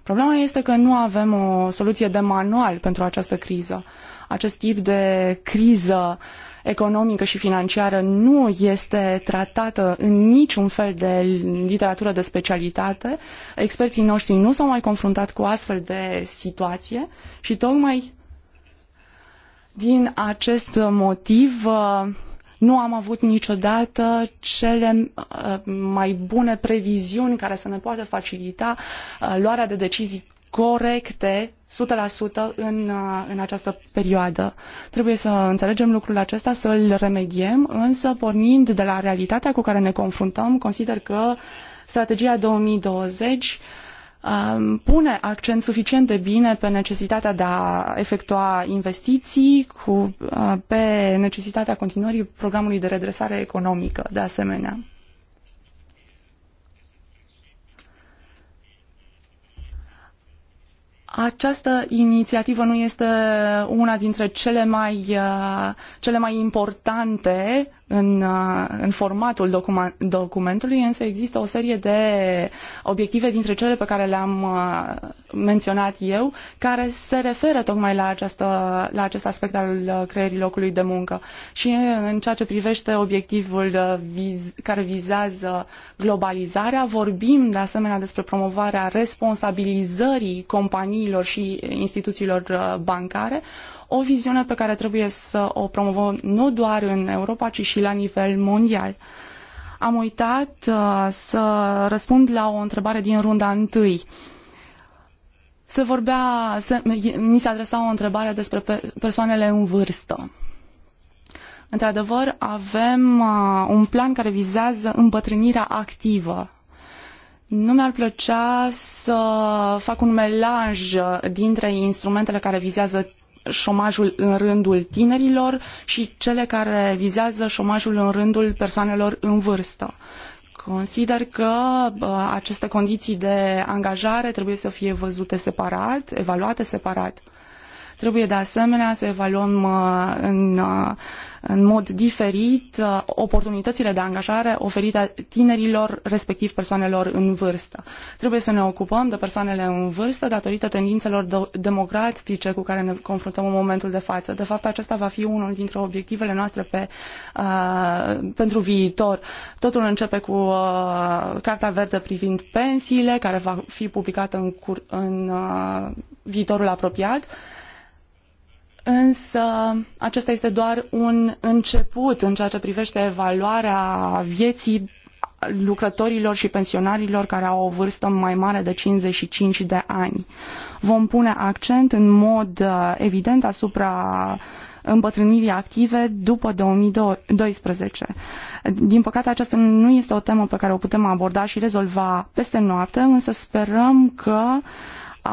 Problema este că nu avem o soluție de manual pentru această criză. Acest tip de criză economică și financiară nu este tratată în niciun fel de literatură de specialitate. Experții noștri nu s-au mai confruntat cu astfel de situație și tocmai din acest motiv uh, nu am avut niciodată cele uh, mai bune previziuni care să ne poată facilita uh, luarea de decizii corecte 100% în, uh, în această perioadă. Trebuie să înțelegem lucrul acesta, să îl remediem, însă pornind de la realitatea cu care ne confruntăm, consider că strategia 2020 Um, pune accent suficient de bine pe necesitatea de a efectua investiții, cu, uh, pe necesitatea continuării programului de redresare economică, de asemenea. Această inițiativă nu este una dintre cele mai, uh, cele mai importante în, uh, în formatul document, documentului, însă există o serie de obiective dintre cele pe care le-am uh, menționat eu, care se referă tocmai la, această, la acest aspect al uh, creierii locului de muncă. Și în ceea ce privește obiectivul viz, care vizează globalizarea, vorbim de asemenea despre promovarea responsabilizării companiilor și instituțiilor bancare, o viziune pe care trebuie să o promovăm nu doar în Europa, ci și la nivel mondial. Am uitat uh, să răspund la o întrebare din runda întâi. Se vorbea, se, mi se adresa o întrebare despre persoanele în vârstă. Într-adevăr, avem uh, un plan care vizează îmbătrânirea activă nu mi-ar plăcea să fac un melanj dintre instrumentele care vizează șomajul în rândul tinerilor și cele care vizează șomajul în rândul persoanelor în vârstă. Consider că aceste condiții de angajare trebuie să fie văzute separat, evaluate separat. Trebuie de asemenea să evaluăm uh, în, uh, în mod diferit uh, oportunitățile de angajare oferite tinerilor, respectiv persoanelor în vârstă. Trebuie să ne ocupăm de persoanele în vârstă datorită tendințelor democratice cu care ne confruntăm în momentul de față. De fapt, acesta va fi unul dintre obiectivele noastre pe, uh, pentru viitor. Totul începe cu uh, Carta Verde privind pensiile, care va fi publicată în, cur- în uh, viitorul apropiat. Uh, însă acesta este doar un început în ceea ce privește evaluarea vieții lucrătorilor și pensionarilor care au o vârstă mai mare de 55 de ani. Vom pune accent în mod uh, evident asupra îmbătrânirii active după 2012. Din păcate, aceasta nu este o temă pe care o putem aborda și rezolva peste noapte, însă sperăm că uh,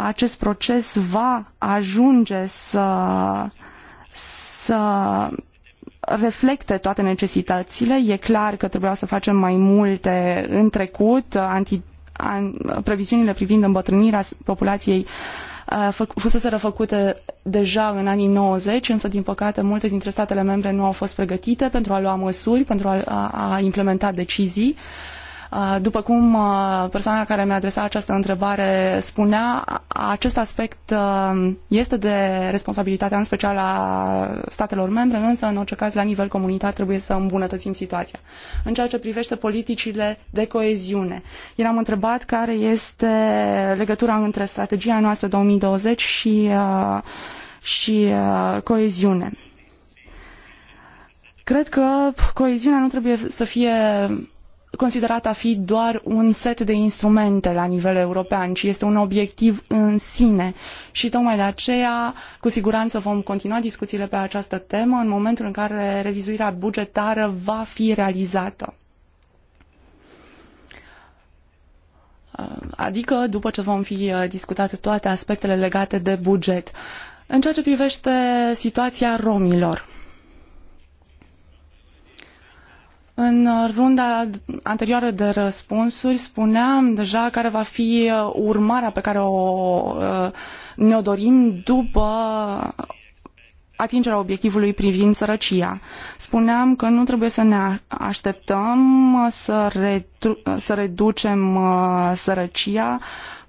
acest proces va ajunge să, să reflecte toate necesitățile. E clar că trebuia să facem mai multe în trecut. Anti, an, previziunile privind îmbătrânirea populației uh, fă, fuseseră făcute deja în anii 90, însă, din păcate, multe dintre statele membre nu au fost pregătite pentru a lua măsuri, pentru a, a, a implementa decizii. Uh, Uh, după cum uh, persoana care mi-a adresat această întrebare spunea, acest aspect uh, este de responsabilitatea în special a statelor membre, însă în orice caz la nivel comunitar trebuie să îmbunătățim situația. În ceea ce privește politicile de coeziune, am întrebat care este legătura între strategia noastră 2020 și, și coeziune. Cred că coeziunea nu trebuie să fie considerat a fi doar un set de instrumente la nivel european, ci este un obiectiv în sine. Și tocmai de aceea, cu siguranță vom continua discuțiile pe această temă în momentul în care revizuirea bugetară va fi realizată. Uh, adică după ce vom fi uh, discutate toate aspectele legate de buget. În ceea ce privește situația romilor, În runda anterioară de răspunsuri spuneam deja care va fi uh, urmarea pe care o uh, ne-o dorim după atingerea obiectivului privind sărăcia. Spuneam că nu trebuie să ne așteptăm să, redu să reducem uh, sărăcia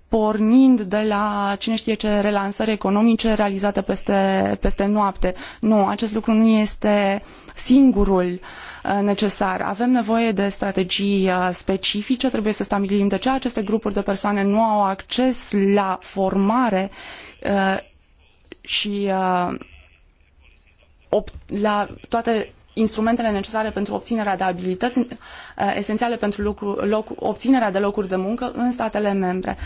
pornind de la cine știe ce relansări economice realizate peste, peste noapte. Nu, acest lucru nu este singurul uh, Uh, necesar. Avem nevoie de strategii uh, specifice, trebuie să stabilim de ce aceste grupuri de persoane nu au acces la formare uh, și la toate instrumentele necesare pentru obținerea de abilități uh, esențiale pentru lucru, loc, obținerea de locuri de muncă în statele membre.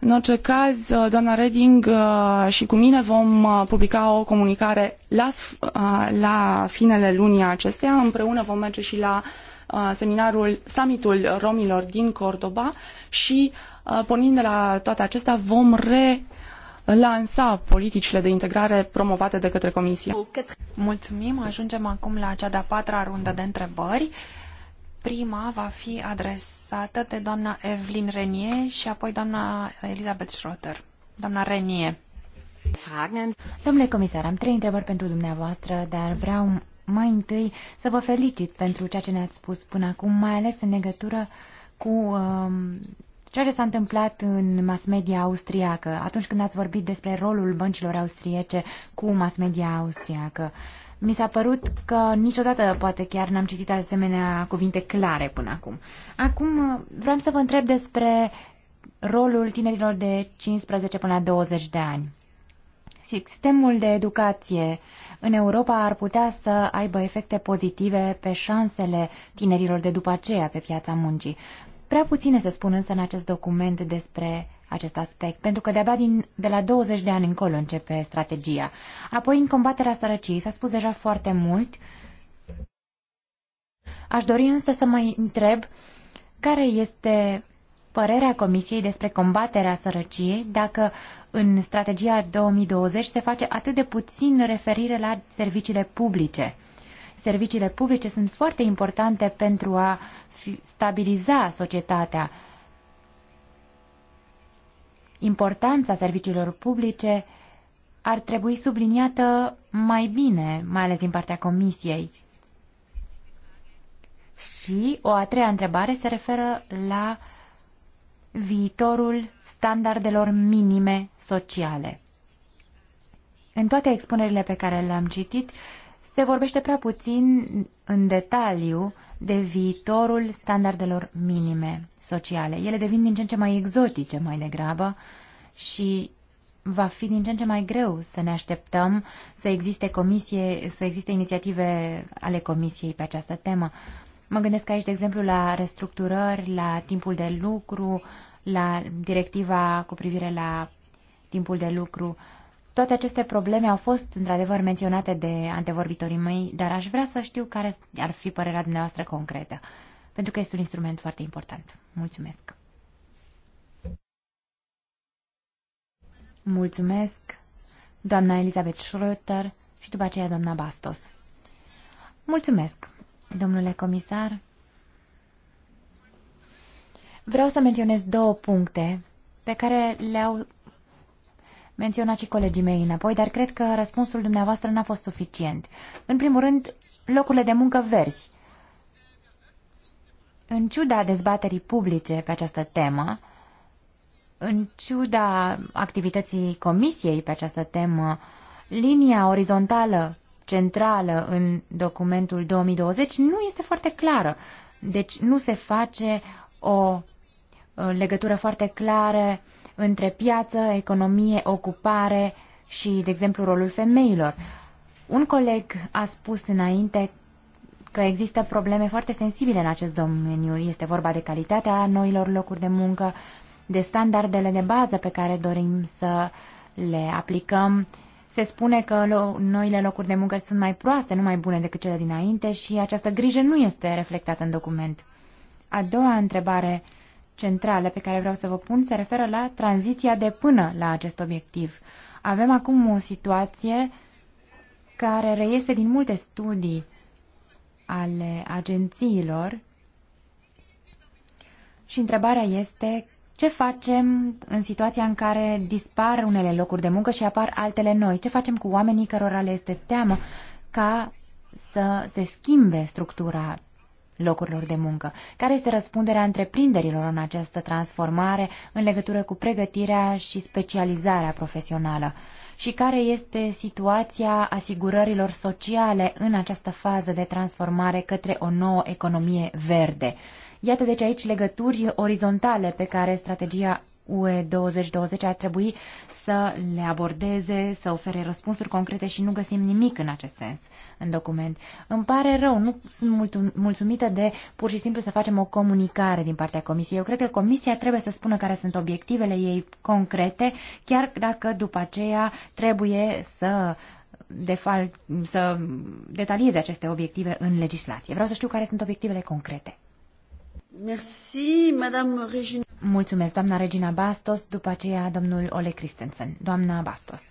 În orice caz, uh, doamna Reding uh, și cu mine vom publica o comunicare la, la finele lunii acesteia. Împreună vom merge și la seminarul, summitul romilor din Cordoba și pornind de la toate acestea vom re lansa politicile de integrare promovate de către Comisie. Mulțumim, ajungem acum la cea de-a patra rundă de întrebări. Prima va fi adresată de doamna Evelyn Renier și apoi doamna Elizabeth Schroeter. Doamna Renier. Domnule comisar, am trei întrebări pentru dumneavoastră, dar vreau mai întâi să vă felicit pentru ceea ce ne-ați spus până acum, mai ales în legătură cu um, Ceea ce s-a întâmplat în mass media austriacă, atunci când ați vorbit despre rolul băncilor austriece cu mass media austriacă, mi s-a părut că niciodată, poate chiar n-am citit asemenea cuvinte clare până acum. Acum vreau să vă întreb despre rolul tinerilor de 15 până la 20 de ani. Sistemul de educație în Europa ar putea să aibă efecte pozitive pe șansele tinerilor de după aceea pe piața muncii. Prea puține se spun însă în acest document despre acest aspect, pentru că de-abia de la 20 de ani încolo începe strategia. Apoi, în combaterea sărăciei, s-a spus deja foarte mult. Aș dori însă să mai întreb care este părerea Comisiei despre combaterea sărăciei, dacă în strategia 2020 se face atât de puțin referire la serviciile publice serviciile publice sunt foarte importante pentru a stabiliza societatea. Importanța serviciilor publice ar trebui subliniată mai bine, mai ales din partea Comisiei. Și o a treia întrebare se referă la viitorul standardelor minime sociale. În toate expunerile pe care le-am citit, se vorbește prea puțin în detaliu de viitorul standardelor minime sociale. Ele devin din ce în ce mai exotice mai degrabă și va fi din ce în ce mai greu să ne așteptăm să existe comisie, să existe inițiative ale comisiei pe această temă. Mă gândesc aici, de exemplu, la restructurări, la timpul de lucru, la directiva cu privire la timpul de lucru. Toate aceste probleme au fost într-adevăr menționate de antevorbitorii mei, dar aș vrea să știu care ar fi părerea dumneavoastră concretă, pentru că este un instrument foarte important. Mulțumesc! Mulțumesc, doamna Elizabeth Schröter și după aceea doamna Bastos. Mulțumesc, domnule comisar. Vreau să menționez două puncte pe care le-au menționat și colegii mei înapoi, dar cred că răspunsul dumneavoastră n-a fost suficient. În primul rând, locurile de muncă verzi. În ciuda dezbaterii publice pe această temă, în ciuda activității comisiei pe această temă, linia orizontală centrală în documentul 2020 nu este foarte clară. Deci nu se face o uh, legătură foarte clară între piață, economie, ocupare și, de exemplu, rolul femeilor. Un coleg a spus înainte că există probleme foarte sensibile în acest domeniu. Este vorba de calitatea noilor locuri de muncă, de standardele de bază pe care dorim să le aplicăm. Se spune că noile locuri de muncă sunt mai proaste, nu mai bune decât cele dinainte și această grijă nu este reflectată în document. A doua întrebare centrale pe care vreau să vă pun se referă la tranziția de până la acest obiectiv. Avem acum o situație care reiese din multe studii ale agențiilor și întrebarea este ce facem în situația în care dispar unele locuri de muncă și apar altele noi? Ce facem cu oamenii cărora le este teamă ca să se schimbe structura locurilor de muncă. Care este răspunderea întreprinderilor în această transformare în legătură cu pregătirea și specializarea profesională? Și care este situația asigurărilor sociale în această fază de transformare către o nouă economie verde? Iată deci aici legături orizontale pe care strategia UE 2020 ar trebui să le abordeze, să ofere răspunsuri concrete și nu găsim nimic în acest sens în document. Îmi pare rău, nu sunt mulțumită de pur și simplu să facem o comunicare din partea Comisiei. Eu cred că Comisia trebuie să spună care sunt obiectivele ei concrete, chiar dacă după aceea trebuie să de fal, să detalieze aceste obiective în legislație. Vreau să știu care sunt obiectivele concrete. Merci, Madame Regina. Mulțumesc, doamna Regina Bastos, după aceea domnul Ole Christensen. Doamna Bastos.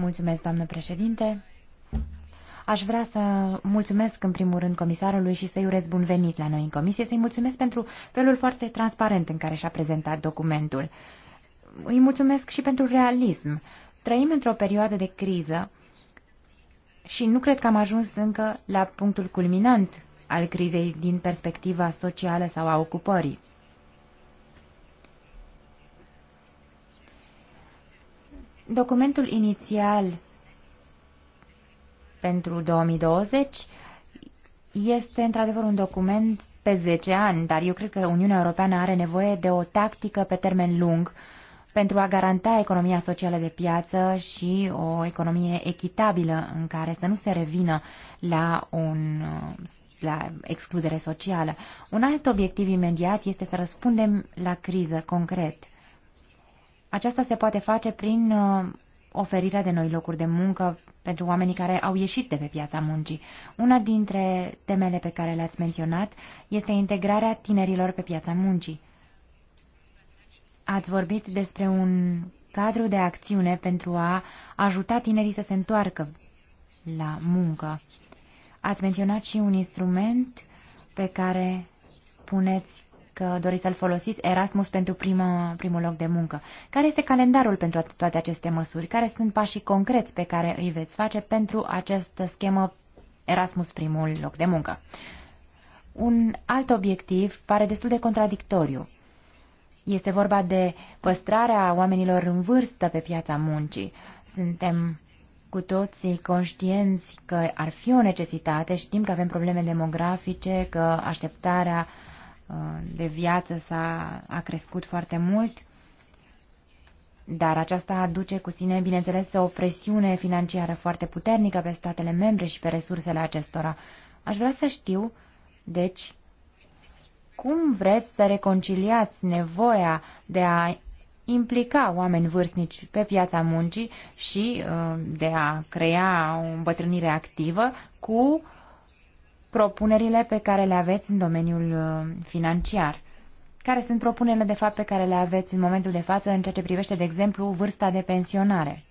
Mulțumesc, doamnă președinte. Aș vrea să mulțumesc în primul rând comisarului și să-i urez bun venit la noi în comisie, să-i mulțumesc pentru felul foarte transparent în care și-a prezentat documentul. Îi mulțumesc și pentru realism. Trăim într-o perioadă de criză și nu cred că am ajuns încă la punctul culminant al crizei din perspectiva socială sau a ocupării. Documentul inițial pentru 2020 este într-adevăr un document pe 10 ani, dar eu cred că Uniunea Europeană are nevoie de o tactică pe termen lung pentru a garanta economia socială de piață și o economie echitabilă în care să nu se revină la un la excludere socială. Un alt obiectiv imediat este să răspundem la criză concret. Aceasta se poate face prin uh, oferirea de noi locuri de muncă pentru oamenii care au ieșit de pe piața muncii. Una dintre temele pe care le-ați menționat este integrarea tinerilor pe piața muncii. Ați vorbit despre un cadru de acțiune pentru a ajuta tinerii să se întoarcă la muncă. Ați menționat și un instrument pe care spuneți că doriți să-l folosiți, Erasmus pentru prima, primul loc de muncă. Care este calendarul pentru toate aceste măsuri? Care sunt pașii concreți pe care îi veți face pentru această schemă Erasmus primul loc de muncă? Un alt obiectiv pare destul de contradictoriu. Este vorba de păstrarea oamenilor în vârstă pe piața muncii. Suntem cu toții conștienți că ar fi o necesitate, știm că avem probleme demografice, că așteptarea uh, Uh, de viață s-a a crescut foarte mult, dar aceasta aduce cu sine, bineînțeles, o presiune financiară foarte puternică pe statele membre și pe resursele acestora. Aș vrea să știu, deci, cum vreți să reconciliați nevoia de a implica oameni vârstnici pe piața muncii și uh, de a crea o îmbătrânire activă cu uh, propunerile pe care le aveți în domeniul uh, financiar. Care sunt propunerile, de fapt, pe care le aveți în momentul de față în ceea ce privește, de exemplu, vârsta de pensionare?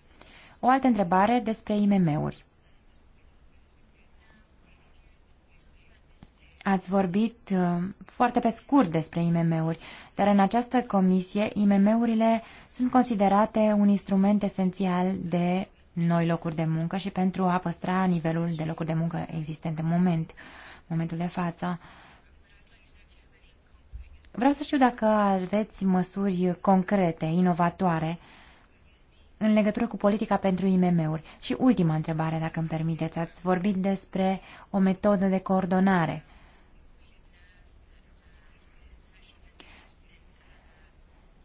O altă întrebare despre IMM-uri. Ați vorbit uh, foarte pe scurt despre IMM-uri, dar în această comisie IMM-urile sunt considerate un instrument esențial de noi locuri de muncă și pentru a păstra nivelul de locuri de muncă existent în moment, momentul de față. Vreau să știu dacă aveți măsuri concrete, inovatoare, în legătură cu politica pentru IMM-uri. Și ultima întrebare, dacă îmi permiteți, ați vorbit despre o metodă de coordonare.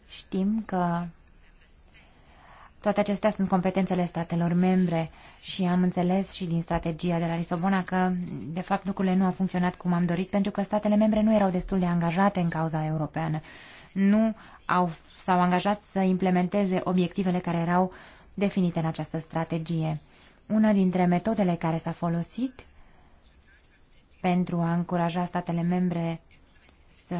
Știm că toate acestea sunt competențele statelor membre și am înțeles și din strategia de la Lisabona că, de fapt, lucrurile nu au funcționat cum am dorit pentru că statele membre nu erau destul de angajate în cauza europeană. Nu au, s-au angajat să implementeze obiectivele care erau definite în această strategie. Una dintre metodele care s-a folosit pentru a încuraja statele membre să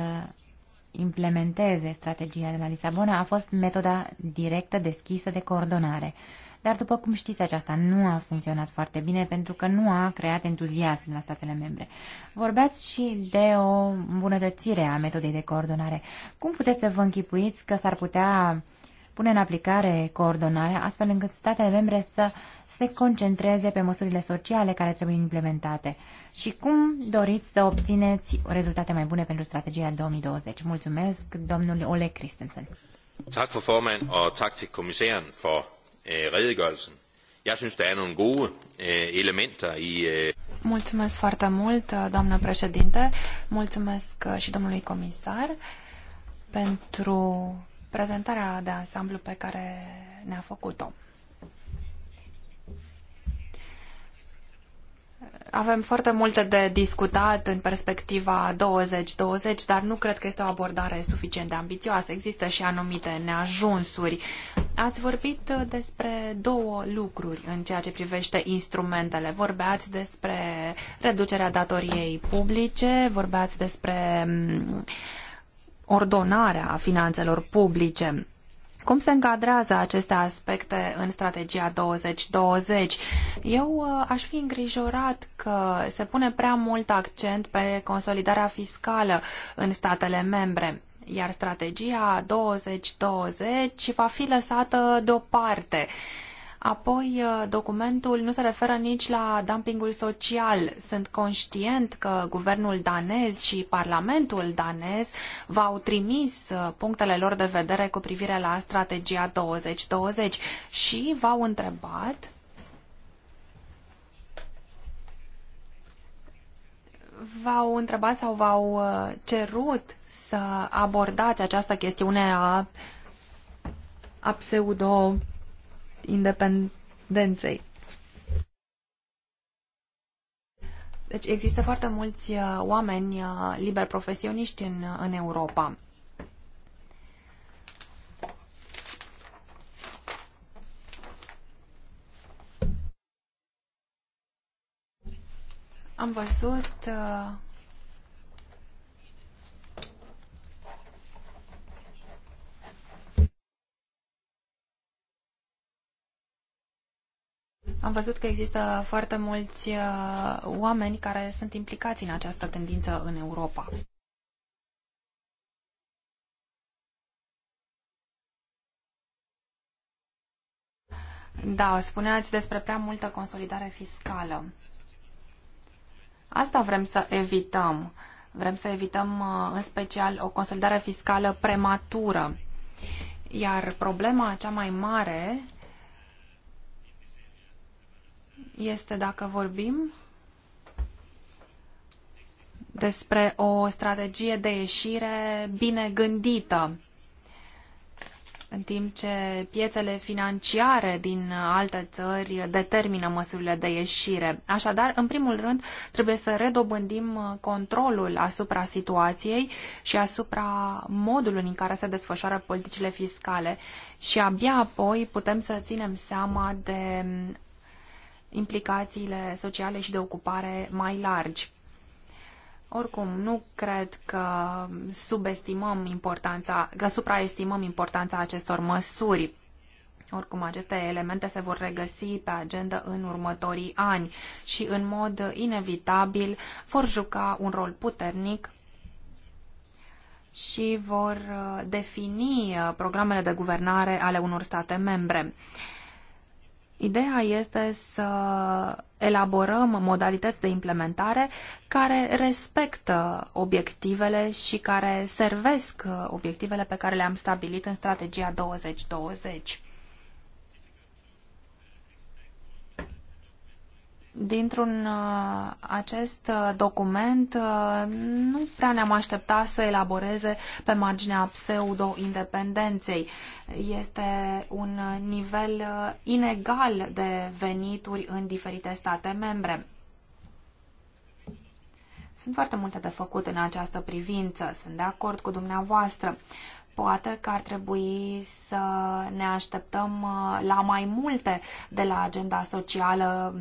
implementeze strategia de la Lisabona a fost metoda directă deschisă de coordonare. Dar, după cum știți, aceasta nu a funcționat foarte bine pentru că nu a creat entuziasm la statele membre. Vorbeați și de o îmbunătățire a metodei de coordonare. Cum puteți să vă închipuiți că s-ar putea uh, pune în aplicare coordonarea, astfel încât statele membre să se concentreze pe măsurile sociale care trebuie implementate. Și cum doriți să obțineți rezultate mai bune pentru strategia 2020? Mulțumesc, domnul Ole Christensen. Tak for formand og tak til kommissæren for øh, redegørelsen. Jeg synes, der er nogle gode øh, elementer i... Øh... Mulțumesc foarte mult, uh, doamnă președinte. Mulțumesc uh, și domnului comisar pentru prezentarea de ansamblu pe care ne-a făcut-o. Avem foarte multe de discutat în perspectiva 20-20, dar nu cred că este o abordare suficient de ambițioasă. Există și anumite neajunsuri. Ați vorbit despre două lucruri în ceea ce privește instrumentele. Vorbeați despre reducerea datoriei publice, vorbeați despre mm, ordonarea a finanțelor publice. Cum se încadrează aceste aspecte în strategia 2020? Eu uh, aș fi îngrijorat că se pune prea mult accent pe consolidarea fiscală în statele membre iar strategia 2020 va fi lăsată deoparte. Apoi, uh, documentul nu se referă nici la dumpingul social. Sunt conștient că guvernul danez și Parlamentul danez v-au trimis uh, punctele lor de vedere cu privire la strategia 2020 și v-au întrebat v-au întrebat sau v-au uh, cerut să abordați această chestiune a, a pseudo independenței. Deci există foarte mulți uh, oameni uh, liber profesioniști în, uh, în Europa. Am văzut Am văzut că există foarte mulți uh, oameni care sunt implicați în această tendință în Europa. Da, spuneați despre prea multă consolidare fiscală. Asta vrem să evităm. Vrem să evităm uh, în special o consolidare fiscală prematură. Iar problema cea mai mare este dacă vorbim despre o strategie de ieșire bine gândită, în timp ce piețele financiare din alte țări determină măsurile de ieșire. Așadar, în primul rând, trebuie să redobândim controlul asupra situației și asupra modului în care se desfășoară politicile fiscale și abia apoi putem să ținem seama de implicațiile sociale și de ocupare mai largi. Oricum, nu cred că subestimăm importanța, că supraestimăm importanța acestor măsuri. Oricum, aceste elemente se vor regăsi pe agenda în următorii ani și, în mod inevitabil, vor juca un rol puternic și vor uh, defini uh, programele de guvernare ale unor state membre. Ideea este să elaborăm modalități de implementare care respectă obiectivele și care servesc obiectivele pe care le-am stabilit în strategia 2020. dintr-un uh, acest uh, document uh, nu prea ne-am aștepta să elaboreze pe marginea pseudo-independenței. Este un nivel inegal de venituri în diferite state membre. Sunt foarte multe de făcut în această privință, sunt de acord cu dumneavoastră. Poate că ar trebui să ne așteptăm la mai multe de la agenda socială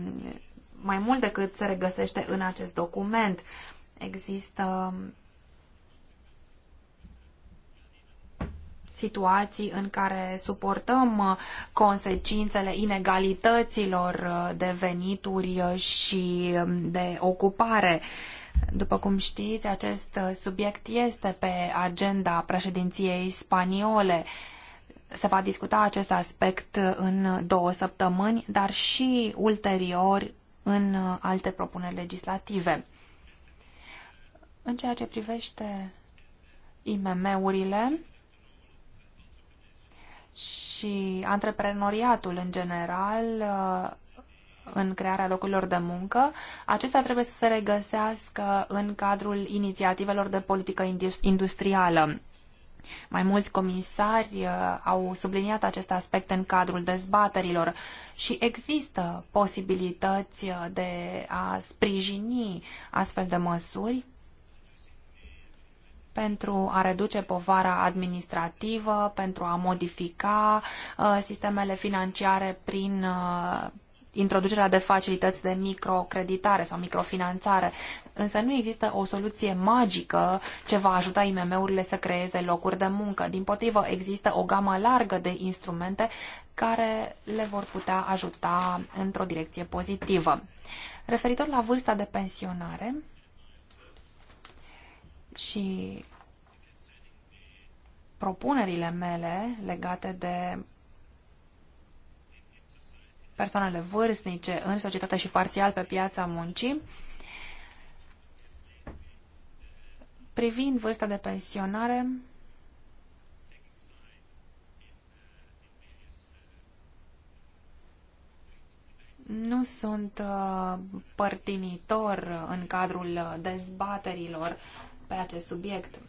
mai mult decât se regăsește în acest document. Există situații în care suportăm uh, consecințele inegalităților uh, de venituri uh, și um, de ocupare. După cum știți, acest subiect este pe agenda președinției spaniole. Se va discuta acest aspect în două săptămâni, dar și ulterior în uh, alte propuneri legislative. În ceea ce privește IMM-urile și antreprenoriatul în general, uh, în crearea locurilor de muncă, acestea trebuie să se regăsească în cadrul inițiativelor de politică industrială. Mai mulți comisari uh, au subliniat acest aspect în cadrul dezbaterilor și există posibilități uh, de a sprijini astfel de măsuri pentru a reduce povara administrativă, pentru a modifica uh, sistemele financiare prin introducerea de facilități de microcreditare sau microfinanțare, însă nu există o soluție magică ce va ajuta IMM-urile să creeze locuri de muncă. Din potrivă, există o gamă largă de instrumente care le vor putea ajuta într-o direcție pozitivă. Referitor la vârsta de pensionare și propunerile mele legate de persoanele vârstnice în societate și parțial pe piața muncii. Privind vârsta de pensionare, nu sunt uh, părtinitor în cadrul dezbaterilor pe acest subiect.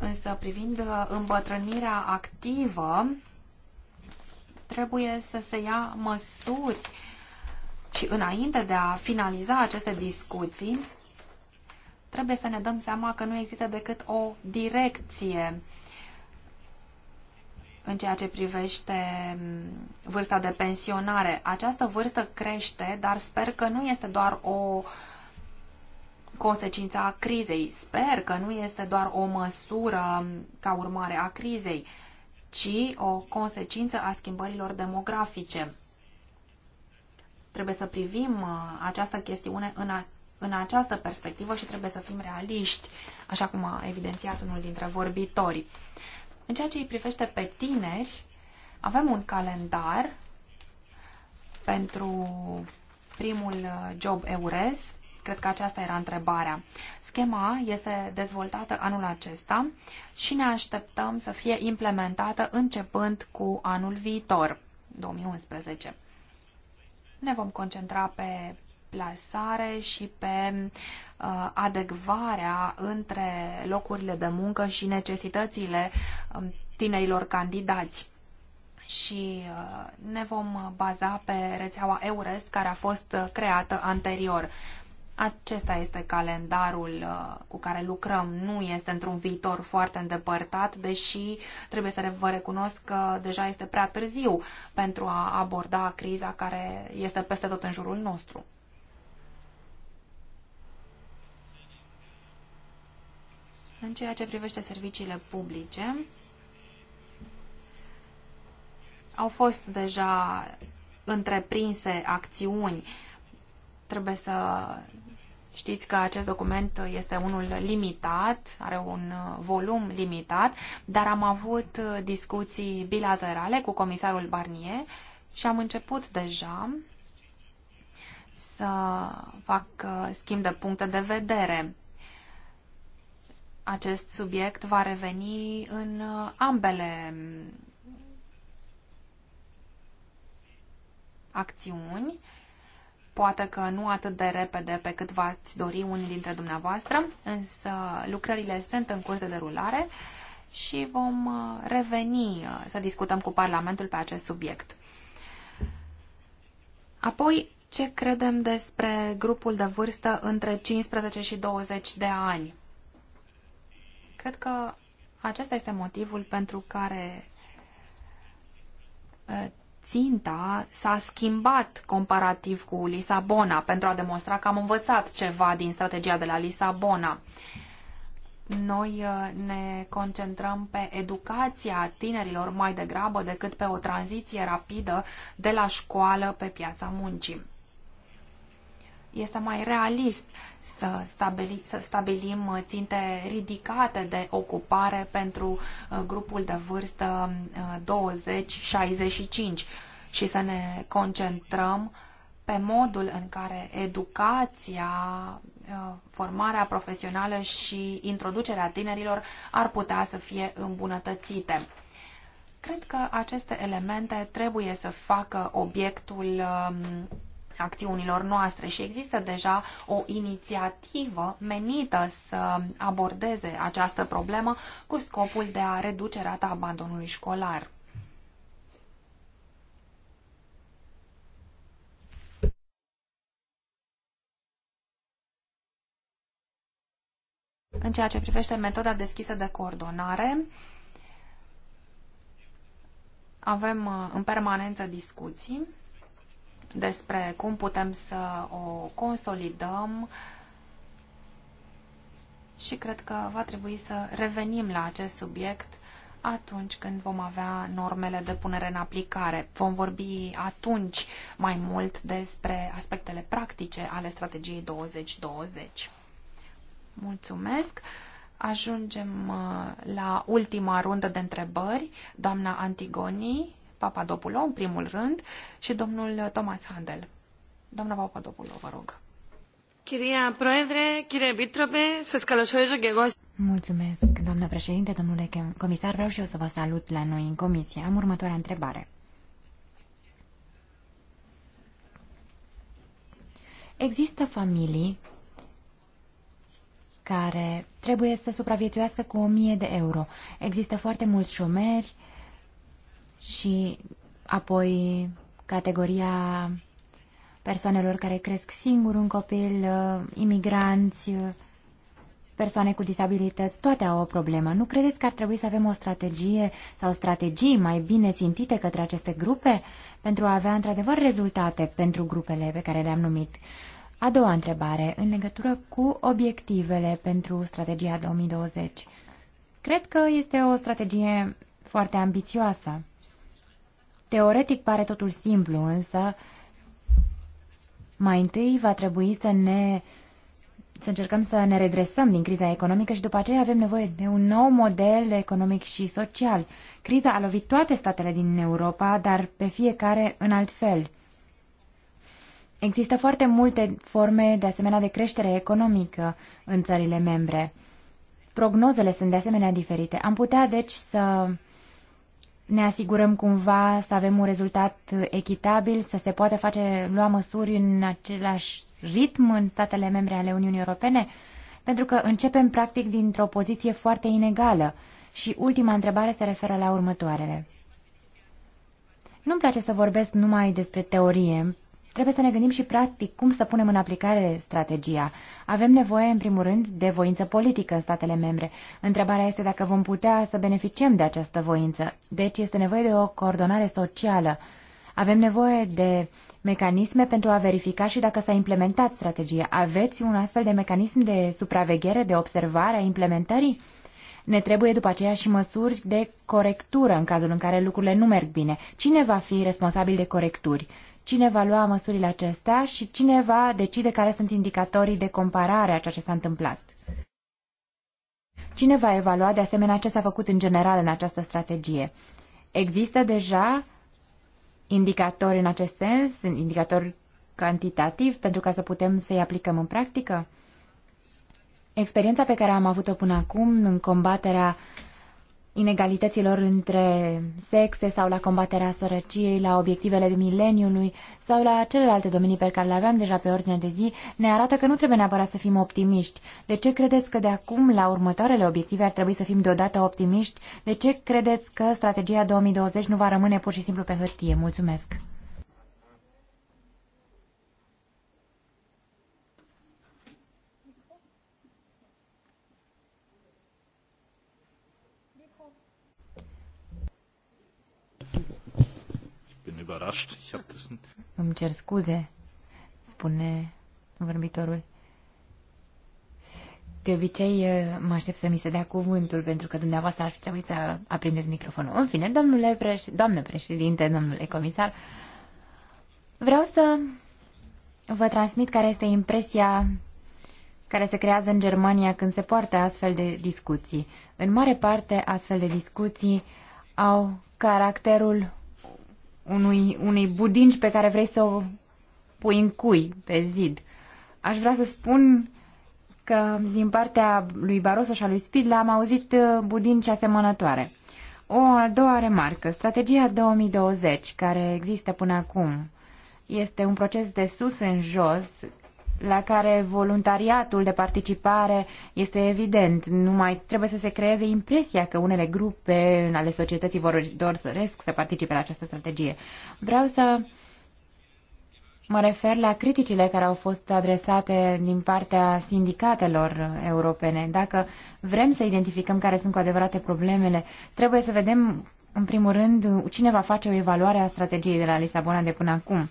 Însă privind uh, îmbătrânirea activă, trebuie să se ia măsuri și înainte de a finaliza aceste discuții, trebuie să ne dăm seama că nu există decât o direcție în ceea ce privește mm, vârsta de pensionare. Această vârstă crește, dar sper că nu este doar o consecința crizei. Sper că nu este doar o măsură ca urmare a crizei, ci o consecință a schimbărilor demografice. Trebuie să privim uh, această chestiune în, a, în această perspectivă și trebuie să fim realiști, așa cum a evidențiat unul dintre vorbitori. În ceea ce îi privește pe tineri, avem un calendar pentru primul uh, job EURES Cred că aceasta era întrebarea. Schema este dezvoltată anul acesta și ne așteptăm să fie implementată începând cu anul viitor, 2011. Ne vom concentra pe plasare și pe uh, adecvarea între locurile de muncă și necesitățile uh, tinerilor candidați. Și uh, ne vom baza pe rețeaua EURES care a fost uh, creată anterior. Acesta este calendarul uh, cu care lucrăm. Nu este într-un viitor foarte îndepărtat, deși trebuie să vă recunosc că deja este prea târziu pentru a aborda criza care este peste tot în jurul nostru. În ceea ce privește serviciile publice, au fost deja întreprinse acțiuni. Trebuie să Știți că acest document este unul limitat, are un uh, volum limitat, dar am avut uh, discuții bilaterale cu comisarul Barnier și am început deja să fac uh, schimb de puncte de vedere. Acest subiect va reveni în ambele mm, acțiuni poate că nu atât de repede pe cât v-ați dori unii dintre dumneavoastră, însă lucrările sunt în curs de derulare și vom uh, reveni uh, să discutăm cu Parlamentul pe acest subiect. Apoi, ce credem despre grupul de vârstă între 15 și 20 de ani? Cred că acesta este motivul pentru care uh, ținta s-a schimbat comparativ cu Lisabona pentru a demonstra că am învățat ceva din strategia de la Lisabona. Noi uh, ne concentrăm pe educația tinerilor mai degrabă decât pe o tranziție rapidă de la școală pe piața muncii este mai realist să, stabili, să stabilim uh, ținte ridicate de ocupare pentru uh, grupul de vârstă 20-65 uh, și să ne concentrăm pe modul în care educația, formarea profesională și introducerea tinerilor ar putea să fie îmbunătățite. Cred că aceste elemente trebuie să facă obiectul um, acțiunilor noastre și există deja o inițiativă menită să abordeze această problemă cu scopul de a reduce rata abandonului școlar. În ceea ce privește metoda deschisă de coordonare, avem uh, în permanență discuții despre cum putem să o consolidăm și cred că va trebui să revenim la acest subiect atunci când vom avea normele de punere în aplicare. Vom vorbi atunci mai mult despre aspectele practice ale strategiei 2020. Mulțumesc! Ajungem uh, la ultima rundă de întrebări. Doamna Antigoni, Papadopoulou, în primul rând, și domnul Thomas Handel. Doamna Papadopoulou, vă rog. Chiria Proedre, Chiria Bitrope, să-ți ghegos. Mulțumesc, doamnă președinte, domnule comisar, vreau și eu să vă salut la noi în comisie. Am următoarea întrebare. Există familii care trebuie să supraviețuiască cu 1000 de euro. Există foarte mulți șomeri și apoi categoria persoanelor care cresc singur un copil, uh, imigranți, uh, persoane cu disabilități, toate au o problemă. Nu credeți că ar trebui să avem o strategie sau strategii mai bine țintite către aceste grupe pentru a avea într-adevăr rezultate pentru grupele pe care le-am numit? A doua întrebare, în legătură cu obiectivele pentru strategia 2020. Cred că este o strategie foarte ambițioasă. Teoretic pare totul simplu, însă mai întâi va trebui să ne să încercăm să ne redresăm din criza economică și după aceea avem nevoie de un nou model economic și social. Criza a lovit toate statele din Europa, dar pe fiecare în alt fel. Există foarte multe forme de asemenea de creștere economică în țările membre. Prognozele sunt de asemenea diferite. Am putea, deci, să ne asigurăm cumva să avem un rezultat echitabil, să se poată face lua măsuri în același ritm în statele membre ale Uniunii Europene? Pentru că începem practic dintr-o poziție foarte inegală. Și ultima întrebare se referă la următoarele. Nu-mi place să vorbesc numai despre teorie, Trebuie să ne gândim și practic cum să punem în aplicare strategia. Avem nevoie, în primul rând, de voință politică în statele membre. Întrebarea este dacă vom putea să beneficiem de această voință. Deci este nevoie de o coordonare socială. Avem nevoie de mecanisme pentru a verifica și dacă s-a implementat strategia. Aveți un astfel de mecanism de supraveghere, de observare a implementării? Ne trebuie după aceea și măsuri de corectură în cazul în care lucrurile nu merg bine. Cine va fi responsabil de corecturi? cine va lua măsurile acestea și cine va decide care sunt indicatorii de comparare a ceea ce s-a întâmplat. Cine va evalua de asemenea ce s-a făcut în general în această strategie? Există deja indicatori în acest sens, indicatori cantitativ pentru ca să putem să-i aplicăm în practică? Experiența pe care am avut-o până acum în combaterea inegalităților între sexe sau la combaterea sărăciei, la obiectivele de mileniului sau la celelalte domenii pe care le aveam deja pe ordine de zi, ne arată că nu trebuie neapărat să fim optimiști. De ce credeți că de acum la următoarele obiective ar trebui să fim deodată optimiști? De ce credeți că strategia 2020 nu va rămâne pur și simplu pe hârtie? Mulțumesc! überrascht. Ich das... cer scuze, spune vorbitorul. De obicei eh, mă aștept să mi se dea cuvântul, pentru că dumneavoastră ar fi trebuit să aprindeți microfonul. În fine, domnule preș... doamnă președinte, domnule comisar, vreau să vă transmit care este impresia care se creează în Germania când se poartă astfel de discuții. În mare parte, astfel de discuții au caracterul unui, unei budinci pe care vrei să o pui în cui, pe zid. Aș vrea să spun că din partea lui Barroso și a lui Spidla am auzit uh, budinci asemănătoare. O a doua remarcă, strategia 2020 care există până acum este un proces de sus în jos la care voluntariatul de participare este evident. Nu mai trebuie să se creeze impresia că unele grupe ale societății vor resc să participe la această strategie. Vreau să mă refer la criticile care au fost adresate din partea sindicatelor europene. Dacă vrem să identificăm care sunt cu adevărate problemele, trebuie să vedem, în primul rând, cine va face o evaluare a strategiei de la Lisabona de până acum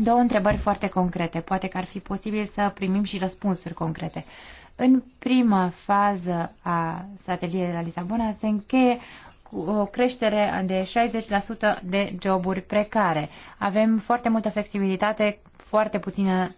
Două întrebări foarte concrete. Poate că ar fi posibil să primim și răspunsuri concrete. În prima fază a strategiei de la Lisabona se încheie cu o creștere de 60% de joburi precare. Avem foarte multă flexibilitate, foarte puțină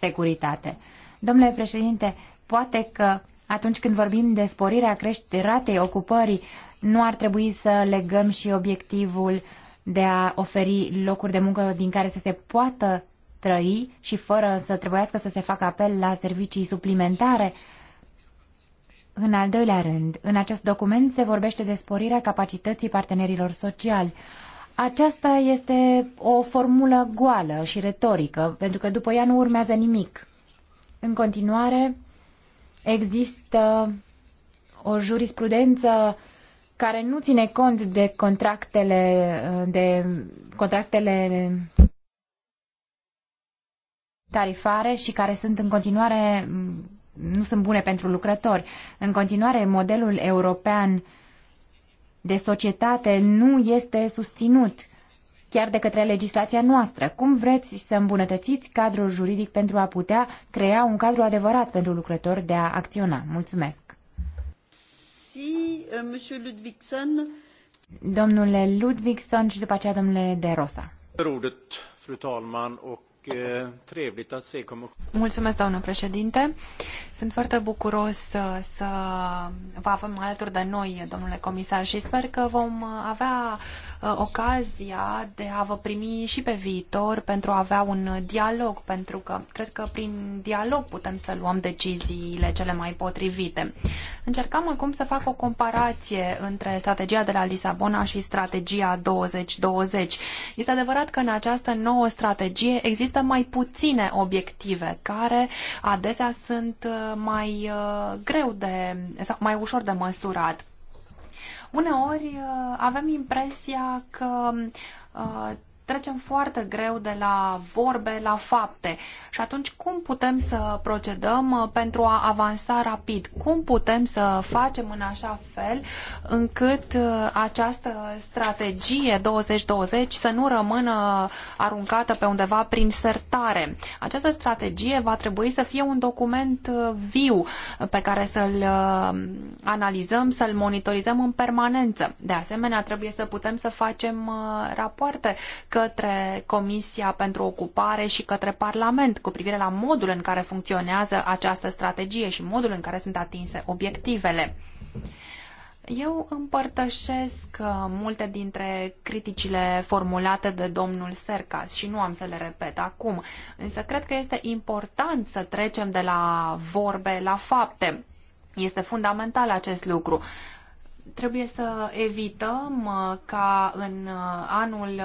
securitate. Domnule președinte, poate că atunci când vorbim de sporirea creșterii ratei ocupării, nu ar trebui să legăm și obiectivul uh, de a oferi locuri de muncă din care să se poată trăi și fără să trebuiască să se facă apel la servicii suplimentare. În al doilea rând, în acest document se vorbește de sporirea capacității partenerilor sociali. Aceasta este o formulă goală și retorică, pentru că după ea nu urmează nimic. În continuare, există o jurisprudență care nu ține cont de contractele, uh, de contractele tarifare și care sunt în continuare nu sunt bune pentru lucrători. În continuare, modelul european de societate nu este susținut chiar de către legislația noastră. Cum vreți să îmbunătățiți cadrul juridic pentru a putea crea un cadru adevărat pentru lucrători de a acționa? Mulțumesc! Euh, domnule Ludvigsson, și după aceea domnule De Rosa. Fru Eh, Mulțumesc, Sunt foarte bucuros să, uh, să vă avem alături de noi, domnule comisar, și sper că vom uh, avea uh, ocazia de a vă primi și pe viitor pentru a avea un dialog, pentru că cred că prin dialog putem să luăm deciziile cele mai potrivite. Încercam acum să fac o comparație între strategia de la Lisabona și strategia 2020. Este adevărat că în această nouă strategie există există mai puține obiective care adesea sunt uh, mai uh, greu de sau mai ușor de măsurat. Uneori uh, avem impresia că trecem foarte greu de la vorbe la fapte. Și atunci cum putem să procedăm uh, pentru a avansa rapid? Cum putem să facem în așa fel încât uh, această strategie 2020 să nu rămână aruncată pe undeva prin sertare? Această strategie va trebui să fie un document uh, viu pe care să-l analizăm, să-l monitorizăm în permanență. De asemenea, trebuie să putem să facem rapoarte către Comisia pentru Ocupare și către Parlament cu privire la modul în care funcționează această strategie și modul în care sunt atinse obiectivele. Eu împărtășesc uh, multe dintre criticile formulate de domnul Sercas și nu am să le repet acum, însă cred că este important să trecem de la vorbe la fapte. Este fundamental acest lucru. Trebuie să evităm uh, ca în uh, anul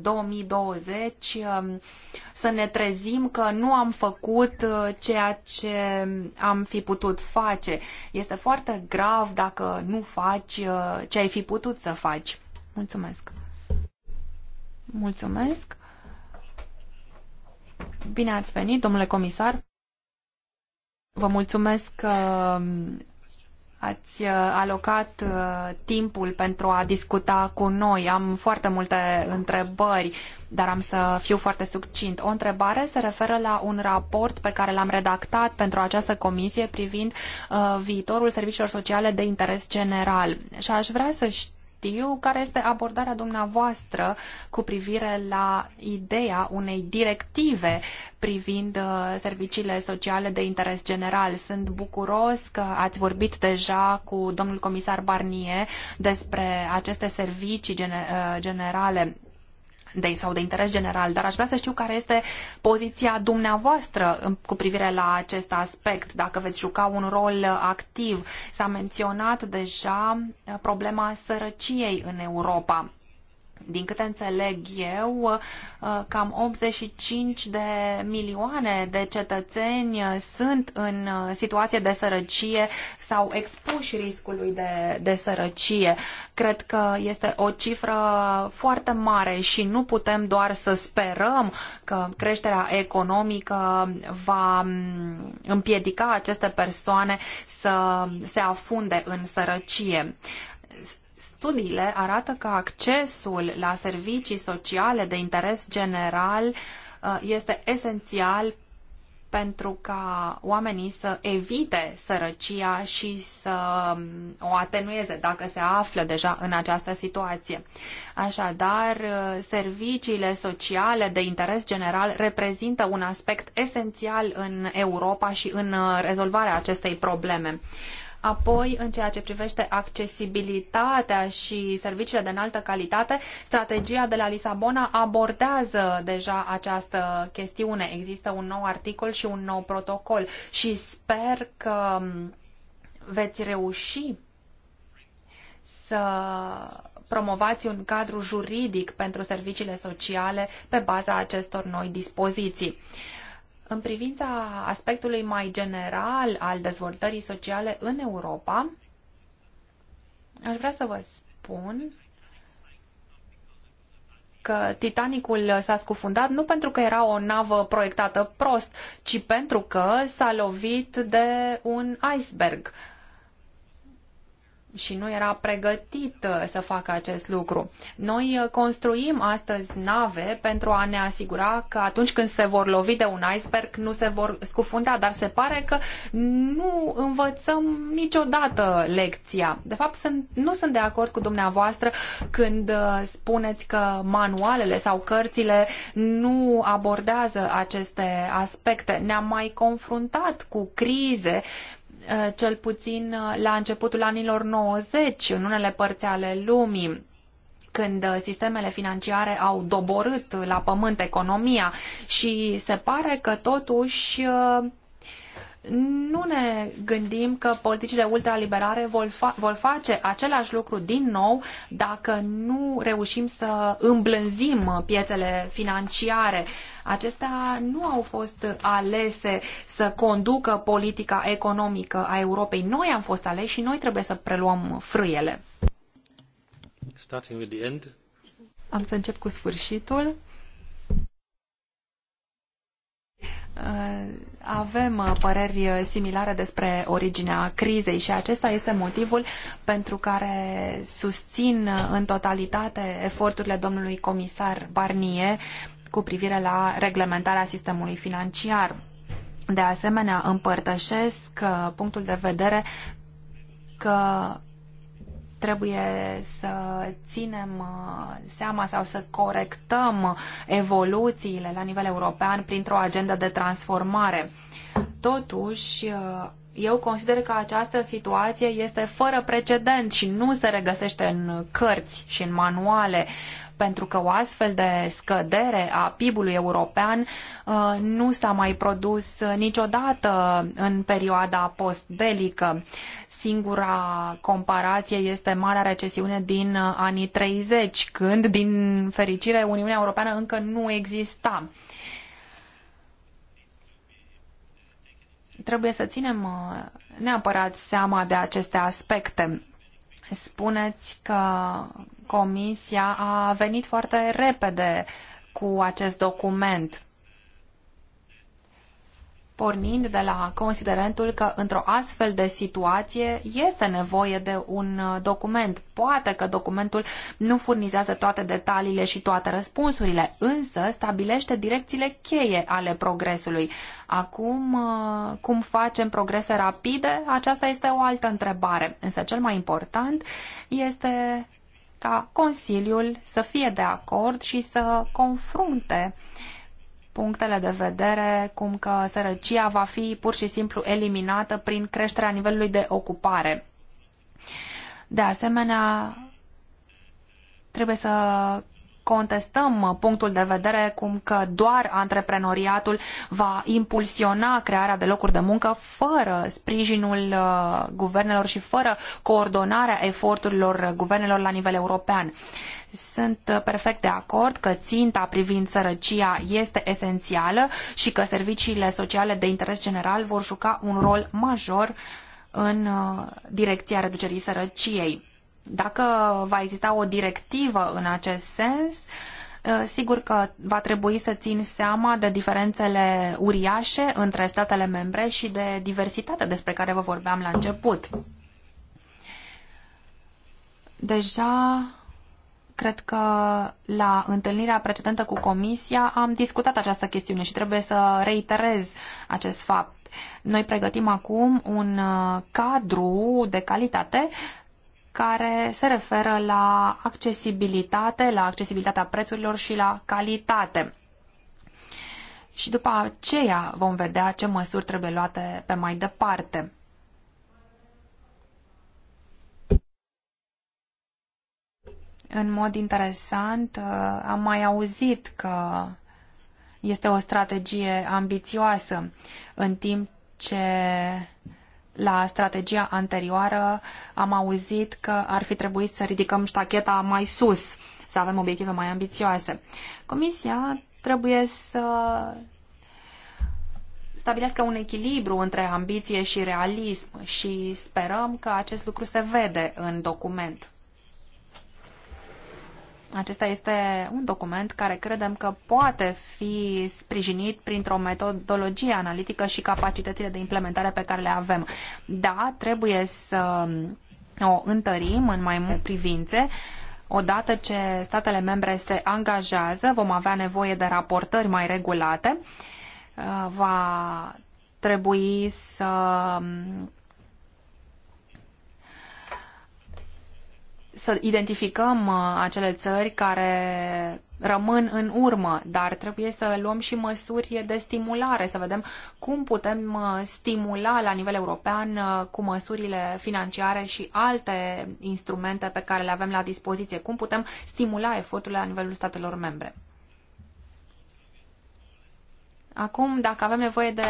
2020 uh, să ne trezim că nu am făcut ceea ce am fi putut face. Este foarte grav dacă nu faci ce ai fi putut să faci. Mulțumesc! Mulțumesc! Bine ați venit, domnule comisar! Vă mulțumesc că ați uh, alocat uh, timpul pentru a discuta cu noi. Am foarte multe întrebări, dar am să fiu foarte succint. O întrebare se referă la un raport pe care l-am redactat pentru această comisie privind uh, viitorul serviciilor sociale de interes general. Și aș vrea să știu știu care este abordarea dumneavoastră cu privire la ideea unei directive privind uh, serviciile sociale de interes general. Sunt bucuros că ați vorbit deja cu domnul comisar Barnier despre aceste servicii uh, generale de, sau de interes general, dar aș vrea să știu care este poziția dumneavoastră cu privire la acest aspect, dacă veți juca un rol activ. S-a menționat deja eh, problema sărăciei în Europa din câte înțeleg eu, uh, cam 85 de milioane de cetățeni uh, sunt în uh, situație de sărăcie sau expuși riscului de, de sărăcie. Cred că este o cifră foarte mare și nu putem doar să sperăm că creșterea economică va mm, împiedica aceste persoane să se afunde în sărăcie. Studiile arată că accesul la servicii sociale de interes general uh, este esențial pentru ca oamenii să evite sărăcia și să um, o atenueze dacă se află deja în această situație. Așadar, uh, serviciile sociale de interes general reprezintă un aspect esențial în Europa și în uh, rezolvarea acestei probleme. Apoi, în ceea ce privește accesibilitatea și serviciile de înaltă calitate, strategia de la Lisabona abordează deja această chestiune. Există un nou articol și un nou protocol și sper că veți reuși să promovați un cadru juridic pentru serviciile sociale pe baza acestor noi dispoziții. În privința aspectului mai general al dezvoltării sociale în Europa, aș vrea să vă spun că Titanicul s-a scufundat nu pentru că era o navă proiectată prost, ci pentru că s-a lovit de un iceberg și nu era pregătit uh, să facă acest lucru. Noi uh, construim astăzi nave pentru a ne asigura că atunci când se vor lovi de un iceberg nu se vor scufunda, dar se pare că nu învățăm niciodată lecția. De fapt, sunt, nu sunt de acord cu dumneavoastră când uh, spuneți că manualele sau cărțile nu abordează aceste aspecte. Ne-am mai confruntat cu crize Eh, cel puțin eh, la începutul anilor 90 în unele părți ale lumii când eh, sistemele financiare au doborât la pământ economia și se pare că totuși nu ne gândim că politicile ultraliberare vor, fa- vor face același lucru din nou dacă nu reușim să îmblânzim piețele financiare. Acestea nu au fost alese să conducă politica economică a Europei. Noi am fost aleși și noi trebuie să preluăm frâiele. Am să încep cu sfârșitul. Uh, avem uh, păreri uh, similare despre originea crizei și acesta este motivul pentru care susțin în totalitate eforturile domnului comisar Barnier cu privire la reglementarea sistemului financiar. De asemenea, împărtășesc punctul de vedere că trebuie să ținem uh, seama sau să corectăm evoluțiile la nivel european printr-o agendă de transformare. Totuși, uh, eu consider că această situație este fără precedent și nu se regăsește în cărți și în manuale. Uh, pentru că o astfel de scădere a PIB-ului european uh, nu s-a mai produs niciodată în perioada postbelică. Singura comparație este marea recesiune din uh, anii 30, când, din fericire, Uniunea Europeană încă nu exista. Trebuie să ținem uh, neapărat seama de aceste aspecte. Spuneți că Comisia a venit foarte repede cu acest document, pornind de la considerentul că într-o astfel de situație este nevoie de un uh, document. Poate că documentul nu furnizează toate detaliile și toate răspunsurile, însă stabilește direcțiile cheie ale progresului. Acum, uh, cum facem progrese rapide? Aceasta este o altă întrebare. Însă cel mai important este ca Consiliul să fie de acord și să confrunte punctele de vedere, cum că sărăcia va fi pur și simplu eliminată prin creșterea nivelului de ocupare. De asemenea, trebuie să contestăm punctul de vedere cum că doar antreprenoriatul va impulsiona crearea de locuri de muncă fără sprijinul uh, guvernelor și fără coordonarea eforturilor guvernelor la nivel european. Sunt uh, perfect de acord că ținta privind sărăcia este esențială și că serviciile sociale de interes general vor juca un rol major în uh, direcția reducerii sărăciei dacă va exista o directivă în acest sens, eh, sigur că va trebui să țin seama de diferențele uriașe între statele membre și de diversitatea despre care vă vorbeam la început. Deja cred că la întâlnirea precedentă cu Comisia am discutat această chestiune și trebuie să reiterez acest fapt. Noi pregătim acum un eh, cadru de calitate care se referă la accesibilitate, la accesibilitatea prețurilor și la calitate. Și după aceea vom vedea ce măsuri trebuie luate pe mai departe. În mod interesant, uh, am mai auzit că este o strategie ambițioasă, în timp ce la strategia anterioară am auzit că ar fi trebuit să ridicăm ștacheta mai sus, să avem obiective mai ambițioase. Comisia trebuie să stabilească un echilibru între ambiție și realism și sperăm că acest lucru se vede în document. Acesta este un document care credem că poate fi sprijinit printr-o metodologie analitică și capacitățile de implementare pe care le avem. Da, trebuie să o întărim în mai multe privințe. Odată ce statele membre se angajează, vom avea nevoie de raportări mai regulate. Uh, va trebui să să identificăm uh, acele țări care rămân în urmă, dar trebuie să luăm și măsuri de stimulare, să vedem cum putem uh, stimula la nivel european uh, cu măsurile financiare și alte instrumente pe care le avem la dispoziție, cum putem stimula eforturile la nivelul statelor membre. Acum, dacă avem nevoie de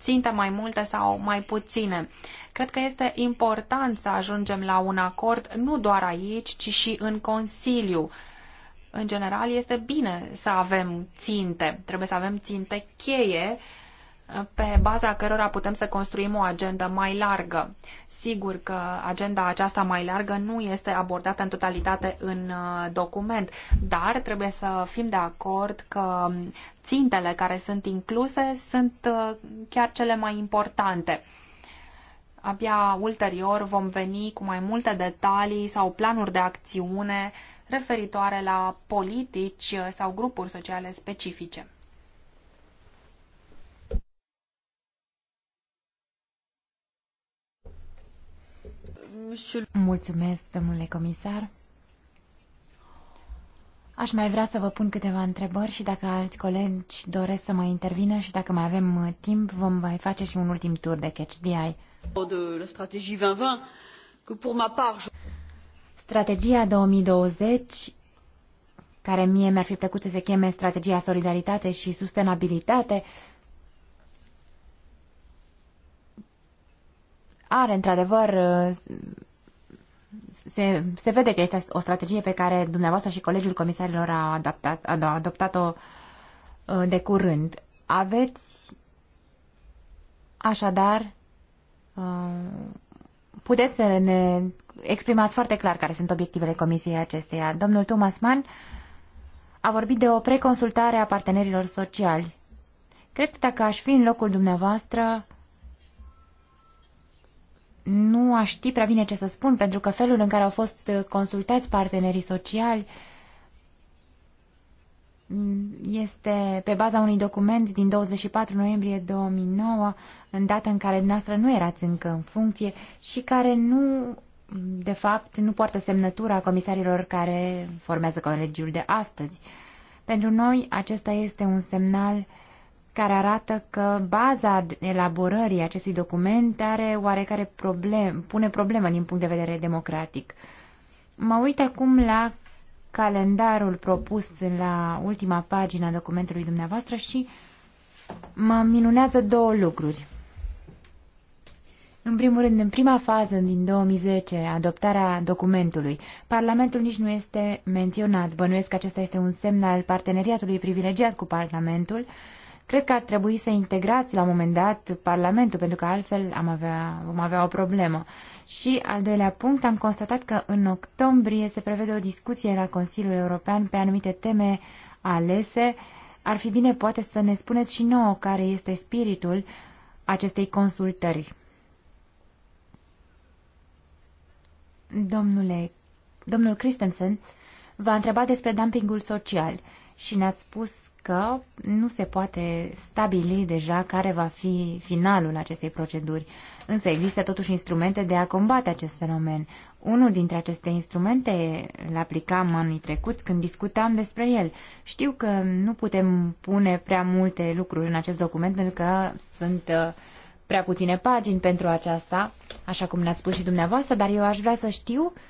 ținte mai multe sau mai puține, cred că este important să ajungem la un acord nu doar aici, ci și în Consiliu. În general, este bine să avem ținte. Trebuie să avem ținte cheie uh, pe baza cărora putem să construim o agendă mai largă. Sigur că agenda aceasta mai largă nu este abordată în totalitate în uh, document, dar trebuie să fim de acord că țintele care sunt incluse sunt uh, chiar cele mai importante. Abia ulterior vom veni cu mai multe detalii sau planuri de acțiune referitoare la politici sau grupuri sociale specifice. Mulțumesc, domnule comisar. Aș mai vrea să vă pun câteva întrebări și dacă alți colegi doresc să mai intervină și dacă mai avem uh, timp, vom mai face și un ultim tur de catch DI. Strategia 2020, care mie mi-ar fi plăcut să se cheme Strategia Solidaritate și Sustenabilitate, are într-adevăr uh, se, se vede că este o strategie pe care dumneavoastră și colegiul comisarilor a, adaptat, a adoptat-o uh, de curând. Aveți așadar uh, puteți să ne exprimați foarte clar care sunt obiectivele comisiei acesteia. Domnul Thomas Mann a vorbit de o preconsultare a partenerilor sociali. Cred că dacă aș fi în locul dumneavoastră, nu aș ști prea bine ce să spun, pentru că felul în care au fost consultați partenerii sociali este pe baza unui document din 24 noiembrie 2009, în data în care dumneavoastră nu erați încă în funcție și care nu, de fapt, nu poartă semnătura comisarilor care formează colegiul de astăzi. Pentru noi, acesta este un semnal uh, care arată că baza elaborării acestui document are oarecare problem, pune problemă din punct de vedere democratic. Mă uit acum la calendarul propus la ultima pagină a documentului dumneavoastră și mă minunează două lucruri. În primul rând, în prima fază din 2010, adoptarea documentului, Parlamentul nici nu este menționat. Bănuiesc că acesta este un semn al parteneriatului privilegiat cu Parlamentul, uh, Cred că ar trebui să integrați la un moment dat Parlamentul, pentru că altfel am avea, vom avea o problemă. Și al doilea punct, am constatat că în octombrie se prevede o discuție la Consiliul European pe anumite teme alese. Ar fi bine poate să ne spuneți și nouă care este spiritul acestei consultări. Domnule, domnul Christensen v-a întrebat despre dumpingul social și ne-ați spus că nu se poate stabili deja care va fi finalul acestei proceduri, însă există totuși instrumente de a combate acest fenomen. Unul dintre aceste instrumente l-aplicam anii trecuți când discutam despre el. Știu că nu putem pune prea multe lucruri în acest document pentru că sunt uh, prea puține pagini pentru aceasta, așa cum ne-ați spus și dumneavoastră, dar eu aș vrea să știu uh,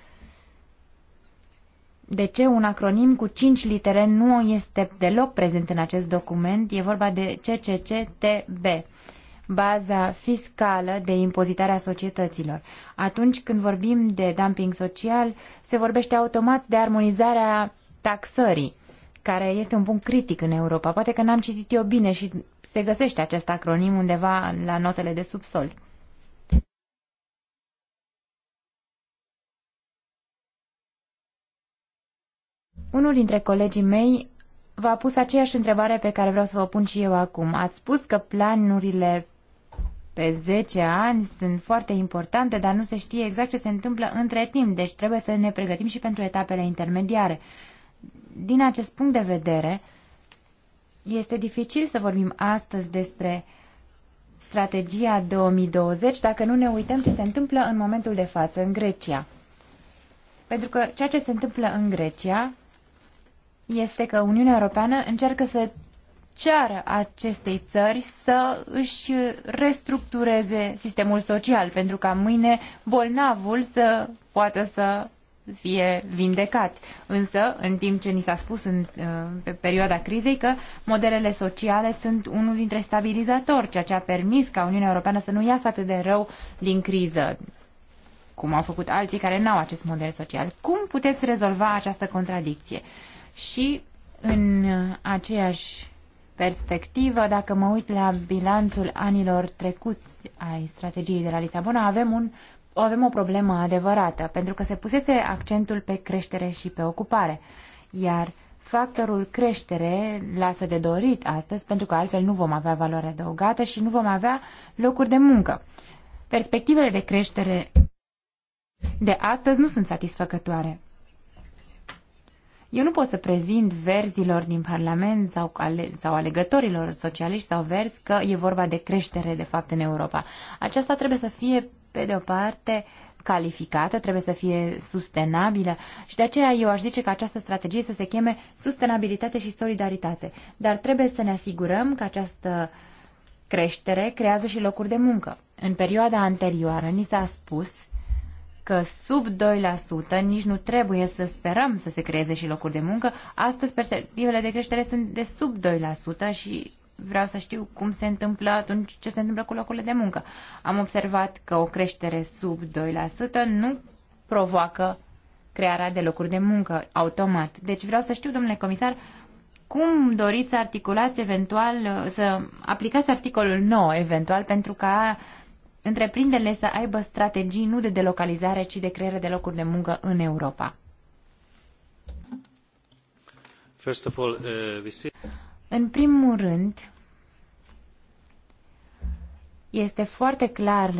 de ce un acronim cu 5 litere nu este deloc prezent în acest document. E vorba de CCCTB, baza fiscală de impozitare a societăților. Atunci când vorbim de dumping social, se vorbește automat de armonizarea taxării care este un punct critic în Europa. Poate că n-am citit eu bine și se găsește acest acronim undeva la notele de subsol. Unul dintre colegii mei v-a pus aceeași întrebare pe care vreau să vă pun și eu acum. Ați spus că planurile pe 10 ani sunt foarte importante, dar nu se știe exact ce se întâmplă între timp, deci trebuie să ne pregătim și pentru etapele intermediare. Din acest punct de vedere, este dificil să vorbim astăzi despre strategia 2020 dacă nu ne uităm ce se întâmplă în momentul de față în Grecia. Pentru că ceea ce se întâmplă în Grecia este că Uniunea Europeană încearcă să ceară acestei țări să își restructureze sistemul social pentru ca mâine bolnavul să poată să fie vindecat. Însă, în timp ce ni s-a spus în, uh, pe perioada crizei că modelele sociale sunt unul dintre stabilizatori, ceea ce a permis ca Uniunea Europeană să nu iasă atât de rău din criză, cum au făcut alții care n-au acest model social. Cum puteți rezolva această contradicție? și în aceeași perspectivă, dacă mă uit la bilanțul anilor trecuți ai strategiei de la Lisabona, avem, un, avem o problemă adevărată, pentru că se pusese accentul pe creștere și pe ocupare. Iar factorul creștere lasă de dorit astăzi, pentru că altfel nu vom avea valoare adăugată și nu vom avea locuri de muncă. Perspectivele de creștere de astăzi nu sunt satisfăcătoare. Eu nu pot să prezint verzilor din Parlament sau, ale, sau alegătorilor socialiști sau verzi că e vorba de creștere, de fapt, în Europa. Aceasta trebuie să fie, pe de o parte, calificată, trebuie să fie sustenabilă și de aceea eu aș zice că această strategie să se cheme sustenabilitate și solidaritate. Dar trebuie să ne asigurăm că această creștere creează și locuri de muncă. În perioada anterioară ni s-a spus că sub 2% nici nu trebuie să sperăm să se creeze și locuri de muncă. Astăzi perspectivele de creștere sunt de sub 2% și vreau să știu cum se întâmplă atunci, ce se întâmplă cu locurile de muncă. Am observat că o creștere sub 2% nu provoacă crearea de locuri de muncă automat. Deci vreau să știu, domnule comisar, cum doriți să articulați eventual, să aplicați articolul 9 eventual pentru ca întreprinderile să aibă strategii nu de delocalizare, ci de creare de locuri de muncă în Europa. First of all, uh, we see... În primul rând, este foarte clar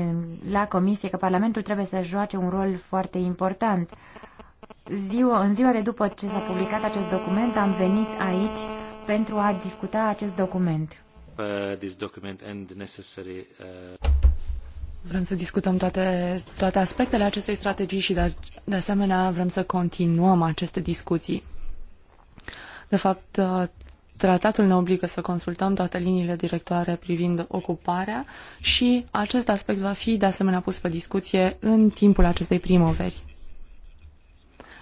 la Comisie că Parlamentul trebuie să joace un rol foarte important. Ziua, în ziua de după ce s-a publicat acest document, am venit aici pentru a discuta acest document. Uh, this document and necessary, uh... Vrem să discutăm toate, toate aspectele acestei strategii și de, de asemenea vrem să continuăm aceste discuții. De fapt, uh, tratatul ne obligă să consultăm toate liniile directoare privind ocuparea și acest aspect va fi de asemenea pus pe discuție în timpul acestei primăveri.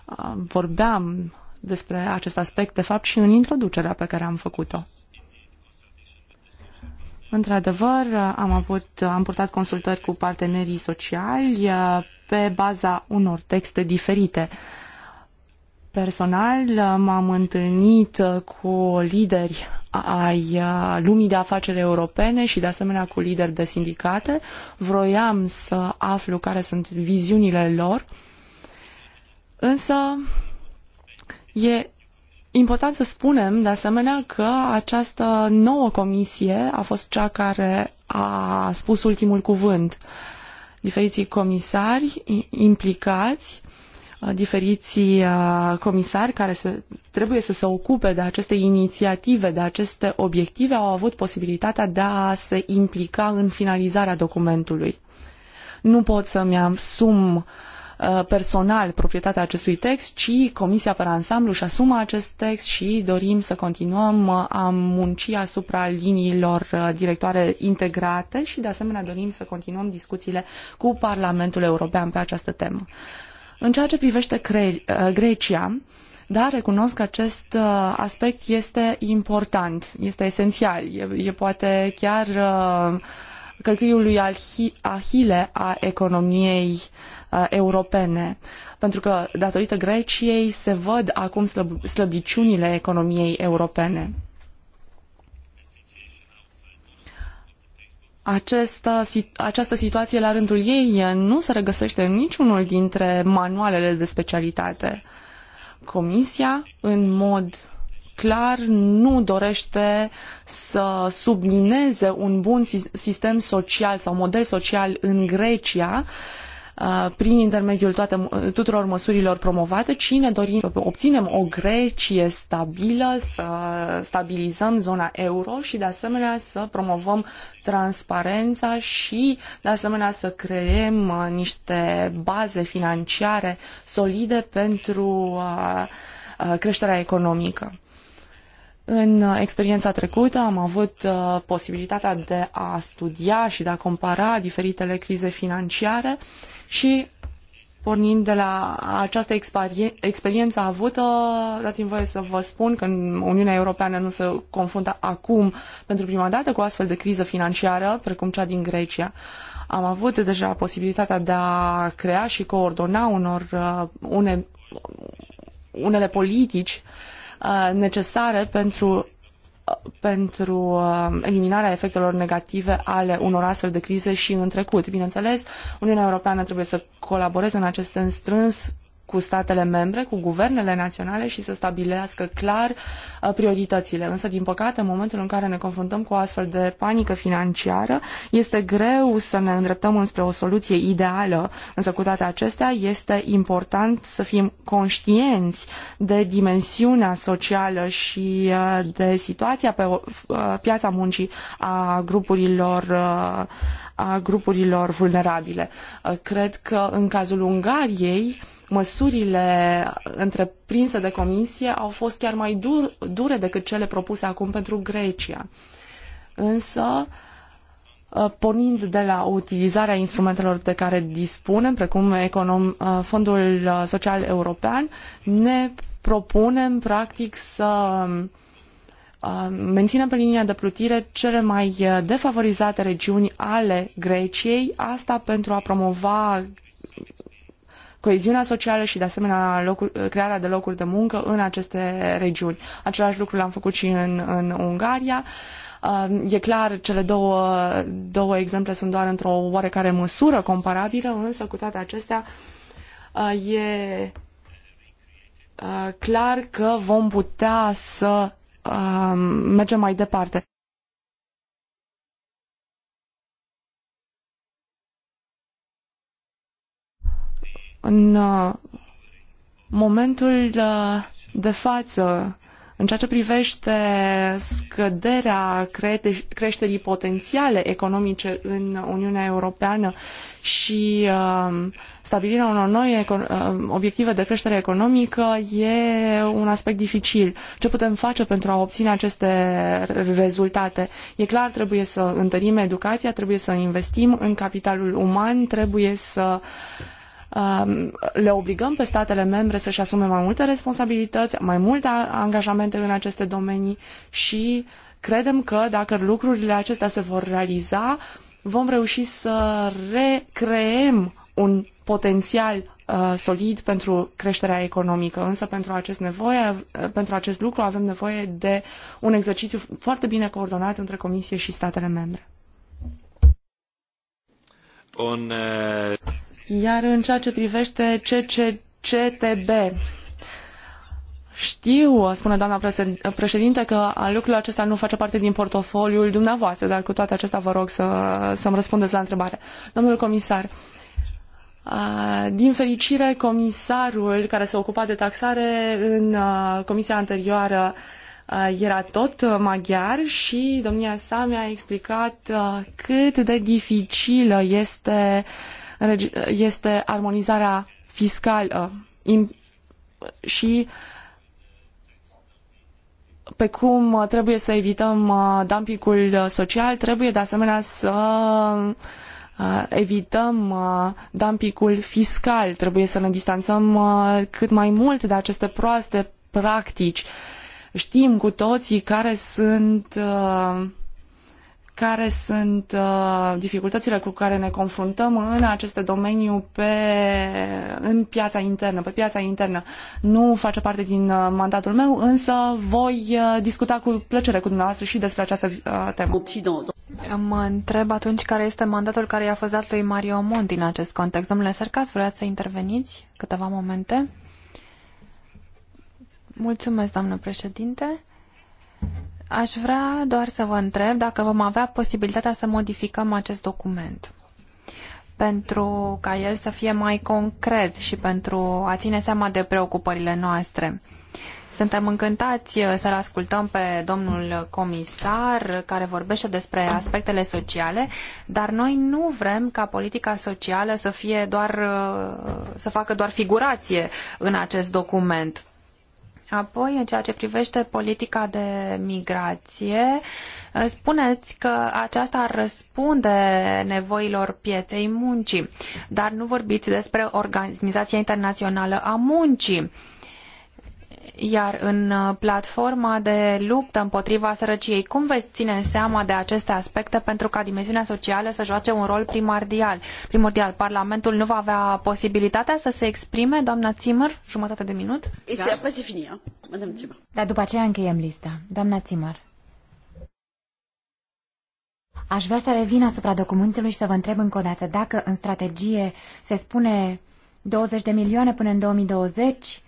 Uh, vorbeam despre acest aspect, de fapt, și în introducerea pe care am făcut-o. Într-adevăr, am, avut, am purtat consultări cu partenerii sociali uh, pe baza unor texte diferite. Personal, uh, m-am întâlnit uh, cu lideri ai lumii de afaceri europene și de asemenea cu lideri de sindicate. Vroiam să aflu care sunt viziunile lor, însă e Important să spunem, de asemenea, că această nouă comisie a fost cea care a spus ultimul cuvânt. Diferiții comisari implicați, diferiții uh, comisari care se, trebuie să se ocupe de aceste inițiative, de aceste obiective, au avut posibilitatea de a se implica în finalizarea documentului. Nu pot să-mi asum Uh, personal proprietatea acestui text, ci Comisia per ansamblu își asumă acest text și dorim să continuăm uh, a munci asupra liniilor uh, directoare integrate și de asemenea dorim să continuăm discuțiile cu Parlamentul European pe această temă. În ceea ce privește Grecia, da, recunosc că acest aspect este important, este esențial, e, e poate chiar călcâiul lui Ahile a economiei uh, Uh, europene. Pentru că, datorită Greciei, se văd acum slăb- slăbiciunile economiei europene. Această, această situație, la rândul ei, nu se regăsește în niciunul dintre manualele de specialitate. Comisia, în mod clar nu dorește să submineze un bun sistem social sau model social în Grecia, uh, Uh, prin intermediul toate, uh, tuturor măsurilor promovate, ci ne dorim să obținem o Grecie stabilă, să stabilizăm zona euro și de asemenea să promovăm transparența și de asemenea să creăm uh, niște baze financiare solide pentru creșterea economică. În uh, experiența trecută am avut uh, posibilitatea de a studia și de a compara diferitele crize financiare și pornind de la această experiență avută, dați-mi voie să vă spun că Uniunea Europeană nu se confruntă acum pentru prima dată cu astfel de criză financiară precum cea din Grecia. Am avut deja posibilitatea de a crea și coordona unor, uh, une, unele politici uh, Uh, necesare pentru uh, pentru uh, eliminarea efectelor negative ale unor astfel de crize și în trecut. Bineînțeles, Uniunea Europeană trebuie să colaboreze în acest sens strâns cu statele membre, cu guvernele naționale și să stabilească clar uh, prioritățile. Însă, din păcate, în momentul în care ne confruntăm cu o astfel de panică financiară, este greu să ne îndreptăm înspre o soluție ideală. Însă, cu toate acestea, este important să fim conștienți de dimensiunea socială și uh, de situația pe uh, piața muncii a grupurilor a grupurilor vulnerabile. Cred că în cazul Ungariei măsurile întreprinse de comisie au fost chiar mai dur, dure decât cele propuse acum pentru Grecia. Însă, ă, pornind de la utilizarea instrumentelor de care dispunem, precum econom, ă, Fondul Social European, ne propunem practic să ă, menținem pe linia de plutire cele mai defavorizate regiuni ale Greciei, asta pentru a promova coeziunea socială și, de asemenea, locuri, crearea de locuri de muncă în aceste regiuni. Același lucru l-am făcut și în, în Ungaria. Um, e clar, cele două, două exemple sunt doar într-o oarecare măsură comparabilă, însă, cu toate acestea, uh, e uh, clar că vom putea să um, mergem mai departe. În uh, momentul uh, de față, în ceea ce privește scăderea creșterii potențiale economice în Uniunea Europeană și uh, stabilirea unor noi obiective de creștere economică e un aspect dificil. Ce putem face pentru a obține aceste rezultate? E clar, trebuie să întărim educația, trebuie să investim în capitalul uman, trebuie să Um, le obligăm pe statele membre să-și asume mai multe responsabilități, mai multe angajamente în aceste domenii și credem că dacă lucrurile acestea se vor realiza, vom reuși să recreem un potențial uh, solid pentru creșterea economică, însă pentru acest, nevoie, uh, pentru acest lucru avem nevoie de un exercițiu foarte bine coordonat între Comisie și statele membre. Un, uh... Iar în ceea ce privește CCCTB, știu, spune doamna președinte, că lucrul acesta nu face parte din portofoliul dumneavoastră, dar cu toate acestea vă rog să, să-mi răspundeți la întrebare. Domnul comisar, din fericire, comisarul care se ocupa de taxare în comisia anterioară era tot maghiar și domnia sa mi-a explicat cât de dificilă este uh, este armonizarea fiscală și pe cum trebuie să evităm uh, dumpingul social, trebuie de asemenea să uh, evităm uh, dumpingul fiscal, trebuie să ne distanțăm cât mai mult de aceste proaste practici. Știm cu toții care sunt uh, care sunt uh, dificultățile cu care ne confruntăm în acest domeniu pe, în piața internă, pe piața internă. Nu face parte din uh, mandatul meu, însă voi uh, discuta cu plăcere cu dumneavoastră și despre această uh, temă. Mă întreb atunci care este mandatul care i-a fost dat lui Mario Monti în acest context. Domnule Sercas, vreați să interveniți câteva momente? Mulțumesc, doamnă președinte. Aș vrea doar să vă întreb dacă vom avea posibilitatea să modificăm acest document pentru ca el să fie mai concret și pentru a ține seama de preocupările noastre. Suntem încântați uh, să-l ascultăm pe domnul comisar uh, care vorbește despre aspectele sociale, dar noi nu vrem ca politica socială să fie doar uh, să facă doar figurație în acest document. Apoi, în ceea ce privește politica de migrație, eh, spuneți că aceasta răspunde nevoilor pieței muncii, dar nu vorbiți despre Organizația Internațională a Muncii iar în uh, platforma de luptă împotriva sărăciei, cum veți ține seama de aceste aspecte pentru ca dimensiunea socială să joace un rol primordial? Primordial, Parlamentul nu va avea posibilitatea să se exprime, doamna Zimmer, jumătate de minut? Da. Dar după aceea încheiem lista. Doamna Zimmer. Aș vrea să revin asupra documentului și să vă întreb încă o dată dacă în strategie se spune 20 de milioane până în 2020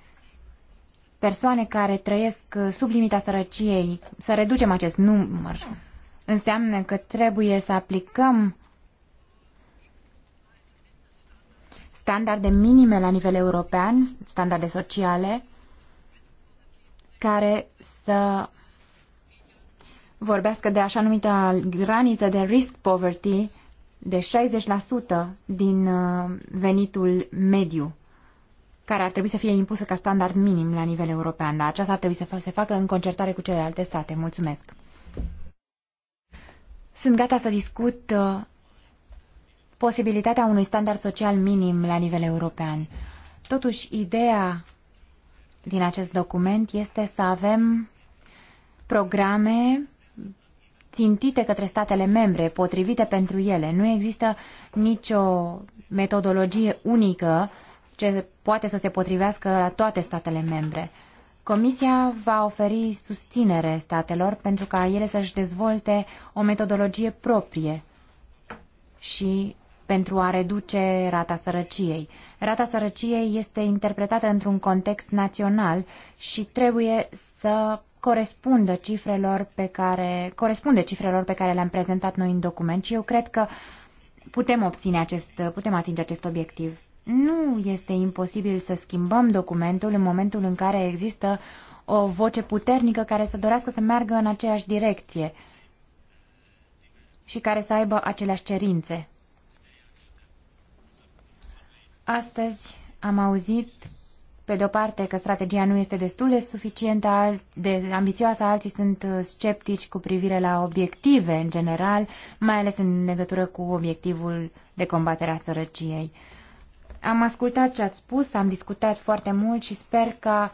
persoane care trăiesc uh, sub limita sărăciei, să reducem acest număr, înseamnă că trebuie să aplicăm standarde minime la nivel european, standarde sociale, care să vorbească de așa numită graniță de risk poverty de 60% din uh, venitul mediu care ar trebui să fie impusă ca standard minim la nivel european, dar aceasta ar trebui să se facă în concertare cu celelalte state. Mulțumesc! Sunt gata să discut uh, posibilitatea unui standard social minim la nivel european. Totuși, ideea din acest document este să avem programe țintite către statele membre, potrivite pentru ele. Nu există nicio metodologie unică ce poate să se potrivească la toate statele membre. Comisia va oferi susținere statelor pentru ca ele să-și dezvolte o metodologie proprie și pentru a reduce rata sărăciei. Rata sărăciei este interpretată într-un context național și trebuie să corespundă cifrelor pe care, corespunde cifrelor pe care le-am prezentat noi în document și eu cred că putem obține acest, putem atinge acest obiectiv nu este imposibil să schimbăm documentul în momentul în care există o voce puternică care să dorească să meargă în aceeași direcție și care să aibă aceleași cerințe. Astăzi am auzit, pe de-o parte, că strategia nu este destul de suficientă de ambițioasă, alții sunt uh, sceptici cu privire la obiective în general, mai ales în legătură cu obiectivul de combatere a sărăciei. Am ascultat ce ați spus, am discutat foarte mult și sper ca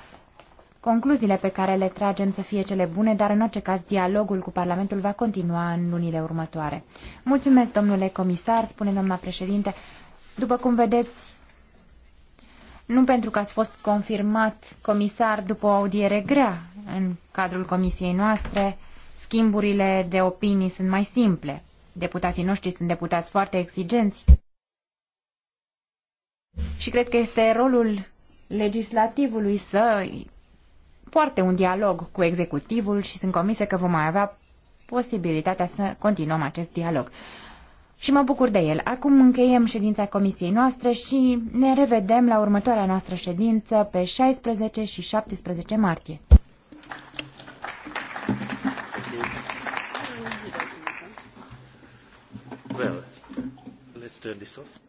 concluziile pe care le tragem să fie cele bune, dar în orice caz dialogul cu Parlamentul va continua în lunile următoare. Mulțumesc, domnule comisar, spune doamna președinte. După cum vedeți, nu pentru că ați fost confirmat comisar după o audiere grea în cadrul comisiei noastre, schimburile de opinii sunt mai simple. Deputații noștri sunt deputați foarte exigenți și cred că este rolul legislativului să poarte un dialog cu executivul și sunt convinsă că vom mai avea posibilitatea să continuăm acest dialog. Și mă bucur de el. Acum încheiem ședința comisiei noastre și ne revedem la următoarea noastră ședință pe 16 și 17 martie. Well, let's turn this off.